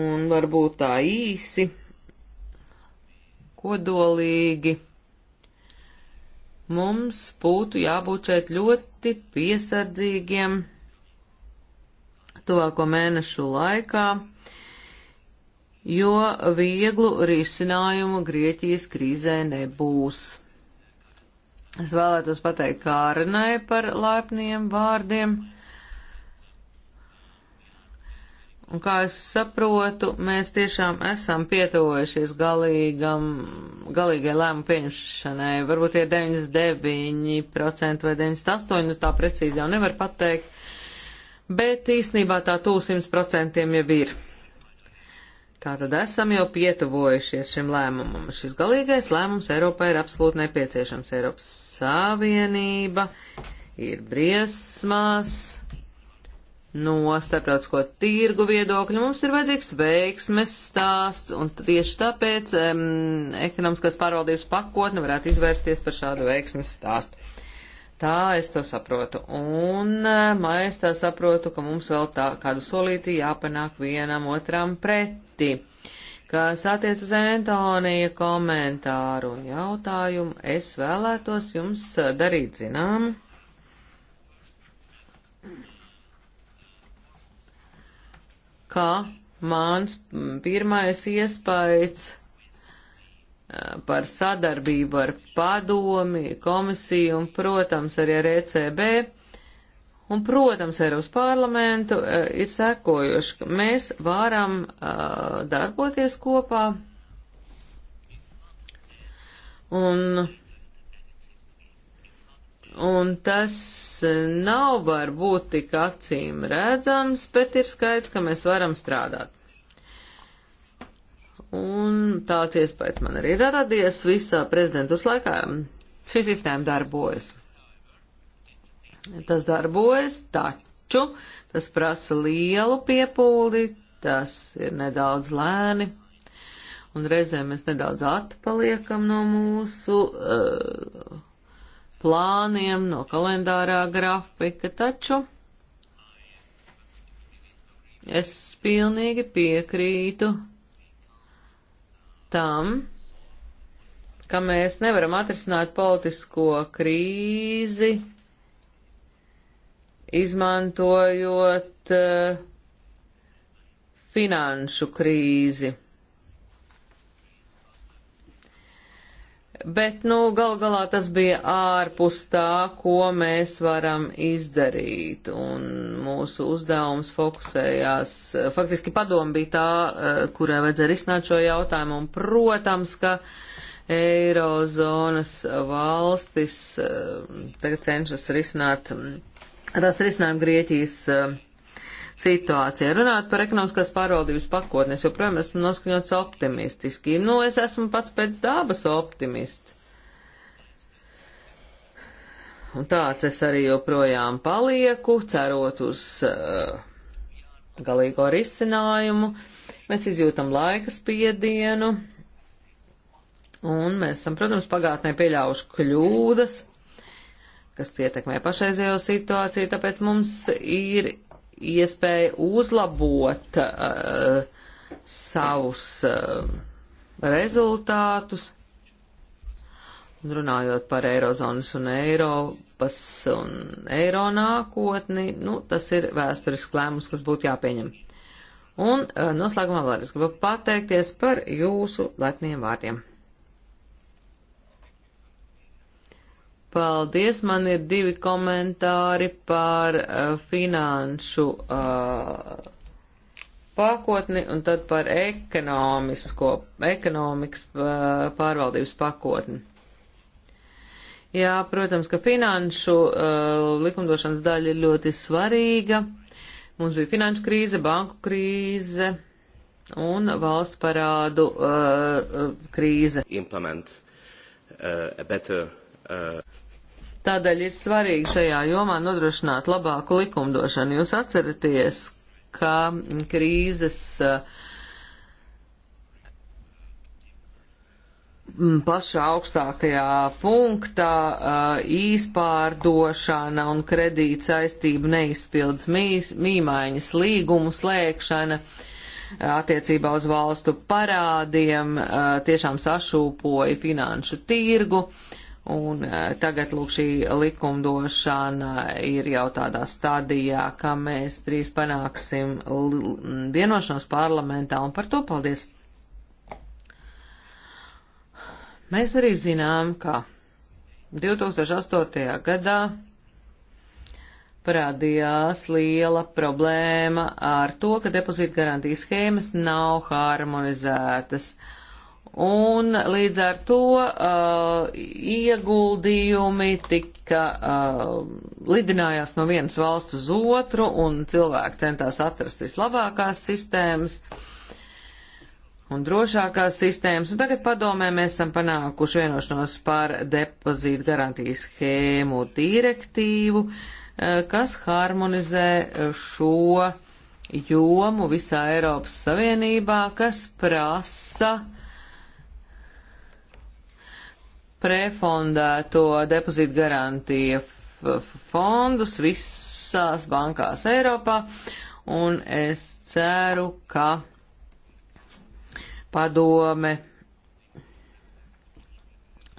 Un varbūt tā īsi, kodolīgi Mums būtu jābūt šeit ļoti piesardzīgiem tuvāko mēnešu laikā, jo vieglu risinājumu Grieķijas krīzē nebūs. Es vēlētos pateikt Kārinai par laipniem vārdiem. Un kā es saprotu, mēs tiešām esam pietuvojušies galīgam, galīgai lēmu pieņemšanai. Varbūt tie 99% vai 98%, nu tā precīzi jau nevar pateikt, bet īsnībā tā tūl 100% jau ir. Tātad esam jau pietuvojušies šim lēmumam. Šis galīgais lēmums Eiropai ir absolūti nepieciešams. Eiropas Savienība ir briesmās no starptautisko tirgu viedokļa mums ir vajadzīgs veiksmes stāsts, un tieši tāpēc um, ekonomiskās pārvaldības pakotne varētu izvērsties par šādu veiksmes stāstu. Tā es to saprotu, un mēs tā saprotu, ka mums vēl tā kādu solīti jāpanāk vienam otram pretī. Kas attiec uz Antonija komentāru un jautājumu, es vēlētos jums darīt zināmu kā mans pirmais iespējas par sadarbību ar padomi, komisiju un, protams, arī ar ECB un, protams, Eiropas parlamentu ir sekojoši, ka mēs varam darboties kopā un un tas e, nav varbūt tik acīm redzams, bet ir skaidrs, ka mēs varam strādāt. Un tāds iespējas man arī radies visā prezidentūras laikā. Šī sistēma darbojas. Tas darbojas, taču tas prasa lielu piepūli, tas ir nedaudz lēni, un reizēm mēs nedaudz atpaliekam no mūsu uh, plāniem, no kalendārā grafika, taču es pilnīgi piekrītu tam, ka mēs nevaram atrisināt politisko krīzi, izmantojot uh, finanšu krīzi. bet, nu, gal galā tas bija ārpus tā, ko mēs varam izdarīt, un mūsu uzdevums fokusējās, faktiski padoma bija tā, eh, kurai vajadzēja risināt šo jautājumu, un, protams, ka Eirozonas valstis eh, tagad cenšas risināt, rast risinājumu Grieķijas eh, situācija. Runāt par ekonomiskās pārvaldības pakotnes, joprojām esmu noskaņots optimistiski. Nu, es esmu pats pēc dabas optimists. Un tāds es arī joprojām palieku, cerot uz uh, galīgo risinājumu. Mēs izjūtam laika spiedienu, un mēs esam, protams, pagātnē pieļāvuši kļūdas, kas ietekmē pašreizējo situāciju, tāpēc mums ir iespēja uzlabot uh, savus uh, rezultātus. Un runājot par Eirozonas un Eiropas un Eiro nākotni, nu, tas ir vēsturisks lēmums, kas būtu jāpieņem. Un uh, noslēgumā vēlreiz gribu pateikties par jūsu lepniem vārdiem. Paldies, man ir divi komentāri par uh, finanšu uh, pakotni un tad par ekonomisko, ekonomikas uh, pārvaldības pakotni. Jā, protams, ka finanšu uh, likumdošanas daļa ir ļoti svarīga. Mums bija finanšu krīze, banku krīze un valsts parādu uh, krīze. Implement uh, a better uh, Tādēļ ir svarīgi šajā jomā nodrošināt labāku likumdošanu. Jūs atceraties, ka krīzes mm, pašā augstākajā punktā īspārdošana un kredīt saistību neizpildes mīmaiņas līgumu slēgšana attiecībā uz valstu parādiem tiešām sašūpoja finanšu tirgu. Uh, Un e, tagad, lūk, šī likumdošana ir jau tādā stadijā, ka mēs drīz panāksim vienošanos parlamentā, un par to paldies. Mēs arī zinām, ka 2008. gadā parādījās liela problēma ar to, ka depozīta garantijas schēmas nav harmonizētas. Uh, un līdz ar to uh, ieguldījumi tika uh, lidinājās no vienas valsts uz otru, un cilvēki centās atrast vislabākās sistēmas un drošākās sistēmas, un tagad padomē mēs esam panākuši vienošanos par depozītu garantijas schēmu direktīvu, uh, kas harmonizē šo jomu visā Eiropas Savienībā, kas prasa uh, prefondēto depozītu garantija fondus visās bankās Eiropā, un es ceru, ka padome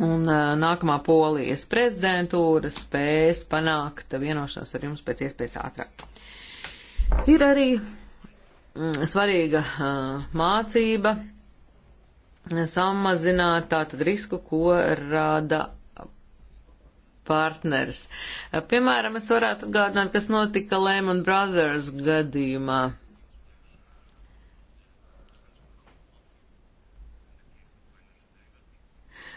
un nākamā polijas prezidentūra spēs panākt vienošanos ar jums pēc iespējas ātrāk. Ir arī svarīga uh, mācība samazināt tātad risku, ko rada partners. Piemēram, es varētu atgādināt, kas notika Lehman Brothers gadījumā.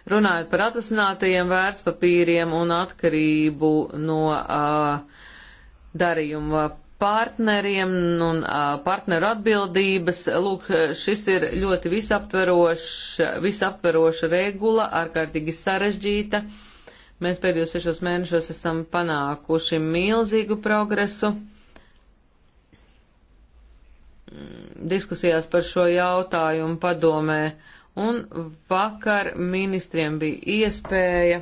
Runājot par atrasinātajiem vērtspapīriem un atkarību no uh, darījuma partneriem un partneru atbildības. Lūk, šis ir ļoti visaptveroša, visaptveroša regula, ārkārtīgi sarežģīta. Mēs pēdējos sešos mēnešos esam panākuši milzīgu progresu. Diskusijās par šo jautājumu padomē, un vakar ministriem bija iespēja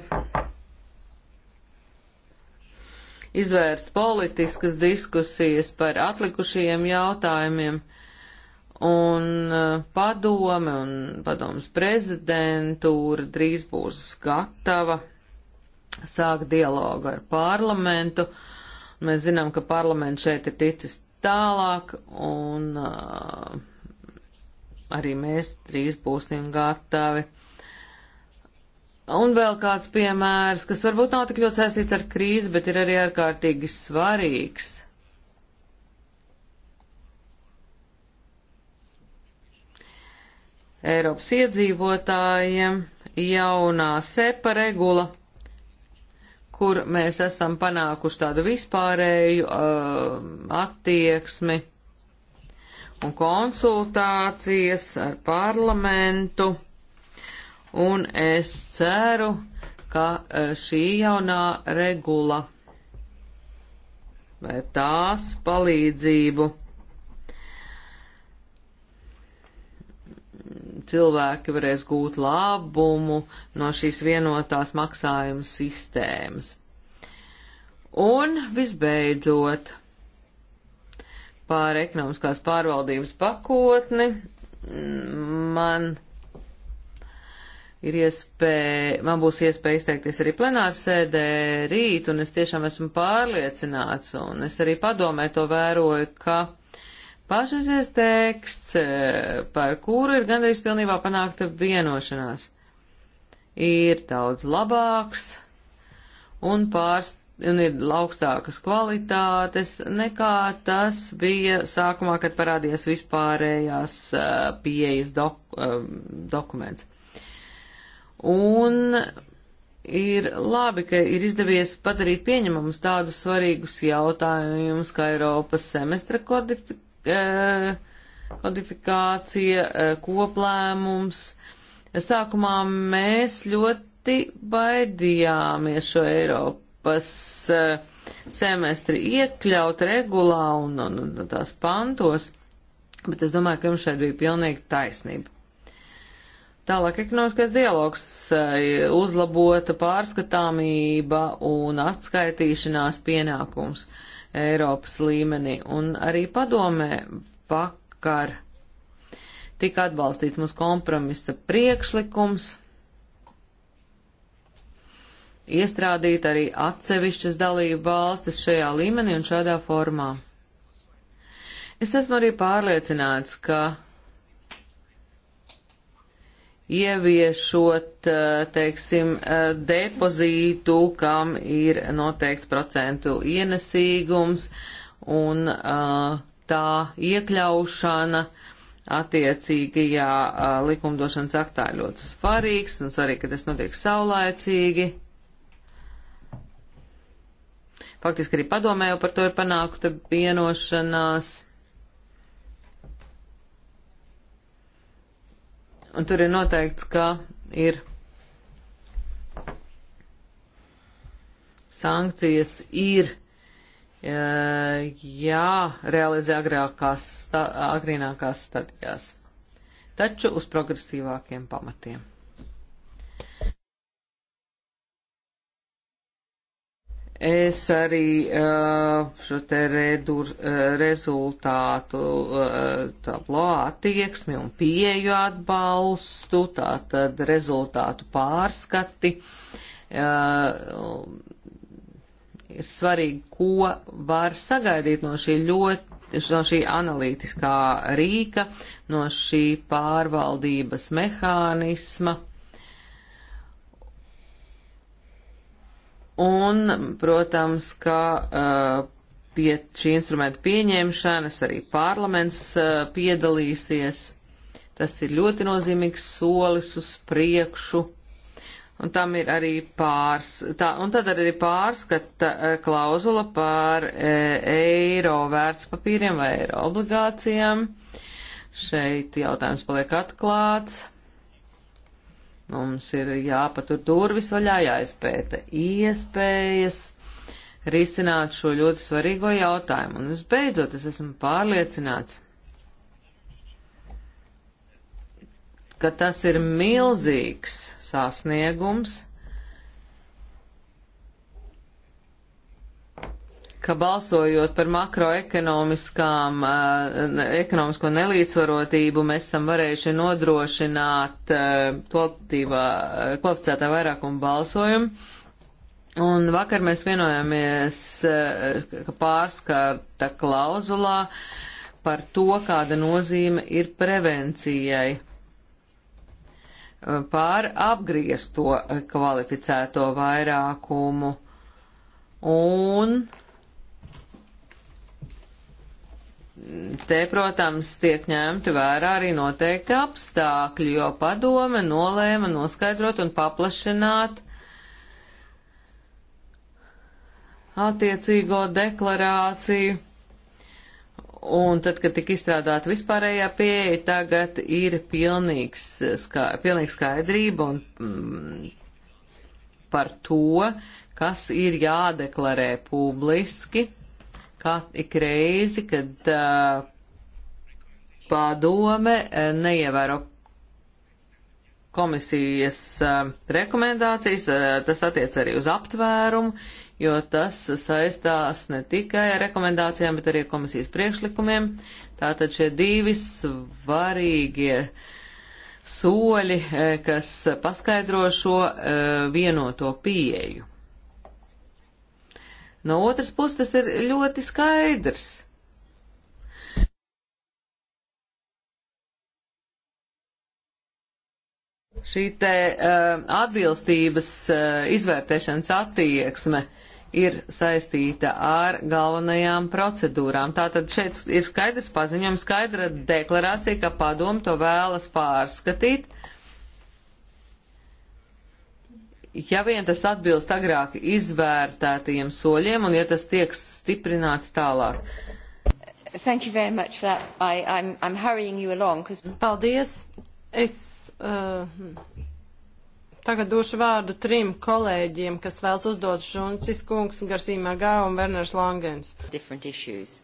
izvērst politiskas diskusijas par atlikušajiem jautājumiem. Un eh, padome un padomas prezidentūra drīz būs gatava sākt dialogu ar parlamentu. Mēs zinām, ka parlaments šeit ir ticis tālāk, un uh, arī mēs drīz būsim gatavi Un vēl kāds piemērs, kas varbūt nav tik ļoti saistīts ar krīzi, bet ir arī ārkārtīgi svarīgs. Eiropas iedzīvotājiem jaunā sepa regula, kur mēs esam panākuši tādu vispārēju uh, attieksmi un konsultācijas ar parlamentu un es ceru, ka e, šī jaunā regula vai tās palīdzību cilvēki varēs gūt labumu no šīs vienotās maksājuma sistēmas. Un visbeidzot, pār ekonomiskās pārvaldības pakotni man ir iespēja, man būs iespēja izteikties arī plenārsēdē rīt, un es tiešām esmu pārliecināts, un es arī padomē to vēroju, ka pašreizies teksts, e, par kuru ir gandrīz pilnībā panākta vienošanās, ir daudz labāks un pārst un ir augstākas kvalitātes nekā tas bija sākumā, kad parādījās vispārējās e, pieejas dok, e, dokuments. Un ir labi, ka ir izdevies padarīt pieņemamus tādus svarīgus jautājumus, kā Eiropas semestra kodifi eh, kodifikācija, eh, koplēmums. Sākumā mēs ļoti baidījāmies šo Eiropas eh, semestri iekļaut regulā un, un, un tās pantos, bet es domāju, ka jums šeit bija pilnīgi taisnība. Tālāk ekonomiskais dialogs, eh, uzlabota pārskatāmība un atskaitīšanās pienākums Eiropas līmenī. Un arī padomē vakar tika atbalstīts mūsu kompromisa priekšlikums iestrādīt arī atsevišķas dalību valstis šajā līmenī un šādā formā. Es esmu arī pārliecināts, ka ieviešot, eh, teiksim, eh, depozītu, kam ir noteikts procentu ienesīgums un eh, tā iekļaušana attiecīgajā likumdošanas aktā ir ļoti svarīgs un svarīgi, ka tas notiek saulēcīgi. Faktiski arī padomē jau par to ir panākta vienošanās. Un tur ir noteikts, ka ir sankcijas ir e, jārealizē agrākās, agrīnākās stadijās, taču uz progresīvākiem pamatiem. Es arī uh, šo te redu uh, rezultātu uh, tablo attieksmi un pieju atbalstu, tātad rezultātu pārskati. Ir svarīgi, ko var sagaidīt no šī ļoti no šī analītiskā rīka, no šī pārvaldības mehānisma Un, protams, ka uh, pie šī instrumenta pieņemšanas arī parlaments uh, piedalīsies. Tas ir ļoti nozīmīgs solis uz priekšu. Un tam ir arī pārs, tā, un tad arī pārskata uh, klauzula par uh, eiro vērtspapīriem vai eiro obligācijām. Šeit jautājums paliek atklāts. Mums ir jāpatur durvis vaļā, jāizpēta iespējas risināt šo ļoti svarīgo jautājumu. Un visbeidzot, es esmu pārliecināts, ka tas ir milzīgs sasniegums ka balsojot par makroekonomiskām, eh, ekonomisko nelīdzvarotību, mēs esam varējuši nodrošināt eh, eh, kvalificētā vairākuma balsojumu. Un vakar mēs vienojāmies, ka pārskārta klauzulā par to, kāda nozīme ir prevencijai pār apgriezto kvalificēto vairākumu. Un te, protams, tiek ņemti vērā arī noteikti apstākļi, jo padome nolēma noskaidrot un paplašināt attiecīgo deklarāciju. Un tad, kad tika izstrādāta vispārējā pieeja, tagad ir pilnīgs, ska, pilnīgs skaidrība un, mm, par to, kas ir jādeklarē publiski kā ik reizi, kad uh, padome neievēro komisijas uh, rekomendācijas, uh, tas attiec arī uz aptvērumu, jo tas saistās ne tikai ar rekomendācijām, bet arī komisijas priekšlikumiem. Tātad šie divi svarīgie soļi, kas paskaidro šo uh, vienoto pieeju. No otras puses tas ir ļoti skaidrs. Šī te uh, atbilstības uh, izvērtēšanas attieksme ir saistīta ar galvenajām procedūrām. Tātad šeit ir skaidrs paziņojums, skaidra deklarācija, ka padomu to vēlas pārskatīt. Uh, ja vien tas atbilst agrāk izvērtētajiem soļiem un ja tas tiek stiprināts tālāk. Thank you very much for that. I, I'm, I'm hurrying you along. Cause... Paldies. Es uh, tagad došu vārdu trim kolēģiem, kas vēlas uzdot Šuncis kungs, Garsīmā Gā un Werners Langens. Different issues.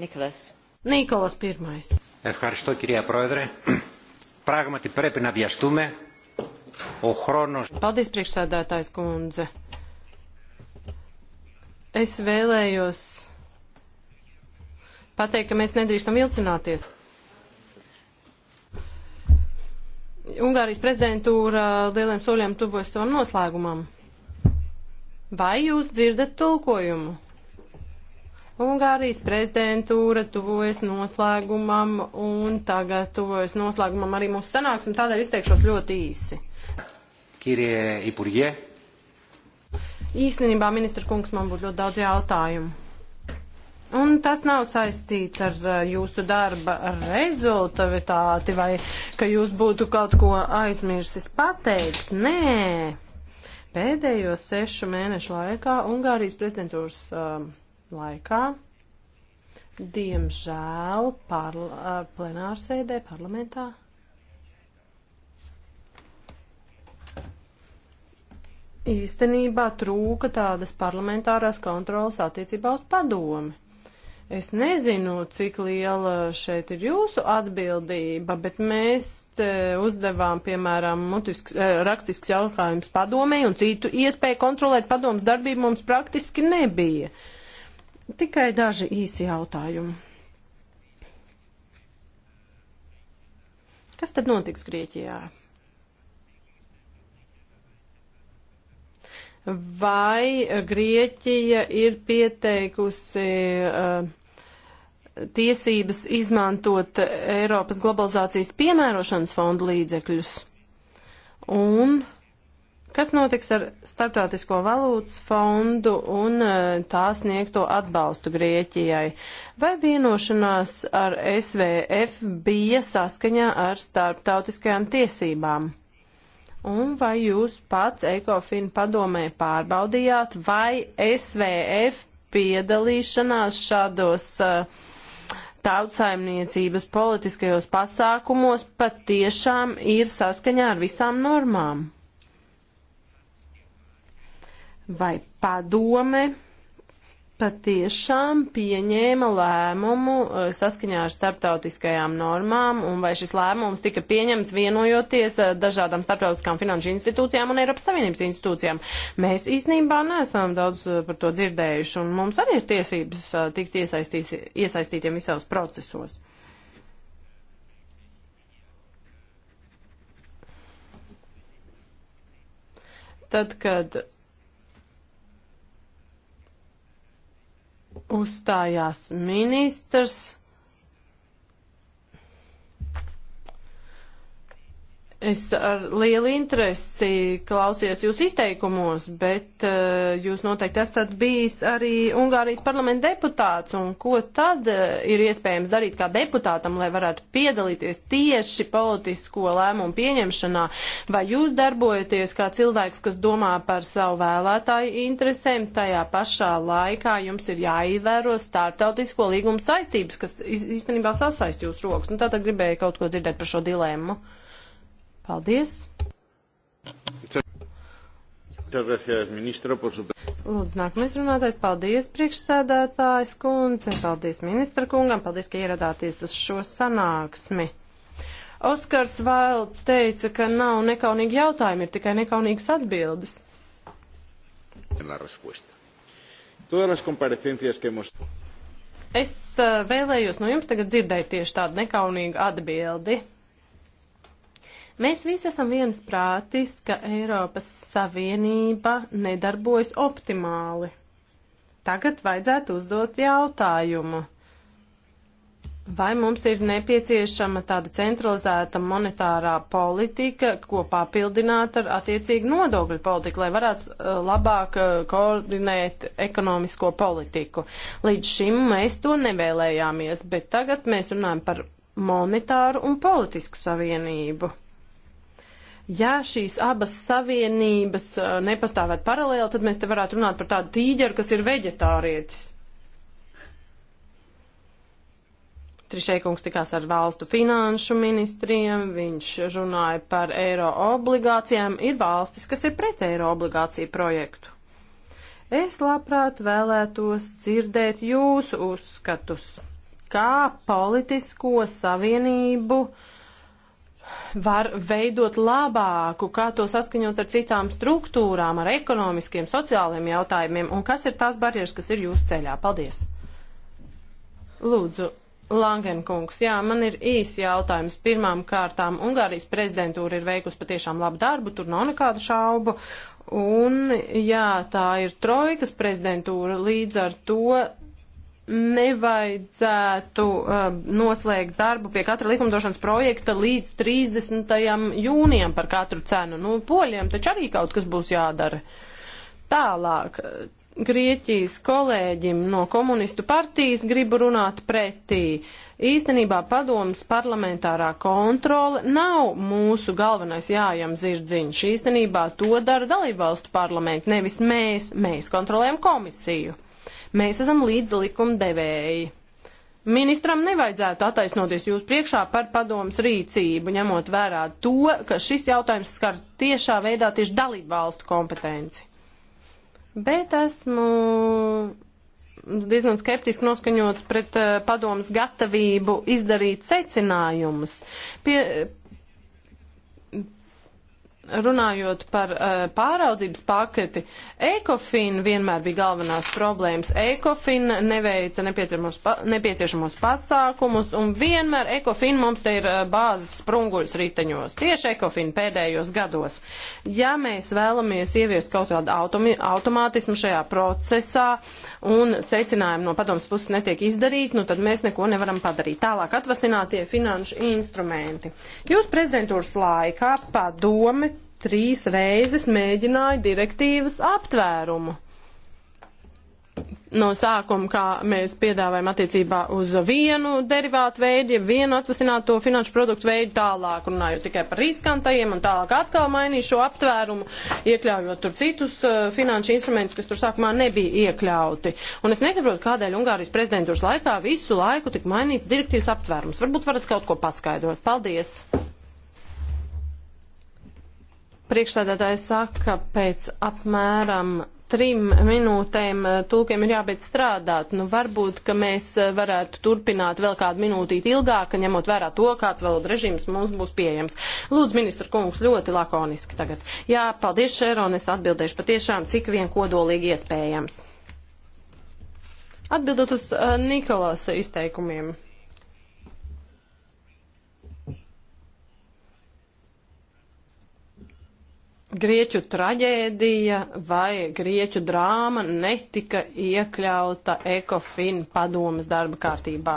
Nikolas. Nikolas pirmais. Ευχαριστώ κυρία Πρόεδρε. *clears throat* Πράγματι πρέπει να βιαστούμε Paldies, priekšsēdētājs kundze. Es vēlējos pateikt, ka mēs nedrīkstam vilcināties. Ungārijas prezidentūra lieliem soļiem tuvojas savam noslēgumam. Vai jūs dzirdat tulkojumu? Ungārijas prezidentūra tuvojas noslēgumam un tagad tuvojas noslēgumam arī mūsu sanāksim, tādēļ izteikšos ļoti īsi. Kirie Ipurģie. Īstenībā, ministra kungs, man būtu ļoti daudz jautājumu. Un tas nav saistīts ar uh, jūsu darba rezultāti vai ka jūs būtu kaut ko aizmirsis pateikt. Nē, pēdējo sešu mēnešu laikā Ungārijas prezidentūras uh, laikā. Diemžēl parla, plenārsēdē parlamentā īstenībā trūka tādas parlamentārās kontrolas attiecībā uz padomi. Es nezinu, cik liela šeit ir jūsu atbildība, bet mēs uzdevām, piemēram, mutisks, rakstisks jautājums padomē, un citu iespēju kontrolēt padomas darbību mums praktiski nebija. Uh, Tikai daži īsi jautājumi. Kas tad notiks Grieķijā? Vai Grieķija ir pieteikusi uh, tiesības izmantot Eiropas globalizācijas piemērošanas fonda līdzekļus? Un Kas notiks ar Startautisko valūtas fondu un eh, tā sniegto atbalstu Grieķijai? Vai vienošanās ar SVF bija saskaņā ar starptautiskajām tiesībām? Un vai jūs pats Ekofin padomē pārbaudījāt, vai SVF piedalīšanās šādos uh, tautsaimniecības politiskajos pasākumos patiešām ir saskaņā ar visām normām? vai padome patiešām pieņēma lēmumu e, saskaņā ar starptautiskajām normām, un vai šis lēmums tika pieņemts vienojoties e, dažādām starptautiskām finanšu institūcijām un Eiropas Savienības institūcijām. Mēs īstenībā neesam daudz e, par to dzirdējuši, un mums arī ir tiesības tikt iesaistītiem visos procesos. Tad, kad uzstājās ministrs Es ar lielu interesi klausījos jūs izteikumos, bet uh, jūs noteikti esat bijis arī Ungārijas parlamenta deputāts, un ko tad uh, ir iespējams darīt kā deputātam, lai varētu piedalīties tieši politisko lēmumu pieņemšanā? Vai jūs darbojaties kā cilvēks, kas domā par savu vēlētāju interesēm, tajā pašā laikā jums ir jāievēro starptautisko līgumu saistības, kas īstenībā sasaist jūs rokas? Nu, tātad gribēju kaut ko dzirdēt par šo dilēmu. Paldies! Lūdzu, nākamais runātājs, paldies priekšsēdētājs kundze, paldies ministra kungam, paldies, ka ieradāties uz šo sanāksmi. Oskars Vailds teica, ka nav nekaunīgi jautājumi, ir tikai nekaunīgas atbildes. Es eh, vēlējos no jums tagad dzirdēt tieši tādu nekaunīgu atbildi. Mēs visi esam vienas prātis, ka Eiropas Savienība nedarbojas optimāli. Tagad vajadzētu uzdot jautājumu. Vai mums ir nepieciešama tāda centralizēta monetārā politika, ko papildināt ar attiecīgu nodokļu politiku, lai varētu uh, labāk uh, koordinēt ekonomisko politiku? Līdz šim mēs to nevēlējāmies, bet tagad mēs runājam par monetāru un politisku savienību. Ja šīs abas savienības uh, nepastāvētu paralēli, tad mēs te varētu runāt par tādu tīģeru, kas ir veģetārietis. Trišēkungs tikās ar valstu finanšu ministriem, viņš runāja par eiro obligācijām. Ir valstis, kas ir pret eiro obligāciju projektu. Es labprāt vēlētos dzirdēt jūsu uzskatus, kā politisko savienību uh, var veidot labāku, kā to saskaņot ar citām struktūrām, ar ekonomiskiem, sociāliem jautājumiem, un kas ir tās barjeras, kas ir jūsu ceļā. Paldies! Lūdzu, Langenkungs, jā, man ir īsi jautājums. Pirmām kārtām, Ungārijas prezidentūra ir veikusi patiešām labu darbu, tur nav nekādu šaubu, un jā, tā ir trojkas prezidentūra, līdz ar to nevajadzētu uh, noslēgt darbu pie katra likumdošanas projekta līdz 30. jūnijam par katru cenu. Nu, poļiem taču arī kaut kas būs jādara. Tālāk, uh, Grieķijas kolēģim no komunistu partijas gribu runāt pretī. Īstenībā padomas parlamentārā kontrole nav mūsu galvenais jājam zirdziņš. Īstenībā to dara dalībvalstu parlamenti, nevis mēs. Mēs kontrolējam komisiju. Mēs esam līdz likumdevēji. Ministram nevajadzētu attaisnoties jūs priekšā par padomas rīcību, ņemot vērā to, ka šis jautājums skar tiešā veidā tieši dalību valstu kompetenci. Bet esmu diezgan skeptiski noskaņots pret uh, padomas gatavību izdarīt secinājumus. Pie, runājot par uh, pāraudzības paketi, ECOFIN vienmēr bija galvenās problēmas. ECOFIN neveica nepieciešamos, pa, nepieciešamos pasākumus, un vienmēr ECOFIN mums te ir uh, bāzes sprunguļs riteņos. Tieši ECOFIN pēdējos gados. Ja mēs vēlamies ieviest kaut kādu automi, automātismu šajā procesā un secinājumu no padomas puses netiek izdarīt, nu tad mēs neko nevaram padarīt. Tālāk atvasinātie finanšu instrumenti. Jūs prezidentūras laikā padome trīs reizes mēģināja direktīvas aptvērumu. No sākuma, kā mēs piedāvājam attiecībā uz vienu derivātu veidu, ja vienu atvasināto finanšu produktu veidu tālāk runājot tikai par riskantajiem un tālāk atkal mainīju šo aptvērumu, iekļaujot tur citus uh, finanšu instrumentus, kas tur sākumā nebija iekļauti. Un es nesaprotu, kādēļ Ungārijas prezidentūras laikā visu laiku tik mainīts direktīvas aptvērums. Varbūt varat kaut ko paskaidrot. Paldies! Priekšsēdētājs saka, ka pēc apmēram trim minūtēm eh, tūkiem ir jābeidz strādāt. Nu, varbūt, ka mēs eh, varētu turpināt vēl kādu minūtīti ilgāk, ņemot vērā to, kāds vēl režīms mums būs pieejams. Lūdzu, ministra kungs, ļoti lakoniski tagad. Jā, paldies, Šeron, es atbildēšu patiešām, cik vien kodolīgi iespējams. Atbildot uz uh, Nikolasa izteikumiem. Grieķu traģēdija vai grieķu drāma netika iekļauta ECOFIN padomas darba kārtībā.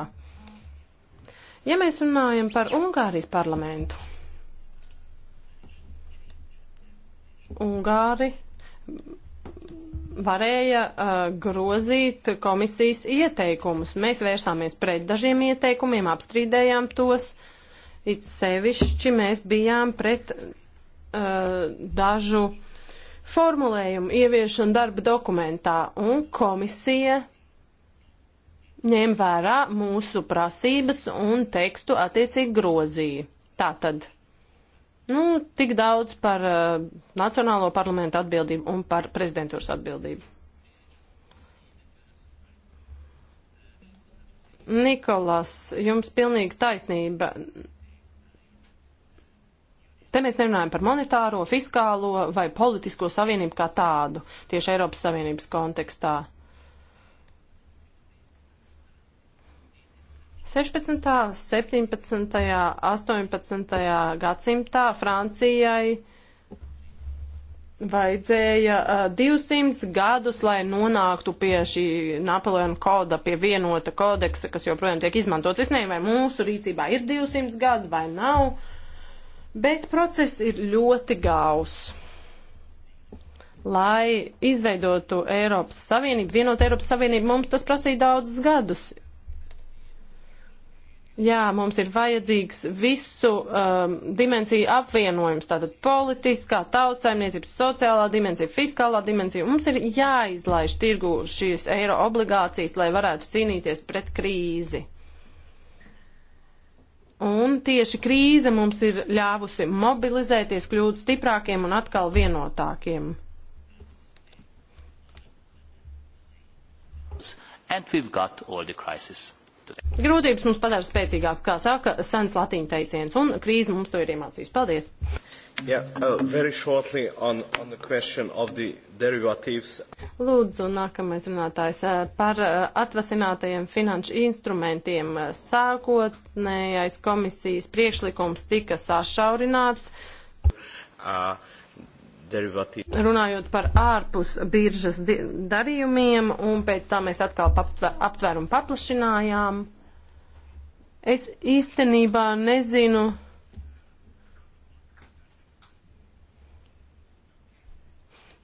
Ja mēs runājam par Ungārijas parlamentu, Ungāri varēja uh, grozīt komisijas ieteikumus. Mēs vērsāmies pret dažiem ieteikumiem, apstrīdējām tos. It sevišķi mēs bijām pret Uh, dažu formulējumu ieviešanu darba dokumentā, un komisija ņēma vērā mūsu prasības un tekstu attiecīgi grozīja. Tātad, nu, tik daudz par uh, Nacionālo parlamentu atbildību un par prezidentūras atbildību. Nikolas, jums pilnīga taisnība. Te mēs nerunājam par monetāro, fiskālo vai politisko savienību kā tādu tieši Eiropas Savienības kontekstā. 16., 17., 18. gadsimtā Francijai vajadzēja uh, 200 gadus, lai nonāktu pie šī Napoleona koda, pie vienota kodeksa, kas joprojām tiek izmantots. Es nezinu, vai mūsu rīcībā ir 200 gadu vai nav. Bet process ir ļoti gauss. Lai izveidotu Eiropas Savienību, vienotu Eiropas Savienību, mums tas prasīja daudzus gadus. Jā, mums ir vajadzīgs visu um, dimensiju apvienojums, tātad politiskā, tautsaimniecības, sociālā dimensija, fiskālā dimensija. Mums ir jāizlaiž tirgu šīs eiro obligācijas, lai varētu cīnīties pret krīzi. Un tieši krīze mums ir ļāvusi mobilizēties, kļūt stiprākiem un atkal vienotākiem. Grūtības mums padara spēcīgākus, kā saka sens latīņu teiciens, un krīze mums to ir iemācījusi. Paldies! Yeah, uh, very shortly on, on the question of the derivatives. Lūdzu, nākamais runātājs uh, par uh, atvasinātajiem finanšu instrumentiem. Uh, sākotnējais komisijas priekšlikums tika sašaurināts. Uh, derivatīvi. Runājot par ārpus biržas darījumiem, un pēc tā mēs atkal aptvērumu paplašinājām. Es īstenībā nezinu,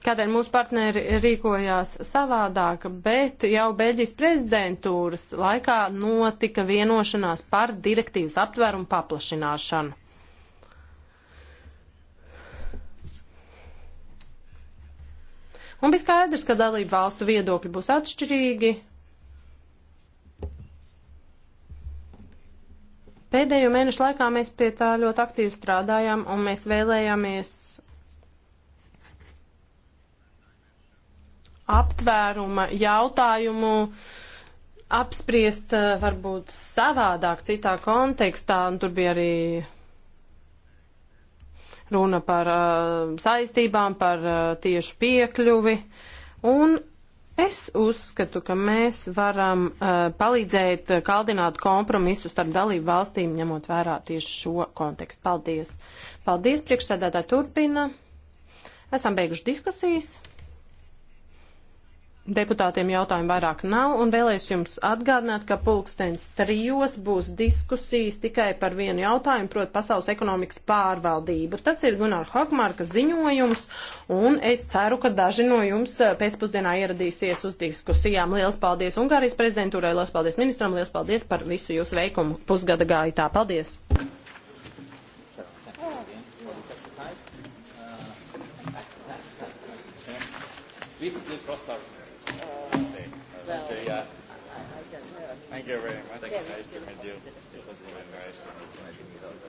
kādēļ mūsu partneri rīkojās savādāk, bet jau Beļģijas prezidentūras laikā notika vienošanās par direktīvas aptvērumu paplašināšanu. Un bija skaidrs, ka dalību valstu viedokļi būs atšķirīgi. Pēdējo mēnešu laikā mēs pie tā ļoti aktīvi strādājām, un mēs vēlējāmies aptvēruma jautājumu apspriest eh, varbūt savādāk, citā kontekstā, un tur bija arī runa par uh, saistībām, par uh, tiešu piekļuvi, un es uzskatu, ka mēs varam uh, palīdzēt kaldināt kompromisu starp dalību valstīm, ņemot vērā tieši šo kontekstu. Paldies! Paldies, priekšsēdētāji turpina. Esam beiguši diskusijas. Deputātiem jautājumu vairāk nav, un vēlēs jums atgādināt, ka pulkstens trijos būs diskusijas tikai par vienu jautājumu, proti pasaules ekonomikas pārvaldību. Tas ir Gunār Hokmarka ziņojums, un es ceru, ka daži no jums eh, pēcpusdienā ieradīsies uz diskusijām. Liels paldies Ungārijas prezidentūrai, liels paldies ministram, liels paldies par visu jūsu veikumu pusgada gaitā. Paldies! This is the cross-arm. Thank you very much. Nice to meet you.